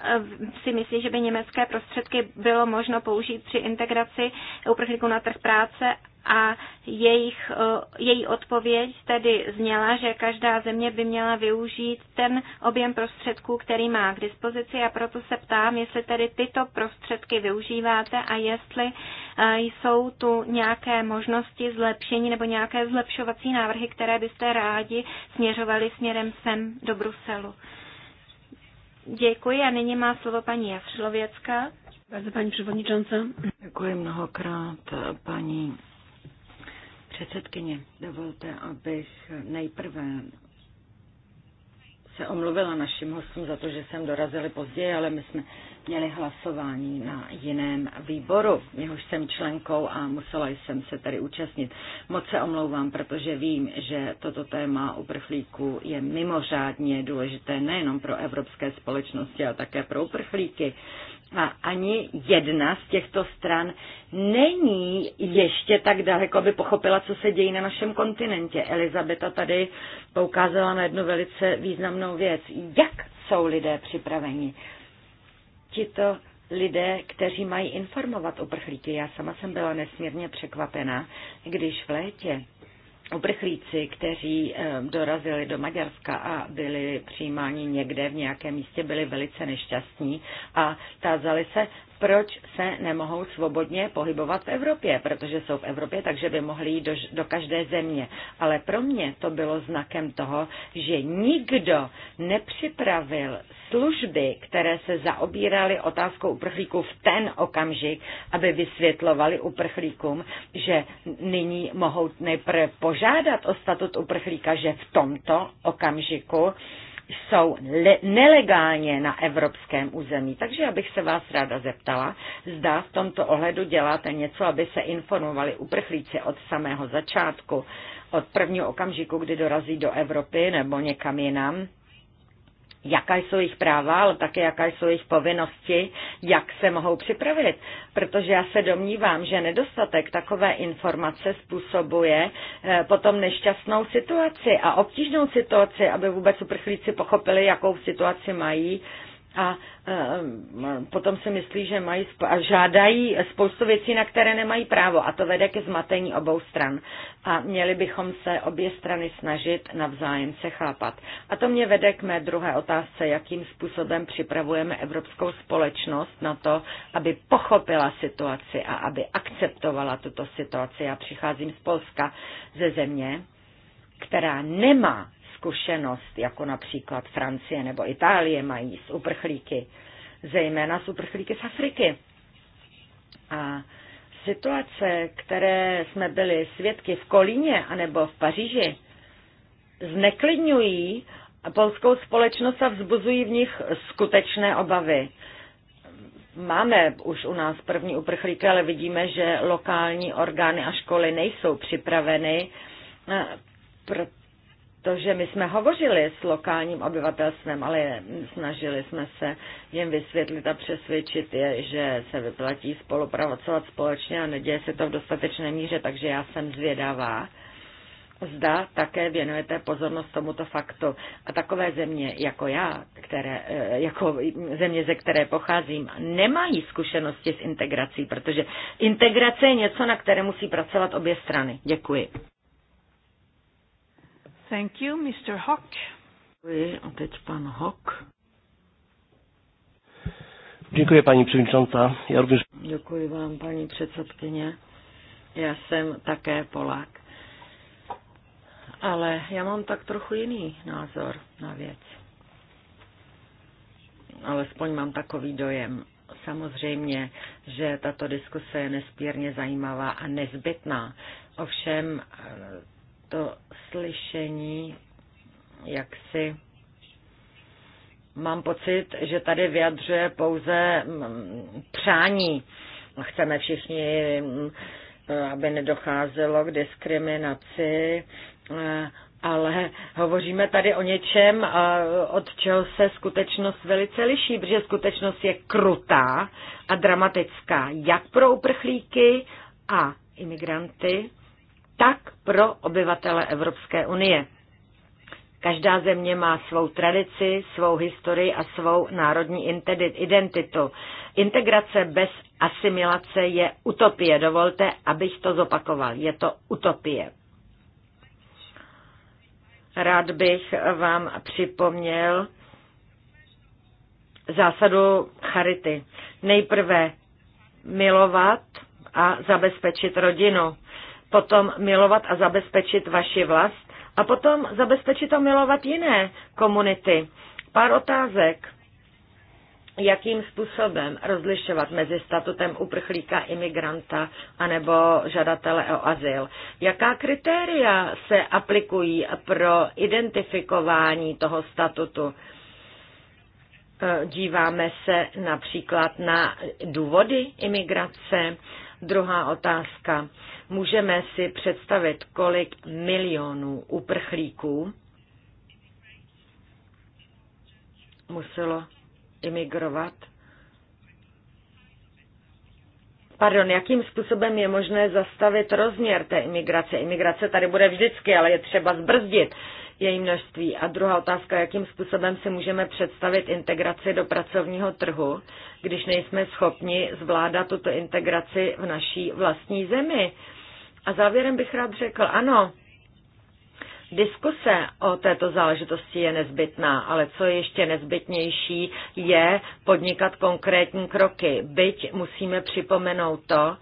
Eh, si myslí, že by německé prostředky bylo možno použít při integraci uprchlíků na trh práce a jejich, eh, její odpověď tedy zněla, že každá země by měla využít ten objem prostředků, který má k dispozici a proto se ptám, jestli tedy tyto prostředky využíváte a jestli eh, jsou tu nějaké možnosti zlepšení nebo nějaké zlepšovací návrhy, které byste rádi směřovali směrem sem do Bruselu. Děkuji a nyní má slovo paní Jafřilověcka. Bardzo paní předsedničance. Děkuji mnohokrát paní předsedkyně. Dovolte, abych nejprve se omluvila našim hostům za to, že jsem dorazili později, ale my jsme měli hlasování na jiném výboru, jehož jsem členkou a musela jsem se tady účastnit. Moc se omlouvám, protože vím, že toto téma uprchlíků je mimořádně důležité nejenom pro evropské společnosti, ale také pro uprchlíky. A ani jedna z těchto stran není ještě tak daleko, aby pochopila, co se děje na našem kontinentě. Elizabeta tady poukázala na jednu velice významnou věc. Jak jsou lidé připraveni? tito lidé, kteří mají informovat uprchlíky. Já sama jsem byla nesmírně překvapena, když v létě uprchlíci, kteří eh, dorazili do Maďarska a byli přijímáni někde v nějakém místě, byli velice nešťastní a tázali se, proč se nemohou svobodně pohybovat v Evropě, protože jsou v Evropě, takže by mohli jít do, do každé země. Ale pro mě to bylo znakem toho, že nikdo nepřipravil služby, které se zaobíraly otázkou uprchlíků v ten okamžik, aby vysvětlovali uprchlíkům, že nyní mohou nejprve požádat o statut uprchlíka, že v tomto okamžiku jsou nelegálně na evropském území. Takže já bych se vás ráda zeptala, zda v tomto ohledu děláte něco, aby se informovali uprchlíci od samého začátku, od prvního okamžiku, kdy dorazí do Evropy nebo někam jinam, jaká jsou jejich práva, ale také jaká jsou jejich povinnosti, jak se mohou připravit. Protože já se domnívám, že nedostatek takové informace způsobuje eh, potom nešťastnou situaci a obtížnou situaci, aby vůbec uprchlíci pochopili, jakou situaci mají a e, potom si myslí, že mají a žádají spoustu věcí, na které nemají právo a to vede ke zmatení obou stran. A měli bychom se obě strany snažit navzájem se chápat. A to mě vede k mé druhé otázce, jakým způsobem připravujeme evropskou společnost na to, aby pochopila situaci a aby akceptovala tuto situaci. Já přicházím z Polska, ze země, která nemá zkušenost, jako například Francie nebo Itálie mají s uprchlíky, zejména s uprchlíky z Afriky. A situace, které jsme byli svědky v Kolíně anebo v Paříži, zneklidňují polskou společnost a vzbuzují v nich skutečné obavy. Máme už u nás první uprchlíky, ale vidíme, že lokální orgány a školy nejsou připraveny, eh, protože my jsme hovořili s lokálním obyvatelstvem, ale snažili jsme se jim vysvětlit a přesvědčit je, že se vyplatí spolupracovat společně a neděje se to v dostatečné míře, takže já jsem zvědavá, zda také věnujete pozornost tomuto faktu. A takové země jako já, které, eh, jako země, ze které pocházím, nemají zkušenosti s integrací, protože integrace je něco, na které musí pracovat obě strany. Děkuji. Thank you, Mr. Hock. Děkuji. A teď pan Hock. Děkuji, paní předsedkyně. Já rovněž... Děkuji vám, paní předsedkyně. Já jsem také Polák. Ale já mám tak trochu jiný názor na věc. Alespoň mám takový dojem. Samozřejmě, že tato diskuse je nespírně zajímavá a nezbytná. Ovšem, to slyšení, jak si mám pocit, že tady vyjadřuje pouze mm, přání. Chceme všichni, mm, aby nedocházelo k diskriminaci, eh, ale hovoříme tady o něčem, eh, od čeho se skutečnost velice liší, protože skutečnost je krutá a dramatická, jak pro uprchlíky a imigranty, tak pro obyvatele Evropské unie. Každá země má svou tradici, svou historii a svou národní identitu. Integrace bez asimilace je utopie. Dovolte, abych to zopakoval. Je to utopie. Rád bych vám připomněl zásadu charity. Nejprve milovat a zabezpečit rodinu potom milovat a zabezpečit vaši vlast a potom zabezpečit a milovat jiné komunity. Pár otázek. Jakým způsobem rozlišovat mezi statutem uprchlíka, imigranta anebo žadatele o azyl? Jaká kritéria se aplikují pro identifikování toho statutu? E, díváme se například na důvody imigrace. Druhá otázka. Můžeme si představit, kolik milionů uprchlíků muselo imigrovat Pardon, jakým způsobem je možné zastavit rozměr té imigrace? Imigrace tady bude vždycky, ale je třeba zbrzdit její množství. A druhá otázka, jakým způsobem si můžeme představit integraci do pracovního trhu, když nejsme schopni zvládat tuto integraci v naší vlastní zemi? A závěrem bych rád řekl, ano, Diskuse o této záležitosti je nezbytná, ale co je ještě nezbytnější, je podnikat konkrétní kroky. Byť musíme připomenout to,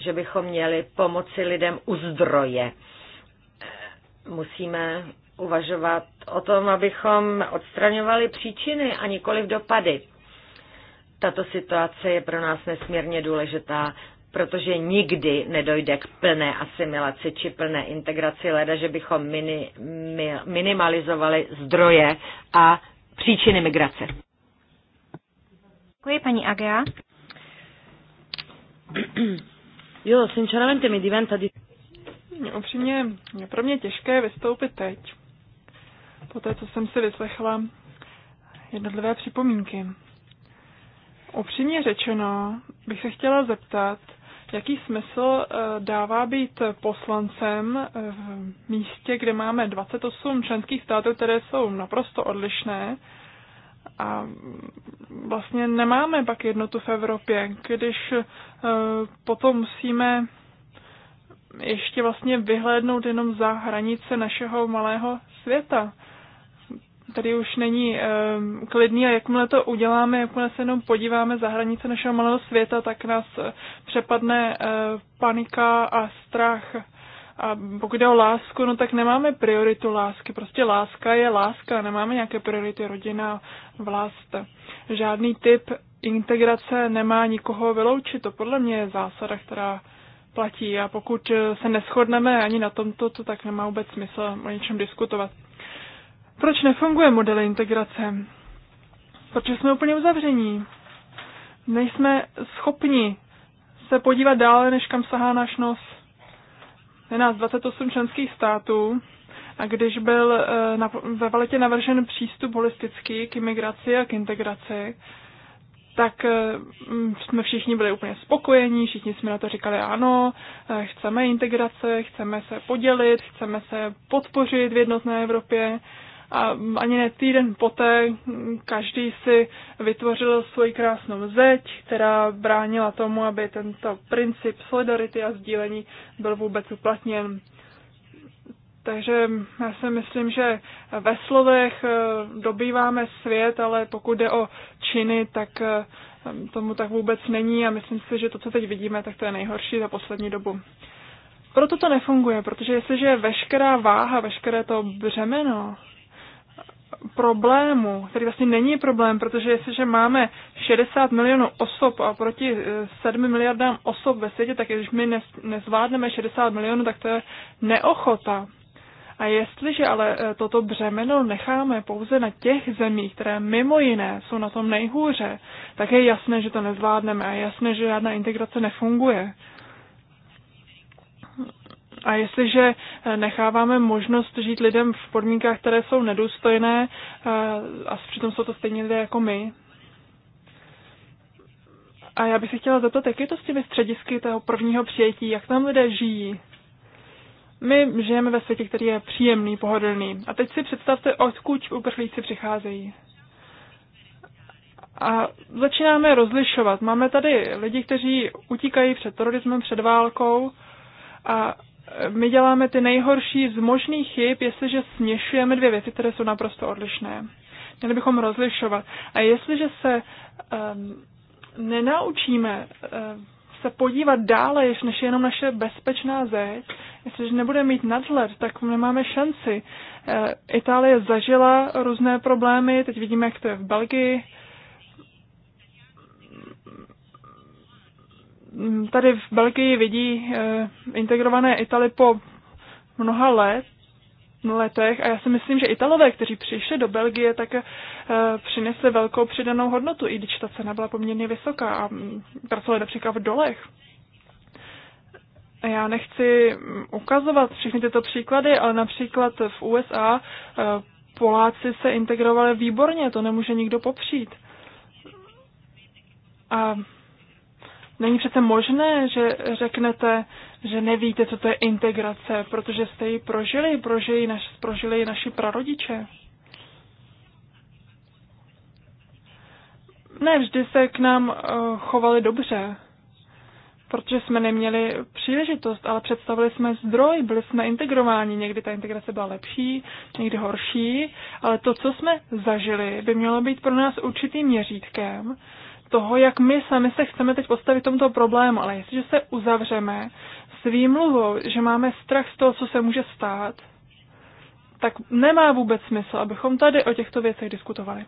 že bychom měli pomoci lidem u zdroje. Musíme uvažovat o tom, abychom odstraňovali příčiny a nikoli dopady. Tato situace je pro nás nesmírně důležitá protože nikdy nedojde k plné asimilaci či plné integraci leda, že bychom mini, mi, minimalizovali zdroje a příčiny migrace. Děkuji, paní Agea. Jo, sinceramente mi diventa di... Upřímně, je pro mě těžké vystoupit teď, po té, co jsem si vyslechla jednotlivé připomínky. Upřímně řečeno, bych se chtěla zeptat, jaký smysl eh, dává být poslancem eh, v místě, kde máme 28 členských států, které jsou naprosto odlišné a mm, vlastně nemáme pak jednotu v Evropě, když eh, potom musíme ještě vlastně vyhlédnout jenom za hranice našeho malého světa tady už není um, klidný a jakmile to uděláme, jakmile se jenom podíváme za hranice našeho malého světa, tak nás eh, přepadne uh, panika a strach. A pokud jde o lásku, no tak nemáme prioritu lásky. Prostě láska je láska, nemáme nějaké priority rodina, vlast. Žádný typ integrace nemá nikoho vyloučit. To podle mě je zásada, která platí a pokud se neschodneme ani na tomto, to tak nemá vůbec smysl o něčem diskutovat. Proč nefunguje model integrace? Proč jsme úplně uzavření? Nejsme schopni se podívat dále, než kam sahá náš nos. Je nás 28 členských států a když byl eh, ve valetě navržen přístup holistický k imigraci a k integraci, tak eh, jsme všichni byli úplně spokojení, všichni jsme na to říkali ano, eh, chceme integrace, chceme se podělit, chceme se podpořit v jednotné Evropě, a ani ne týden poté každý si vytvořil svoji krásnou zeď, která bránila tomu, aby tento princip solidarity a sdílení byl vůbec uplatněn. Takže já si myslím, že ve slovech eh, dobýváme svět, ale pokud jde o činy, tak eh, tomu tak vůbec není a myslím si, že to, co teď vidíme, tak to je nejhorší za poslední dobu. Proto to nefunguje, protože jestliže je veškerá váha, veškeré to břemeno problému, který vlastně není problém, protože jestliže máme 60 milionů osob a proti 7 eh, miliardám osob ve světě, tak když my nezvládneme 60 milionů, tak to je neochota. A jestliže ale eh, toto břemeno necháme pouze na těch zemích, které mimo jiné jsou na tom nejhůře, tak je jasné, že to nezvládneme a je jasné, že žádná integrace nefunguje. A jestliže eh, necháváme možnost žít lidem v podmínkách, které jsou nedůstojné, eh, a přitom jsou to stejně lidé jako my, a já bych se chtěla zeptat, jak je to s těmi středisky toho prvního přijetí, jak tam lidé žijí? My žijeme ve světě, který je příjemný, pohodlný. A teď si představte, odkud uprchlíci přicházejí. A začínáme rozlišovat. Máme tady lidi, kteří utíkají před terorismem, před válkou a my děláme ty nejhorší z možných chyb, jestliže směšujeme dvě věci, které jsou naprosto odlišné. Měli bychom rozlišovat. A jestliže se um, nenaučíme uh, se podívat dále, než je jenom naše bezpečná zeď, jestliže nebudeme mít nadhled, tak nemáme šanci. Uh, Itálie zažila různé problémy, teď vidíme, jak to je v Belgii, Mm, tady v Belgii vidí eh, integrované Italy po mnoha let, letech a já si myslím, že Italové, kteří přišli do Belgie, tak eh, přinesli velkou přidanou hodnotu, i když ta cena byla poměrně vysoká a mm, pracovali například v dolech. Já nechci mm, ukazovat všechny tyto příklady, ale například v USA eh, Poláci se integrovali výborně, to nemůže nikdo popřít. A Není přece možné, že řeknete, že nevíte, co to je integrace, protože jste ji prožili, prožili, naš, prožili naši prarodiče. Ne, vždy se k nám uh, chovali dobře, protože jsme neměli příležitost, ale představili jsme zdroj, byli jsme integrováni. Někdy ta integrace byla lepší, někdy horší, ale to, co jsme zažili, by mělo být pro nás určitým měřítkem, toho, jak my sami se chceme teď postavit tomuto problému, ale jestliže se uzavřeme s výmluvou, že máme strach z toho, co se může stát, tak nemá vůbec smysl, abychom tady o těchto věcech diskutovali.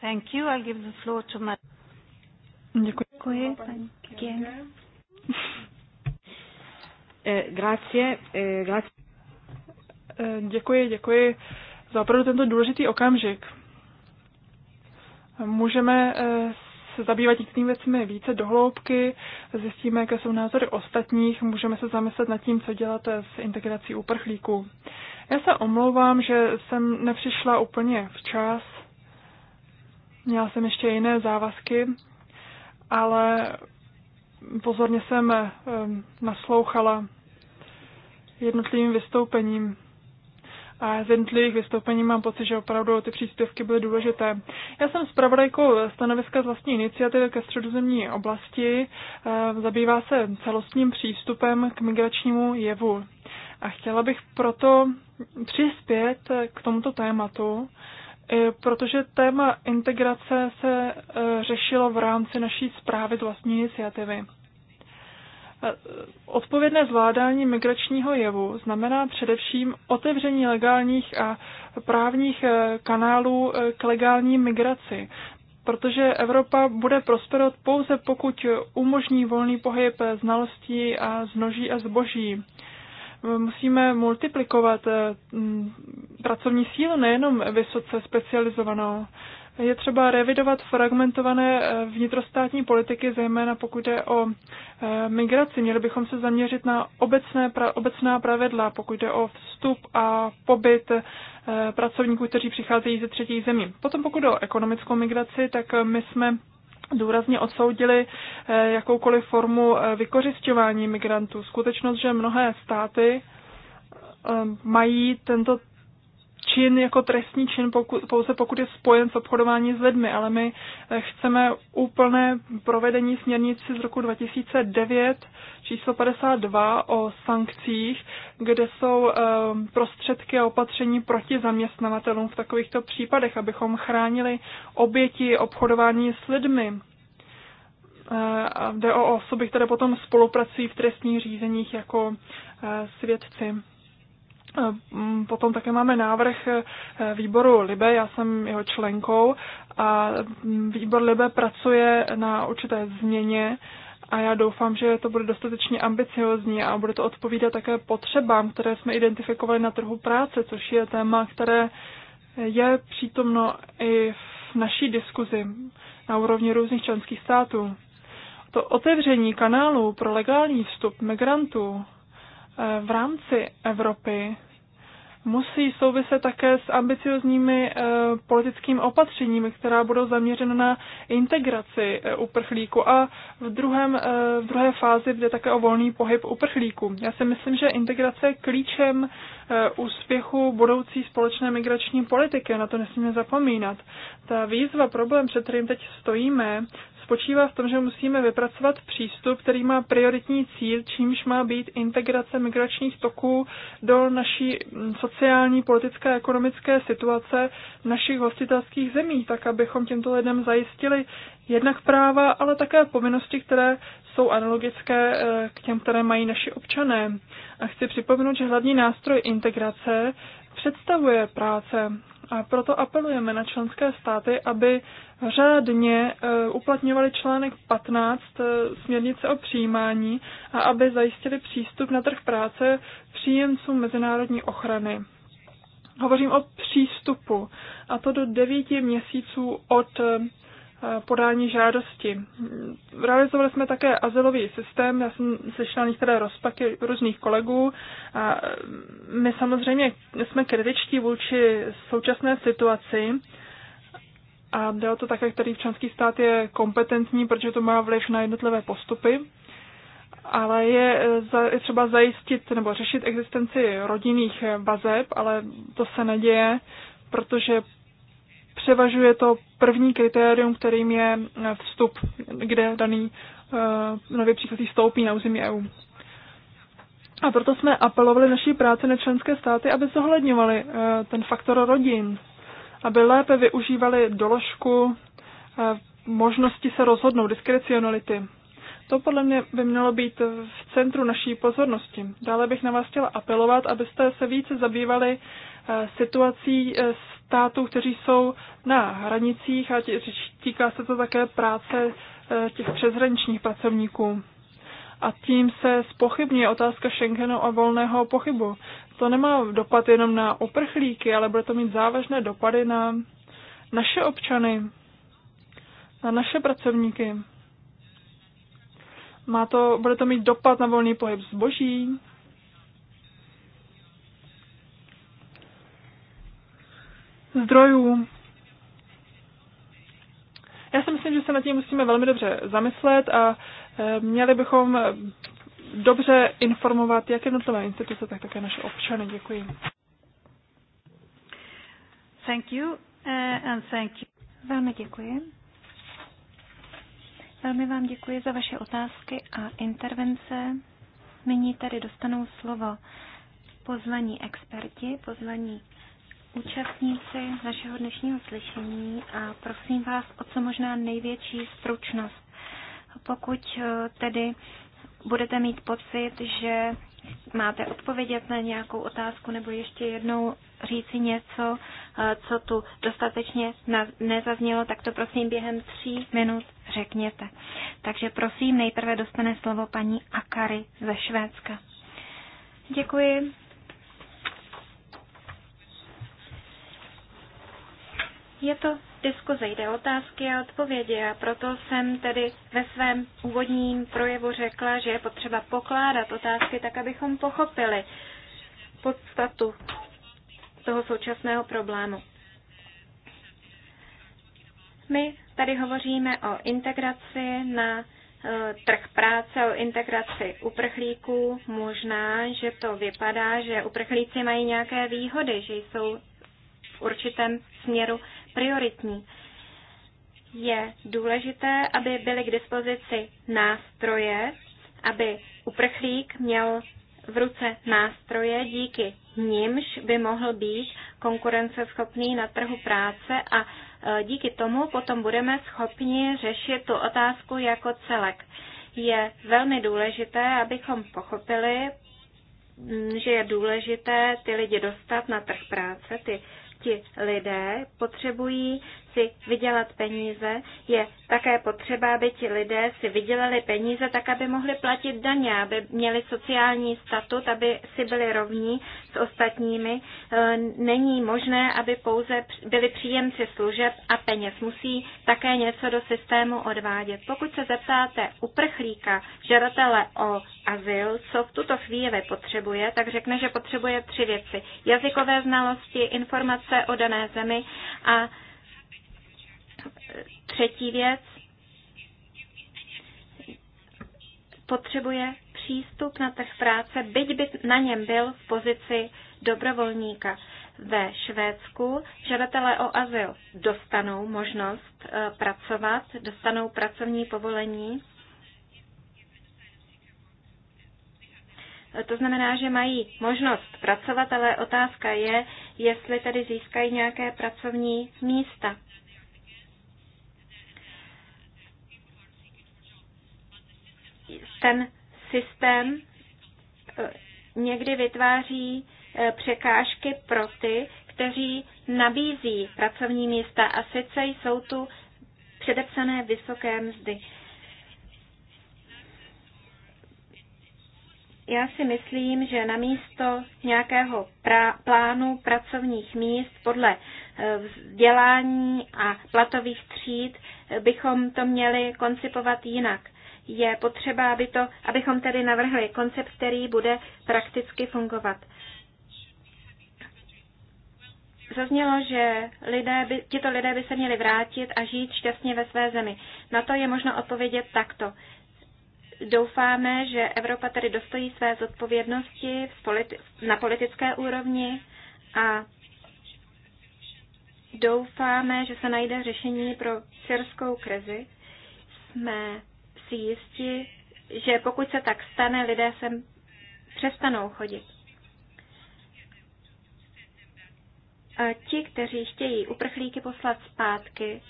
Thank you. I'll give the floor to my... Děkuji. Děkuji, Děkuji. Děkuji. Děkuji. grazie. Eh, eh, děkuji, děkuji za opravdu tento důležitý okamžik. Můžeme eh, se zabývat některými věcmi více dohloubky, zjistíme, jaké jsou názory ostatních, můžeme se zamyslet nad tím, co děláte s integrací uprchlíků. Já se omlouvám, že jsem nepřišla úplně včas. Měla jsem ještě jiné závazky, ale pozorně jsem eh, naslouchala jednotlivým vystoupením a z jednotlivých vystoupení mám pocit, že opravdu ty příspěvky byly důležité. Já jsem zpravodajkou stanoviska z vlastní iniciativy ke středozemní oblasti. Eh, zabývá se celostním přístupem k migračnímu jevu. A chtěla bych proto přispět k tomuto tématu, eh, protože téma integrace se eh, řešilo v rámci naší zprávy z vlastní iniciativy. Eh, odpovědné zvládání migračního jevu znamená především otevření legálních a právních eh, kanálů eh, k legální migraci, protože Evropa bude prosperovat pouze pokud umožní volný pohyb znalostí a znoží a zboží. Musíme multiplikovat pracovní sílu, nejenom vysoce specializovanou. Je třeba revidovat fragmentované eh, vnitrostátní politiky, zejména pokud jde o eh, migraci. Měli bychom se zaměřit na obecné, pra, obecná pravidla, pokud jde o vstup a pobyt eh, pracovníků, kteří přicházejí ze třetích zemí. Potom pokud jde o ekonomickou migraci, tak my jsme důrazně odsoudili jakoukoliv formu vykořišťování migrantů. Skutečnost, že mnohé státy mají tento čin jako trestní čin pokud, pouze pokud je spojen s obchodování s lidmi, ale my eh, chceme úplné provedení směrnici z roku 2009 číslo 52 o sankcích, kde jsou eh, prostředky a opatření proti zaměstnavatelům v takovýchto případech, abychom chránili oběti obchodování s lidmi. Eh, jde o osoby, které potom spolupracují v trestních řízeních jako svědci. Eh, potom také máme návrh eh, výboru Libe, já jsem jeho členkou a výbor Libe pracuje na určité změně a já doufám, že to bude dostatečně ambiciozní a bude to odpovídat také potřebám, které jsme identifikovali na trhu práce, což je téma, které je přítomno i v naší diskuzi na úrovni různých členských států. To otevření kanálu pro legální vstup migrantů eh, v rámci Evropy musí souviset také s ambiciozními eh, politickými opatřeními, která budou zaměřena na integraci eh, uprchlíků a v, druhém, eh, v druhé fázi jde také o volný pohyb uprchlíků. Já si myslím, že integrace je klíčem úspěchu budoucí společné migrační politiky, na to nesmíme zapomínat. Ta výzva, problém, před kterým teď stojíme, spočívá v tom, že musíme vypracovat přístup, který má prioritní cíl, čímž má být integrace migračních toků do naší sociální, politické a ekonomické situace našich hostitelských zemí, tak abychom těmto lidem zajistili jednak práva, ale také povinnosti, které jsou analogické eh, k těm, které mají naši občané. A chci připomenout, že hlavní nástroj integrace představuje práce a proto apelujeme na členské státy, aby řádně e, uplatňovali článek 15 e, směrnice o přijímání a aby zajistili přístup na trh práce příjemcům mezinárodní ochrany. Hovořím o přístupu, a to do devíti měsíců od e, Eh, podání žádosti. Realizovali jsme také azylový systém, já jsem slyšela některé rozpaky různých kolegů a my samozřejmě jsme kritičtí vůči současné situaci a jde o to také, který v členský stát je kompetentní, protože to má vliv na jednotlivé postupy ale je, je třeba zajistit nebo řešit existenci rodinných vazeb, ale to se neděje, protože převažuje to první kritérium, kterým je vstup, kde daný eh, nově příchozí stoupí na území EU. A proto jsme apelovali naší práci na členské státy, aby zohledňovali eh, ten faktor rodin, aby lépe využívali doložku eh, možnosti se rozhodnout, diskrecionality. To podle mě by mělo být v centru naší pozornosti. Dále bych na vás chtěla apelovat, abyste se více zabývali situací s států, kteří jsou na hranicích a týká se to také práce eh, těch přezhraničních pracovníků. A tím se spochybňuje otázka Schengenu a volného pochybu. To nemá dopad jenom na uprchlíky, ale bude to mít závažné dopady na naše občany, na naše pracovníky. Má to, bude to mít dopad na volný pohyb zboží, zdrojů. Já si myslím, že se nad tím musíme velmi dobře zamyslet a eh, měli bychom dobře informovat jak jednotlivé instituce, tak také naše občany. Děkuji. Thank you eh, and thank you. Velmi děkuji. Velmi vám děkuji za vaše otázky a intervence. Nyní tady dostanou slovo pozvaní experti, pozvaní účastníci našeho dnešního slyšení a prosím vás o co možná největší stručnost. Pokud eh, tedy budete mít pocit, že máte odpovědět na nějakou otázku nebo ještě jednou říci něco, eh, co tu dostatečně nezaznělo, tak to prosím během tří minut řekněte. Takže prosím, nejprve dostane slovo paní Akary ze Švédska. Děkuji. Je to diskuze, jde otázky a odpovědi a proto jsem tedy ve svém úvodním projevu řekla, že je potřeba pokládat otázky tak, abychom pochopili podstatu toho současného problému. My tady hovoříme o integraci na e, trh práce, o integraci uprchlíků. Možná, že to vypadá, že uprchlíci mají nějaké výhody, že jsou v určitém směru prioritní. Je důležité, aby byly k dispozici nástroje, aby uprchlík měl v ruce nástroje, díky nímž by mohl být konkurenceschopný na trhu práce a e, díky tomu potom budeme schopni řešit tu otázku jako celek. Je velmi důležité, abychom pochopili, že je důležité ty lidi dostat na trh práce, ty ti lidé potřebují si vydělat peníze, je také potřeba, aby ti lidé si vydělali peníze tak, aby mohli platit daně, aby měli sociální statut, aby si byli rovní s ostatními. E, není možné, aby pouze byli příjemci služeb a peněz. Musí také něco do systému odvádět. Pokud se zeptáte uprchlíka, žadatele o azyl, co v tuto chvíli potřebuje, tak řekne, že potřebuje tři věci. Jazykové znalosti, informace o dané zemi a Třetí věc, potřebuje přístup na trh práce, byť by na něm byl v pozici dobrovolníka. Ve Švédsku žadatelé o azyl dostanou možnost eh, pracovat, dostanou pracovní povolení. To znamená, že mají možnost pracovat, ale otázka je, jestli tady získají nějaké pracovní místa. ten systém eh, někdy vytváří eh, překážky pro ty, kteří nabízí pracovní místa a sice jsou tu předepsané vysoké mzdy. Já si myslím, že na místo nějakého pra- plánu pracovních míst podle eh, vzdělání a platových tříd bychom to měli koncipovat jinak je potřeba, aby to, abychom tedy navrhli koncept, který bude prakticky fungovat. Zaznělo, že lidé by, tito lidé by se měli vrátit a žít šťastně ve své zemi. Na to je možno odpovědět takto. Doufáme, že Evropa tedy dostojí své zodpovědnosti na politické úrovni a doufáme, že se najde řešení pro syrskou krizi. Jsme si jisti, že pokud se tak stane, lidé sem přestanou chodit. A ti, kteří chtějí uprchlíky poslat zpátky,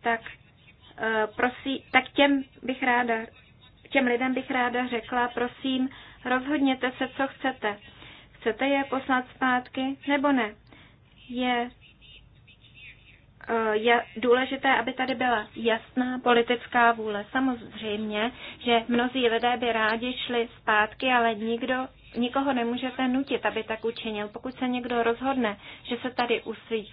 tak, eh, prosí, tak těm, bych ráda, těm lidem bych ráda řekla, prosím, rozhodněte se, co chcete. Chcete je poslat zpátky nebo ne? Je Eh, je důležité, aby tady byla jasná politická vůle. Samozřejmě, že mnozí lidé by rádi šli zpátky, ale nikdo, nikoho nemůžete nutit, aby tak učinil. Pokud se někdo rozhodne, že se tady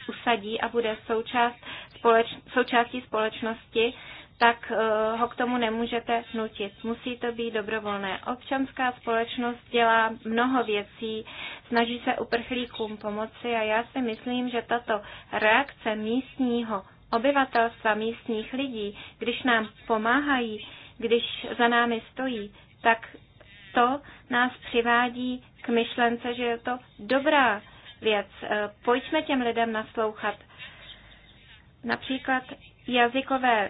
usadí a bude součást společ, součástí společnosti, tak eh, ho k tomu nemůžete nutit. Musí to být dobrovolné. Občanská společnost dělá mnoho věcí, snaží se uprchlíkům pomoci a já si myslím, že tato reakce místního obyvatelstva, místních lidí, když nám pomáhají, když za námi stojí, tak to nás přivádí k myšlence, že je to dobrá věc. Eh, pojďme těm lidem naslouchat. Například jazykové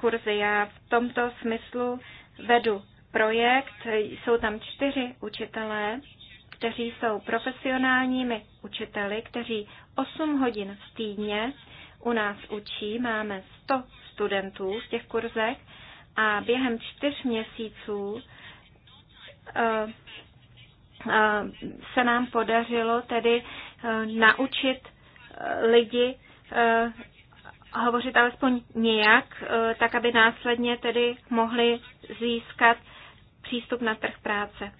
kurzy. Já v tomto smyslu vedu projekt, jsou tam čtyři učitelé, kteří jsou profesionálními učiteli, kteří 8 hodin v týdně u nás učí. Máme 100 studentů v těch kurzech a během čtyř měsíců eh, eh, se nám podařilo tedy eh, naučit lidi hovořit alespoň nějak, eh, tak aby následně tedy mohli získat přístup na trh práce.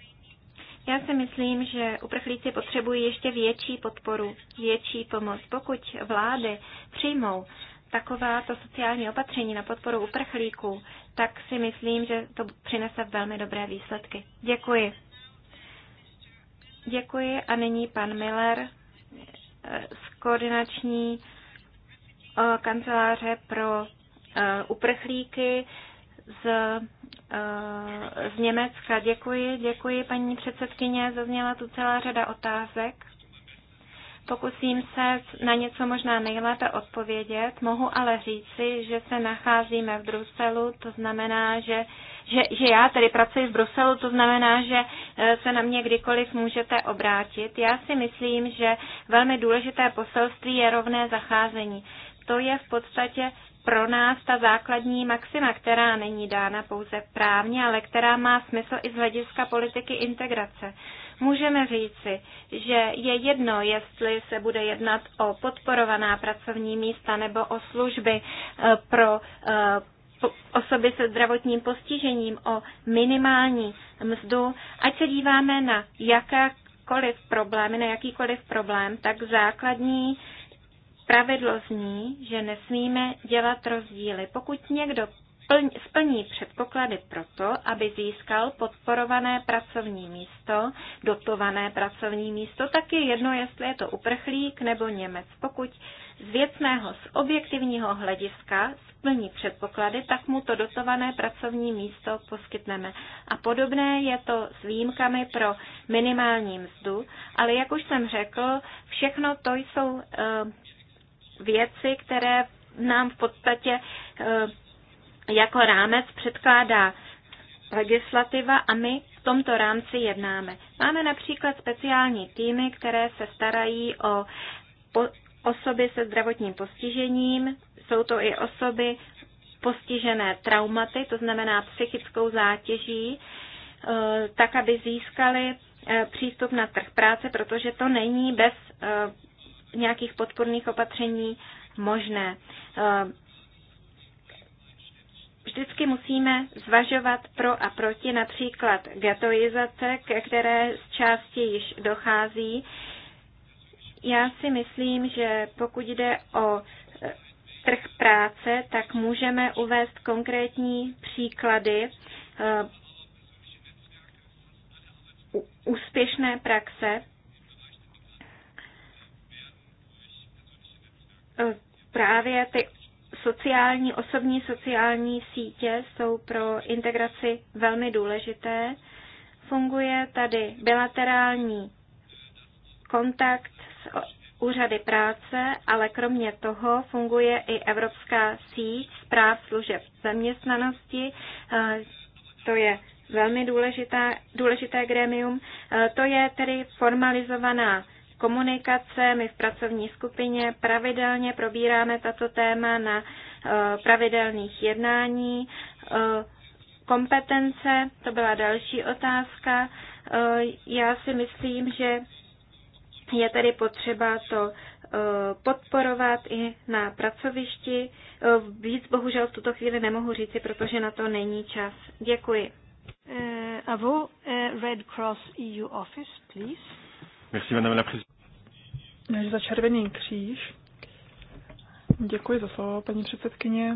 Já si myslím, že uprchlíci potřebují ještě větší podporu, větší pomoc. Pokud vlády přijmou takováto sociální opatření na podporu uprchlíků, tak si myslím, že to přinese velmi dobré výsledky. Děkuji. Děkuji a nyní pan Miller eh, z koordinační Eh, kanceláře pro eh, uprchlíky z, eh, z Německa. Děkuji, děkuji paní předsedkyně, zazněla tu celá řada otázek. Pokusím se na něco možná nejlépe odpovědět. Mohu ale říci, že se nacházíme v Bruselu, to znamená, že, že, že já tedy pracuji v Bruselu, to znamená, že se na mě kdykoliv můžete obrátit. Já si myslím, že velmi důležité poselství je rovné zacházení to je v podstatě pro nás ta základní maxima, která není dána pouze právně, ale která má smysl i z hlediska politiky integrace. Můžeme říci, že je jedno, jestli se bude jednat o podporovaná pracovní místa nebo o služby eh, pro eh, osoby se zdravotním postižením, o minimální mzdu, ať se díváme na jakékoliv problémy, na jakýkoliv problém, tak základní Pravidlo zní, že nesmíme dělat rozdíly. Pokud někdo splní předpoklady pro to, aby získal podporované pracovní místo, dotované pracovní místo, tak je jedno, jestli je to uprchlík nebo Němec. Pokud z věcného, z objektivního hlediska splní předpoklady, tak mu to dotované pracovní místo poskytneme. A podobné je to s výjimkami pro minimální mzdu, ale jak už jsem řekl, všechno to jsou eh, věci, které nám v podstatě eh, jako rámec předkládá legislativa a my v tomto rámci jednáme. Máme například speciální týmy, které se starají o osoby se zdravotním postižením, jsou to i osoby postižené traumaty, to znamená psychickou zátěží, eh, tak, aby získali eh, přístup na trh práce, protože to není bez nějakých podporných opatření možné. Eh, vždycky musíme zvažovat pro a proti například getoizace, ke které z části již dochází. Já si myslím, že pokud jde o eh, trh práce, tak můžeme uvést konkrétní příklady eh, úspěšné praxe E, právě ty sociální, osobní sociální sítě jsou pro integraci velmi důležité. Funguje tady bilaterální kontakt s úřady práce, ale kromě toho funguje i Evropská síť zpráv služeb zaměstnanosti. E, to je velmi důležité, důležité grémium. E, to je tedy formalizovaná komunikace. My v pracovní skupině pravidelně probíráme tato téma na eh, pravidelných jednání. Eh, kompetence, to byla další otázka. Eh, já si myslím, že je tedy potřeba to podporovat i na pracovišti. Víc bohužel v tuto chvíli nemohu říci, protože na to není čas. Děkuji. Uh, Avo, uh, Red Cross EU Office, please. Merci, madame la présidente. za Červený kříž. Děkuji za slovo, paní předsedkyně.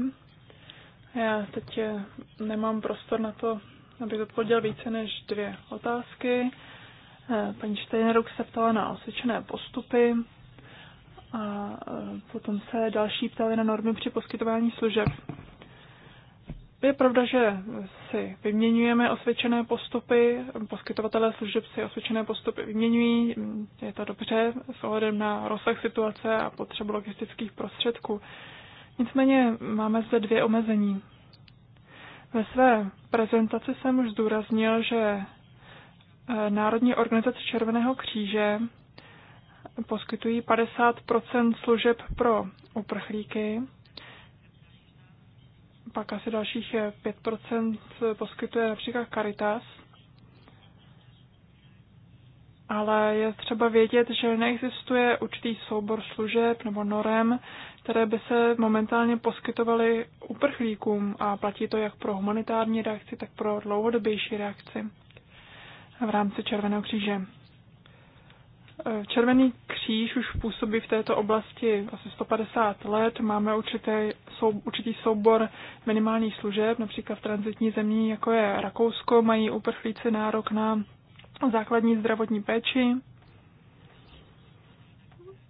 Já teď eh, nemám prostor na to, abych odpověděl více než dvě otázky. Eh, paní Steineruk se ptala na osvědčené postupy a eh, potom se další ptali na normy při poskytování služeb. Je pravda, že si vyměňujeme osvědčené postupy, poskytovatelé služeb si osvědčené postupy vyměňují, je to dobře s ohledem na rozsah situace a potřebu logistických prostředků. Nicméně máme zde dvě omezení. Ve své prezentaci jsem už zdůraznil, že eh, Národní organizace Červeného kříže poskytují 50 služeb pro uprchlíky pak asi dalších 5% eh, poskytuje například Caritas. Ale je třeba vědět, že neexistuje určitý soubor služeb nebo norem, které by se momentálně poskytovaly uprchlíkům a platí to jak pro humanitární reakci, tak pro dlouhodobější reakci v rámci Červeného kříže. Eh, Červený kříž už působí v této oblasti asi 150 let. Máme určitý, sou, určitý soubor minimálních služeb, například v transitní zemí, jako je Rakousko, mají uprchlíci nárok na základní zdravotní péči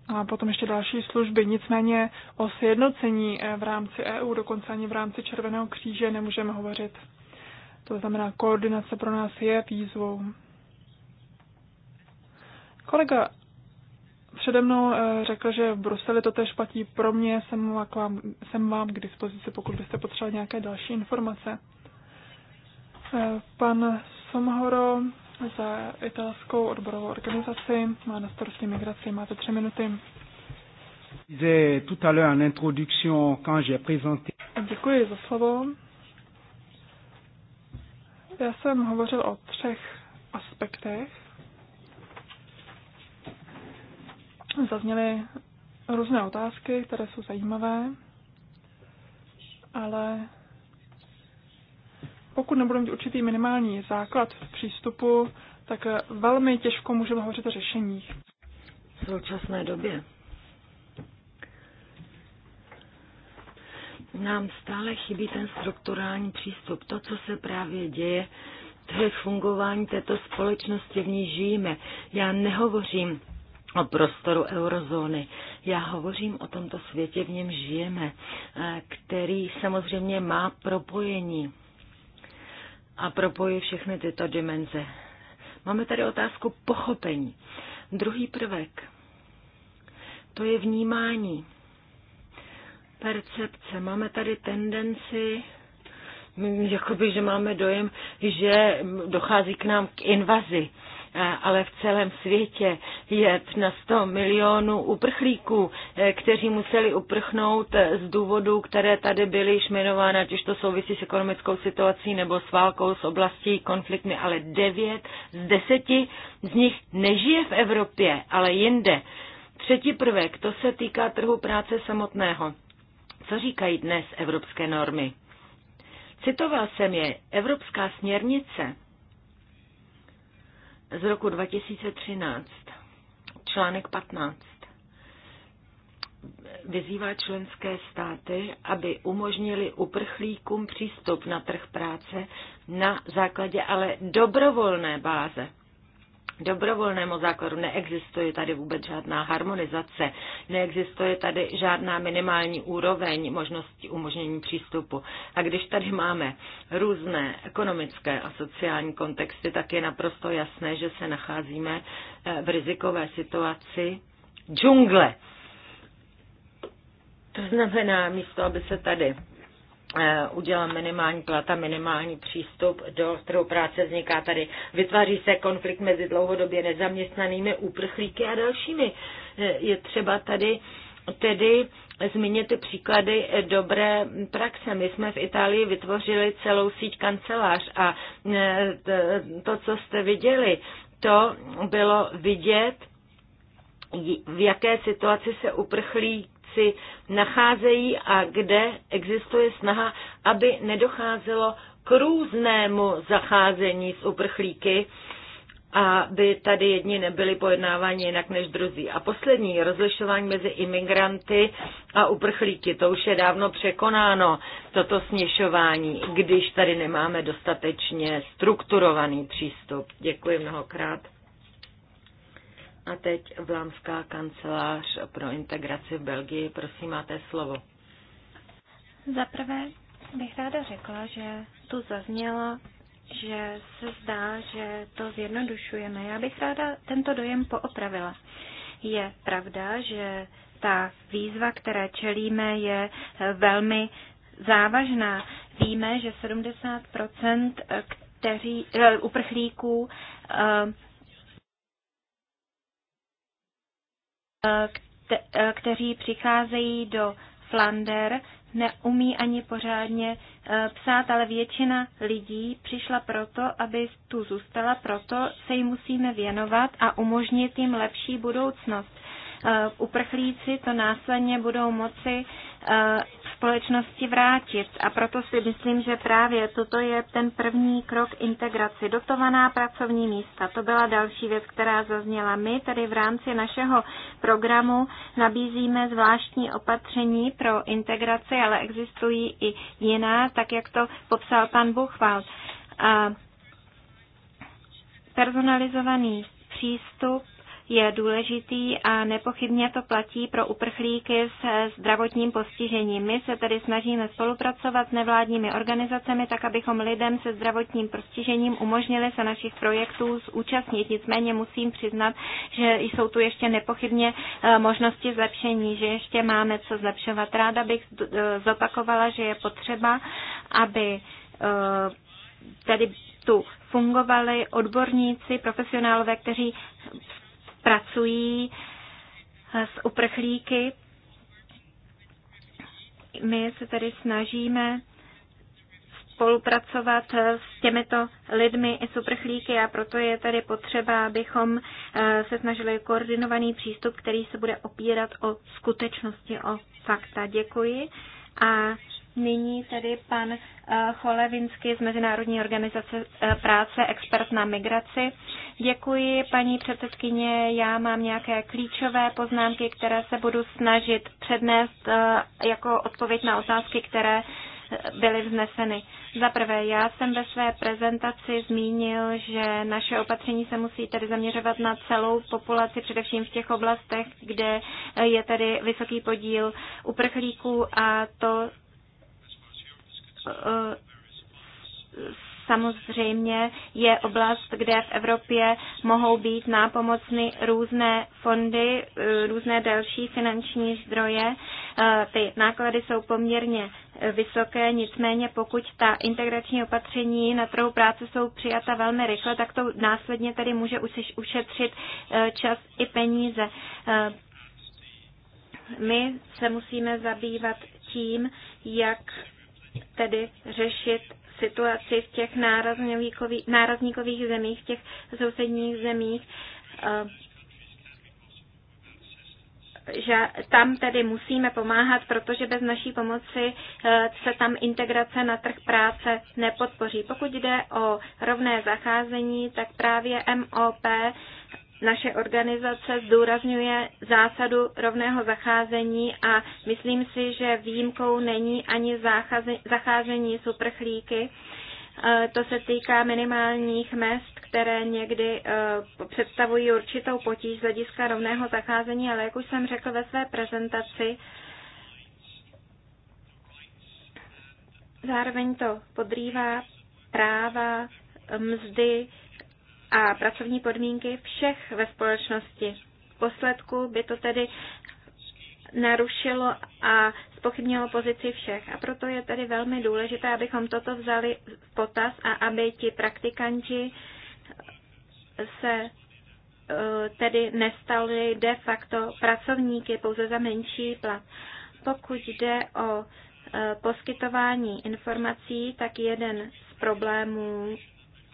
a potom ještě další služby. Nicméně o sjednocení eh, v rámci EU, dokonce ani v rámci Červeného kříže, nemůžeme hovořit. To znamená, koordinace pro nás je výzvou. Kolega přede mnou eh, řekl, že v Bruseli to tež platí pro mě, jsem vám, jsem vám k dispozici, pokud byste potřebovali nějaké další informace. Eh, pan Somhoro za italskou odborovou organizaci má na starosti migraci. Máte tři minuty. Děkuji za slovo. Já jsem hovořil o třech aspektech zazněly různé otázky, které jsou zajímavé, ale pokud nebudeme mít určitý minimální základ v přístupu, tak velmi těžko můžeme hovořit o řešeních. V současné době nám stále chybí ten strukturální přístup. To, co se právě děje, to je fungování této společnosti, v ní žijeme. Já nehovořím o prostoru eurozóny. Já hovořím o tomto světě, v něm žijeme, eh, který samozřejmě má propojení a propojí všechny tyto dimenze. Máme tady otázku pochopení. Druhý prvek, to je vnímání, percepce. Máme tady tendenci jakoby, že máme dojem, že dochází k nám k invazi ale v celém světě je na 100 milionů uprchlíků, e, kteří museli uprchnout e, z důvodů, které tady byly již jmenovány, ať už to souvisí s ekonomickou situací nebo s válkou, s oblastí, konfliktmi, ale 9 z 10 z nich nežije v Evropě, ale jinde. Třetí prvek, to se týká trhu práce samotného. Co říkají dnes evropské normy? Citoval jsem je, Evropská směrnice z roku 2013, článek 15, vyzývá členské státy, aby umožnili uprchlíkům přístup na trh práce na základě ale dobrovolné báze dobrovolnému základu. Neexistuje tady vůbec žádná harmonizace, neexistuje tady žádná minimální úroveň možnosti umožnění přístupu. A když tady máme různé ekonomické a sociální kontexty, tak je naprosto jasné, že se nacházíme eh, v rizikové situaci džungle. To znamená, místo, aby se tady Eh, udělá minimální plat a minimální přístup do trhu práce vzniká tady. Vytváří se konflikt mezi dlouhodobě nezaměstnanými úprchlíky a dalšími. Eh, je třeba tady tedy zmíněte příklady dobré praxe. My jsme v Itálii vytvořili celou síť kancelář a eh, to, co jste viděli, to bylo vidět, v jaké situaci se uprchlík situaci nacházejí a kde existuje snaha, aby nedocházelo k různému zacházení s uprchlíky, aby tady jedni nebyli pojednáváni jinak než druzí. A poslední rozlišování mezi imigranty a uprchlíky, to už je dávno překonáno, toto směšování, když tady nemáme dostatečně strukturovaný přístup. Děkuji mnohokrát. A teď Vlámská kancelář pro integraci v Belgii. Prosím, máte slovo. Za prvé bych ráda řekla, že tu zaznělo, že se zdá, že to zjednodušujeme. Já bych ráda tento dojem poopravila. Je pravda, že ta výzva, které čelíme, je velmi závažná. Víme, že 70 eh, kteří, eh, uprchlíků eh, kte, kteří přicházejí do Flander, neumí ani pořádně eh, psát, ale většina lidí přišla proto, aby tu zůstala, proto se jim musíme věnovat a umožnit jim lepší budoucnost. Eh, uprchlíci to následně budou moci E, společnosti vrátit. A proto si myslím, že právě toto je ten první krok integraci. Dotovaná pracovní místa, to byla další věc, která zazněla. My tedy v rámci našeho programu nabízíme zvláštní opatření pro integraci, ale existují i jiná, tak jak to popsal pan Buchval. A personalizovaný přístup je důležitý a nepochybně to platí pro uprchlíky s eh, zdravotním postižením. My se tedy snažíme spolupracovat s nevládními organizacemi, tak abychom lidem se zdravotním postižením umožnili se našich projektů zúčastnit. Nicméně musím přiznat, že jsou tu ještě nepochybně eh, možnosti zlepšení, že ještě máme co zlepšovat. Ráda bych eh, zopakovala, že je potřeba, aby tady tu fungovali odborníci, profesionálové, kteří pracují eh, s uprchlíky. My se tedy snažíme spolupracovat eh, s těmito lidmi i s uprchlíky a proto je tedy potřeba, abychom eh, se snažili koordinovaný přístup, který se bude opírat o skutečnosti, o fakta. Děkuji a Nyní tedy pan eh, Cholevinsky z Mezinárodní organizace eh, práce, expert na migraci. Děkuji, paní předsedkyně. Já mám nějaké klíčové poznámky, které se budu snažit přednést eh, jako odpověď na otázky, které byly vzneseny. Za prvé, já jsem ve své prezentaci zmínil, že naše opatření se musí tedy zaměřovat na celou populaci, především v těch oblastech, kde je tedy vysoký podíl uprchlíků a to samozřejmě je oblast, kde v Evropě mohou být nápomocny různé fondy, eh, různé další finanční zdroje. Eh, ty náklady jsou poměrně vysoké, nicméně pokud ta integrační opatření na trhu práce jsou přijata velmi rychle, tak to následně tedy může ušetřit eh, čas i peníze. My se musíme zabývat tím, jak tedy řešit situaci v těch nárazníkových zemích, v těch sousedních zemích. Eh, že tam tedy musíme pomáhat, protože bez naší pomoci eh, se tam integrace na trh práce nepodpoří. Pokud jde o rovné zacházení, tak právě MOP naše organizace zdůrazňuje zásadu rovného zacházení a myslím si, že výjimkou není ani zacházení s uprchlíky. E, to se týká minimálních mest, které někdy e, představují určitou potíž z hlediska rovného zacházení, ale jak už jsem řekl ve své prezentaci, zároveň to podrývá práva, mzdy, a pracovní podmínky všech ve společnosti. V posledku by to tedy narušilo a spochybnilo pozici všech. A proto je tedy velmi důležité, abychom toto vzali v potaz a aby ti praktikanti se e, tedy nestali de facto pracovníky pouze za menší plat. Pokud jde o e, poskytování informací, tak jeden z problémů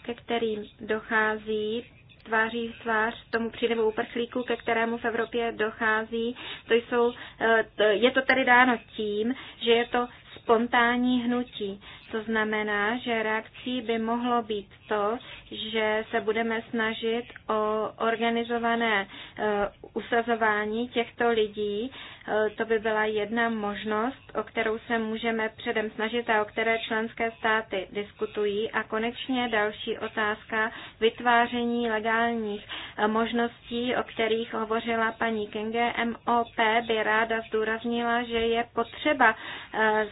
ke kterým dochází tváří v tvář tomu přílivu uprchlíků, ke kterému v Evropě dochází. To jsou, eh, je to tedy dáno tím, že je to spontánní hnutí. To znamená, že reakcí by mohlo být to, že se budeme snažit o organizované e, usazování těchto lidí. E, to by byla jedna možnost, o kterou se můžeme předem snažit a o které členské státy diskutují. A konečně další otázka vytváření legálních e, možností, o kterých hovořila paní Kenge. MOP by ráda zdůraznila, že je potřeba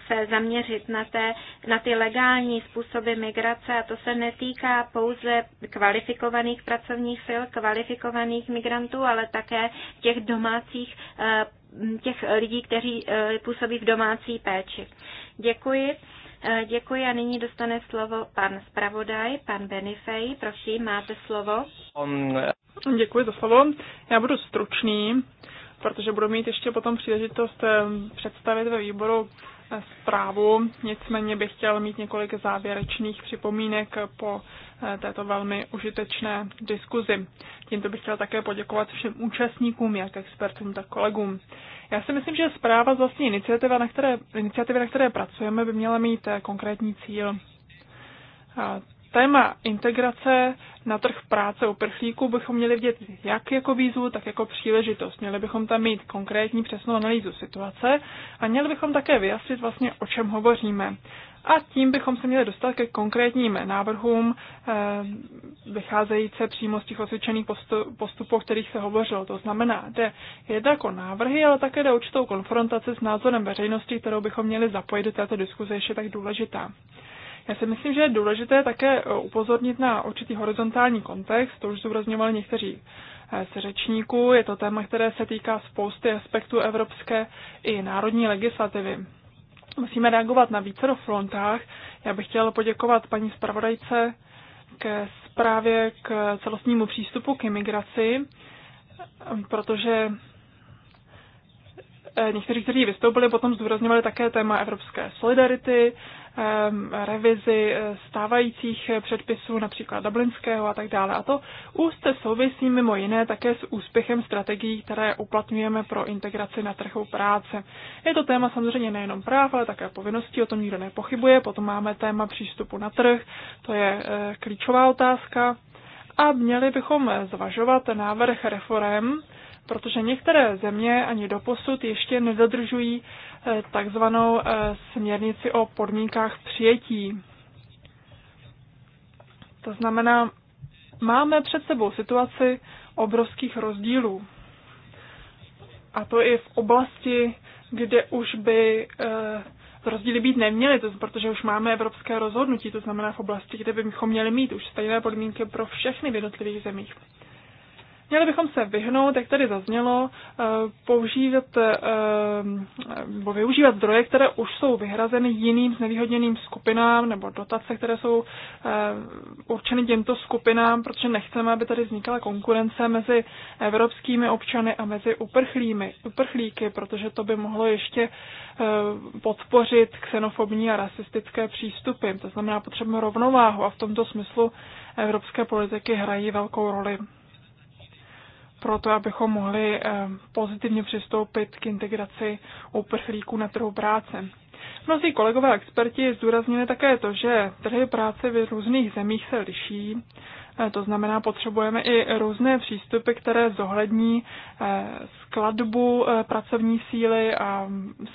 se zaměřit na, té, na ty legální způsoby migrace, a to se netýká pouze kvalifikovaných pracovních sil, kvalifikovaných migrantů, ale také těch domácích, eh, těch lidí, kteří eh, působí v domácí péči. Děkuji. Eh, děkuji a nyní dostane slovo pan zpravodaj, pan Benifej. Prosím, máte slovo. Děkuji za slovo. Já budu stručný, protože budu mít ještě potom příležitost představit ve výboru zprávu, nicméně bych chtěl mít několik závěrečných připomínek po eh, této velmi užitečné diskuzi. Tímto bych chtěl také poděkovat všem účastníkům, jak expertům, tak kolegům. Já si myslím, že zpráva z vlastní iniciativy, na které, iniciativy, na které pracujeme, by měla mít eh, konkrétní cíl. Téma integrace na trh práce uprchlíků bychom měli vidět jak jako výzvu, tak jako příležitost. Měli bychom tam mít konkrétní přesnou analýzu situace a měli bychom také vyjasnit vlastně, o čem hovoříme. A tím bychom se měli dostat ke konkrétním návrhům e, vycházejíce přímo z těch osvědčených postupů, o kterých se hovořilo. To znamená, jde jednak o návrhy, ale také jde určitou konfrontaci s názorem veřejnosti, kterou bychom měli zapojit do této diskuze, ještě tak důležitá. Já si myslím, že je důležité také e, upozornit na určitý horizontální kontext, to už zúrazňovali někteří e, z řečníků. Je to téma, které se týká spousty aspektů evropské i národní legislativy. Musíme reagovat na více frontách. Já bych chtěla poděkovat paní zpravodajce ke zprávě k celostnímu přístupu k imigraci, protože e, někteří, kteří vystoupili, potom zdůrazňovali také téma evropské solidarity, Ehm, revizi eh, stávajících eh, předpisů, například Dublinského a tak dále. A to úzce souvisí mimo jiné také s úspěchem strategií, které uplatňujeme pro integraci na trhu práce. Je to téma samozřejmě nejenom práv, ale také povinností, o tom nikdo nepochybuje. Potom máme téma přístupu na trh, to je eh, klíčová otázka. A měli bychom zvažovat návrh reform, protože některé země ani doposud ještě nedodržují takzvanou eh, směrnici o podmínkách přijetí. To znamená, máme před sebou situaci obrovských rozdílů. A to i v oblasti, kde už by eh, rozdíly být neměly, to, protože už máme evropské rozhodnutí, to znamená v oblasti, kde bychom měli mít už stejné podmínky pro všechny v jednotlivých zemích. Měli bychom se vyhnout, jak tady zaznělo, eh, používat eh, nebo využívat zdroje, které už jsou vyhrazeny jiným znevýhodněným skupinám nebo dotace, které jsou eh, určeny těmto skupinám, protože nechceme, aby tady vznikala konkurence mezi evropskými občany a mezi uprchlými, uprchlíky, protože to by mohlo ještě podpořit xenofobní a rasistické přístupy. To znamená, potřebujeme rovnováhu a v tomto smyslu evropské politiky hrají velkou roli proto, abychom mohli eh, pozitivně přistoupit k integraci uprchlíků na trhu práce. Mnozí kolegové experti zdůraznili také to, že trhy práce v různých zemích se liší, eh, to znamená, potřebujeme i různé přístupy, které zohlední eh, skladbu pracovní síly a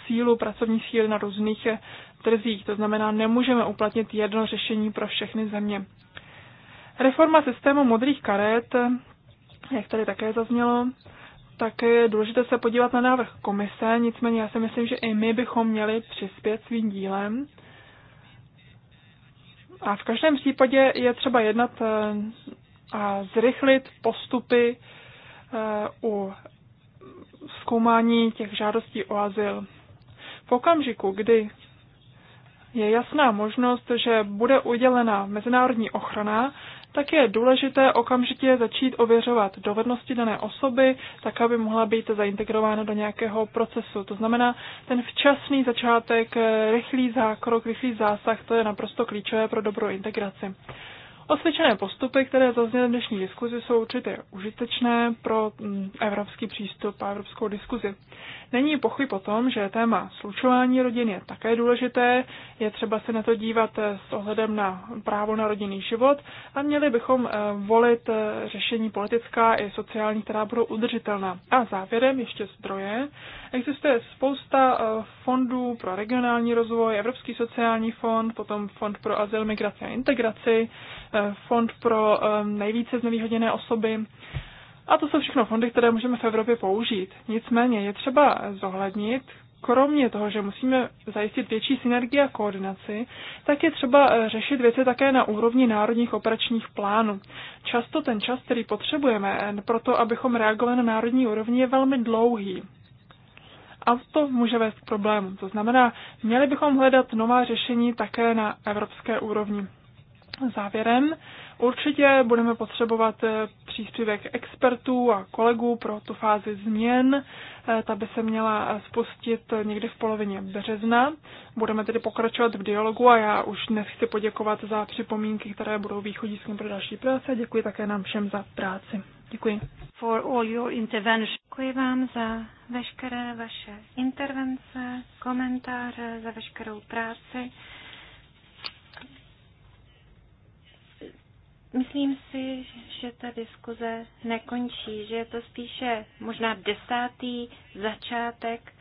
sílu pracovní síly na různých trzích. To znamená, nemůžeme uplatnit jedno řešení pro všechny země. Reforma systému modrých karet jak tady také zaznělo, tak je důležité se podívat na návrh komise, nicméně já si myslím, že i my bychom měli přispět svým dílem. A v každém případě je třeba jednat eh, a zrychlit postupy eh, u zkoumání těch žádostí o azyl. V okamžiku, kdy je jasná možnost, že bude udělena mezinárodní ochrana, tak je důležité okamžitě začít ověřovat dovednosti dané osoby, tak aby mohla být zaintegrována do nějakého procesu. To znamená, ten včasný začátek, eh, rychlý zákrok, rychlý zásah, to je naprosto klíčové pro dobrou integraci. Osvědčené postupy, které zazněly v dnešní diskuzi, jsou určitě užitečné pro mm, evropský přístup a evropskou diskuzi. Není pochyb o tom, že téma slučování rodin je také důležité, je třeba se na to dívat eh, s ohledem na právo na rodinný život a měli bychom eh, volit eh, řešení politická i sociální, která budou udržitelná. A závěrem ještě zdroje. Existuje spousta fondů pro regionální rozvoj, Evropský sociální fond, potom Fond pro azyl, migraci a integraci, Fond pro nejvíce znevýhodněné osoby, a to jsou všechno fondy, které můžeme v Evropě použít. Nicméně je třeba zohlednit, kromě toho, že musíme zajistit větší synergii a koordinaci, tak je třeba eh, řešit věci také na úrovni národních operačních plánů. Často ten čas, který potřebujeme eh, pro to, abychom reagovali na národní úrovni, je velmi dlouhý. A to může vést k problémům. To znamená, měli bychom hledat nová řešení také na evropské úrovni. Závěrem, určitě budeme potřebovat eh, příspěvek expertů a kolegů pro tu fázi změn. Eh, ta by se měla eh, spustit někdy v polovině března. Budeme tedy pokračovat v dialogu a já už dnes chci poděkovat za připomínky, které budou východiskem pro další práce. Děkuji také nám všem za práci. Děkuji. For all your Děkuji vám za veškeré vaše intervence, komentáře, za veškerou práci. Myslím si, že ta diskuze nekončí, že je to spíše možná desátý začátek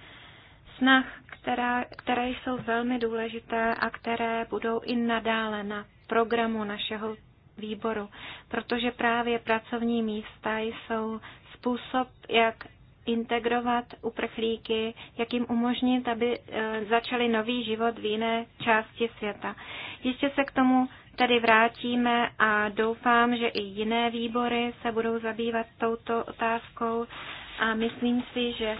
snah, která, které jsou velmi důležité a které budou i nadále na programu našeho výboru, protože právě pracovní místa jsou způsob, jak integrovat uprchlíky, jak jim umožnit, aby eh, začali nový život v jiné části světa. Ještě se k tomu tedy vrátíme a doufám, že i jiné výbory se budou zabývat touto otázkou a myslím si, že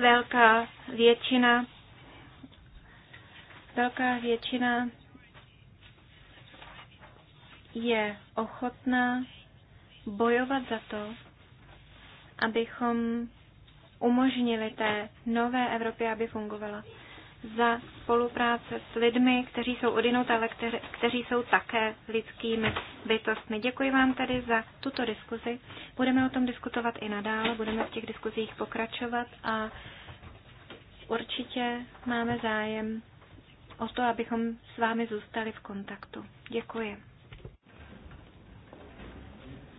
velká většina velká většina je ochotná bojovat za to, abychom umožnili té nové Evropě, aby fungovala za spolupráce s lidmi, kteří jsou odinut, ale kteři, kteří jsou také lidskými bytostmi. Děkuji vám tedy za tuto diskuzi. Budeme o tom diskutovat i nadále, budeme v těch diskuzích pokračovat a určitě máme zájem o to, abychom s vámi zůstali v kontaktu. Děkuji.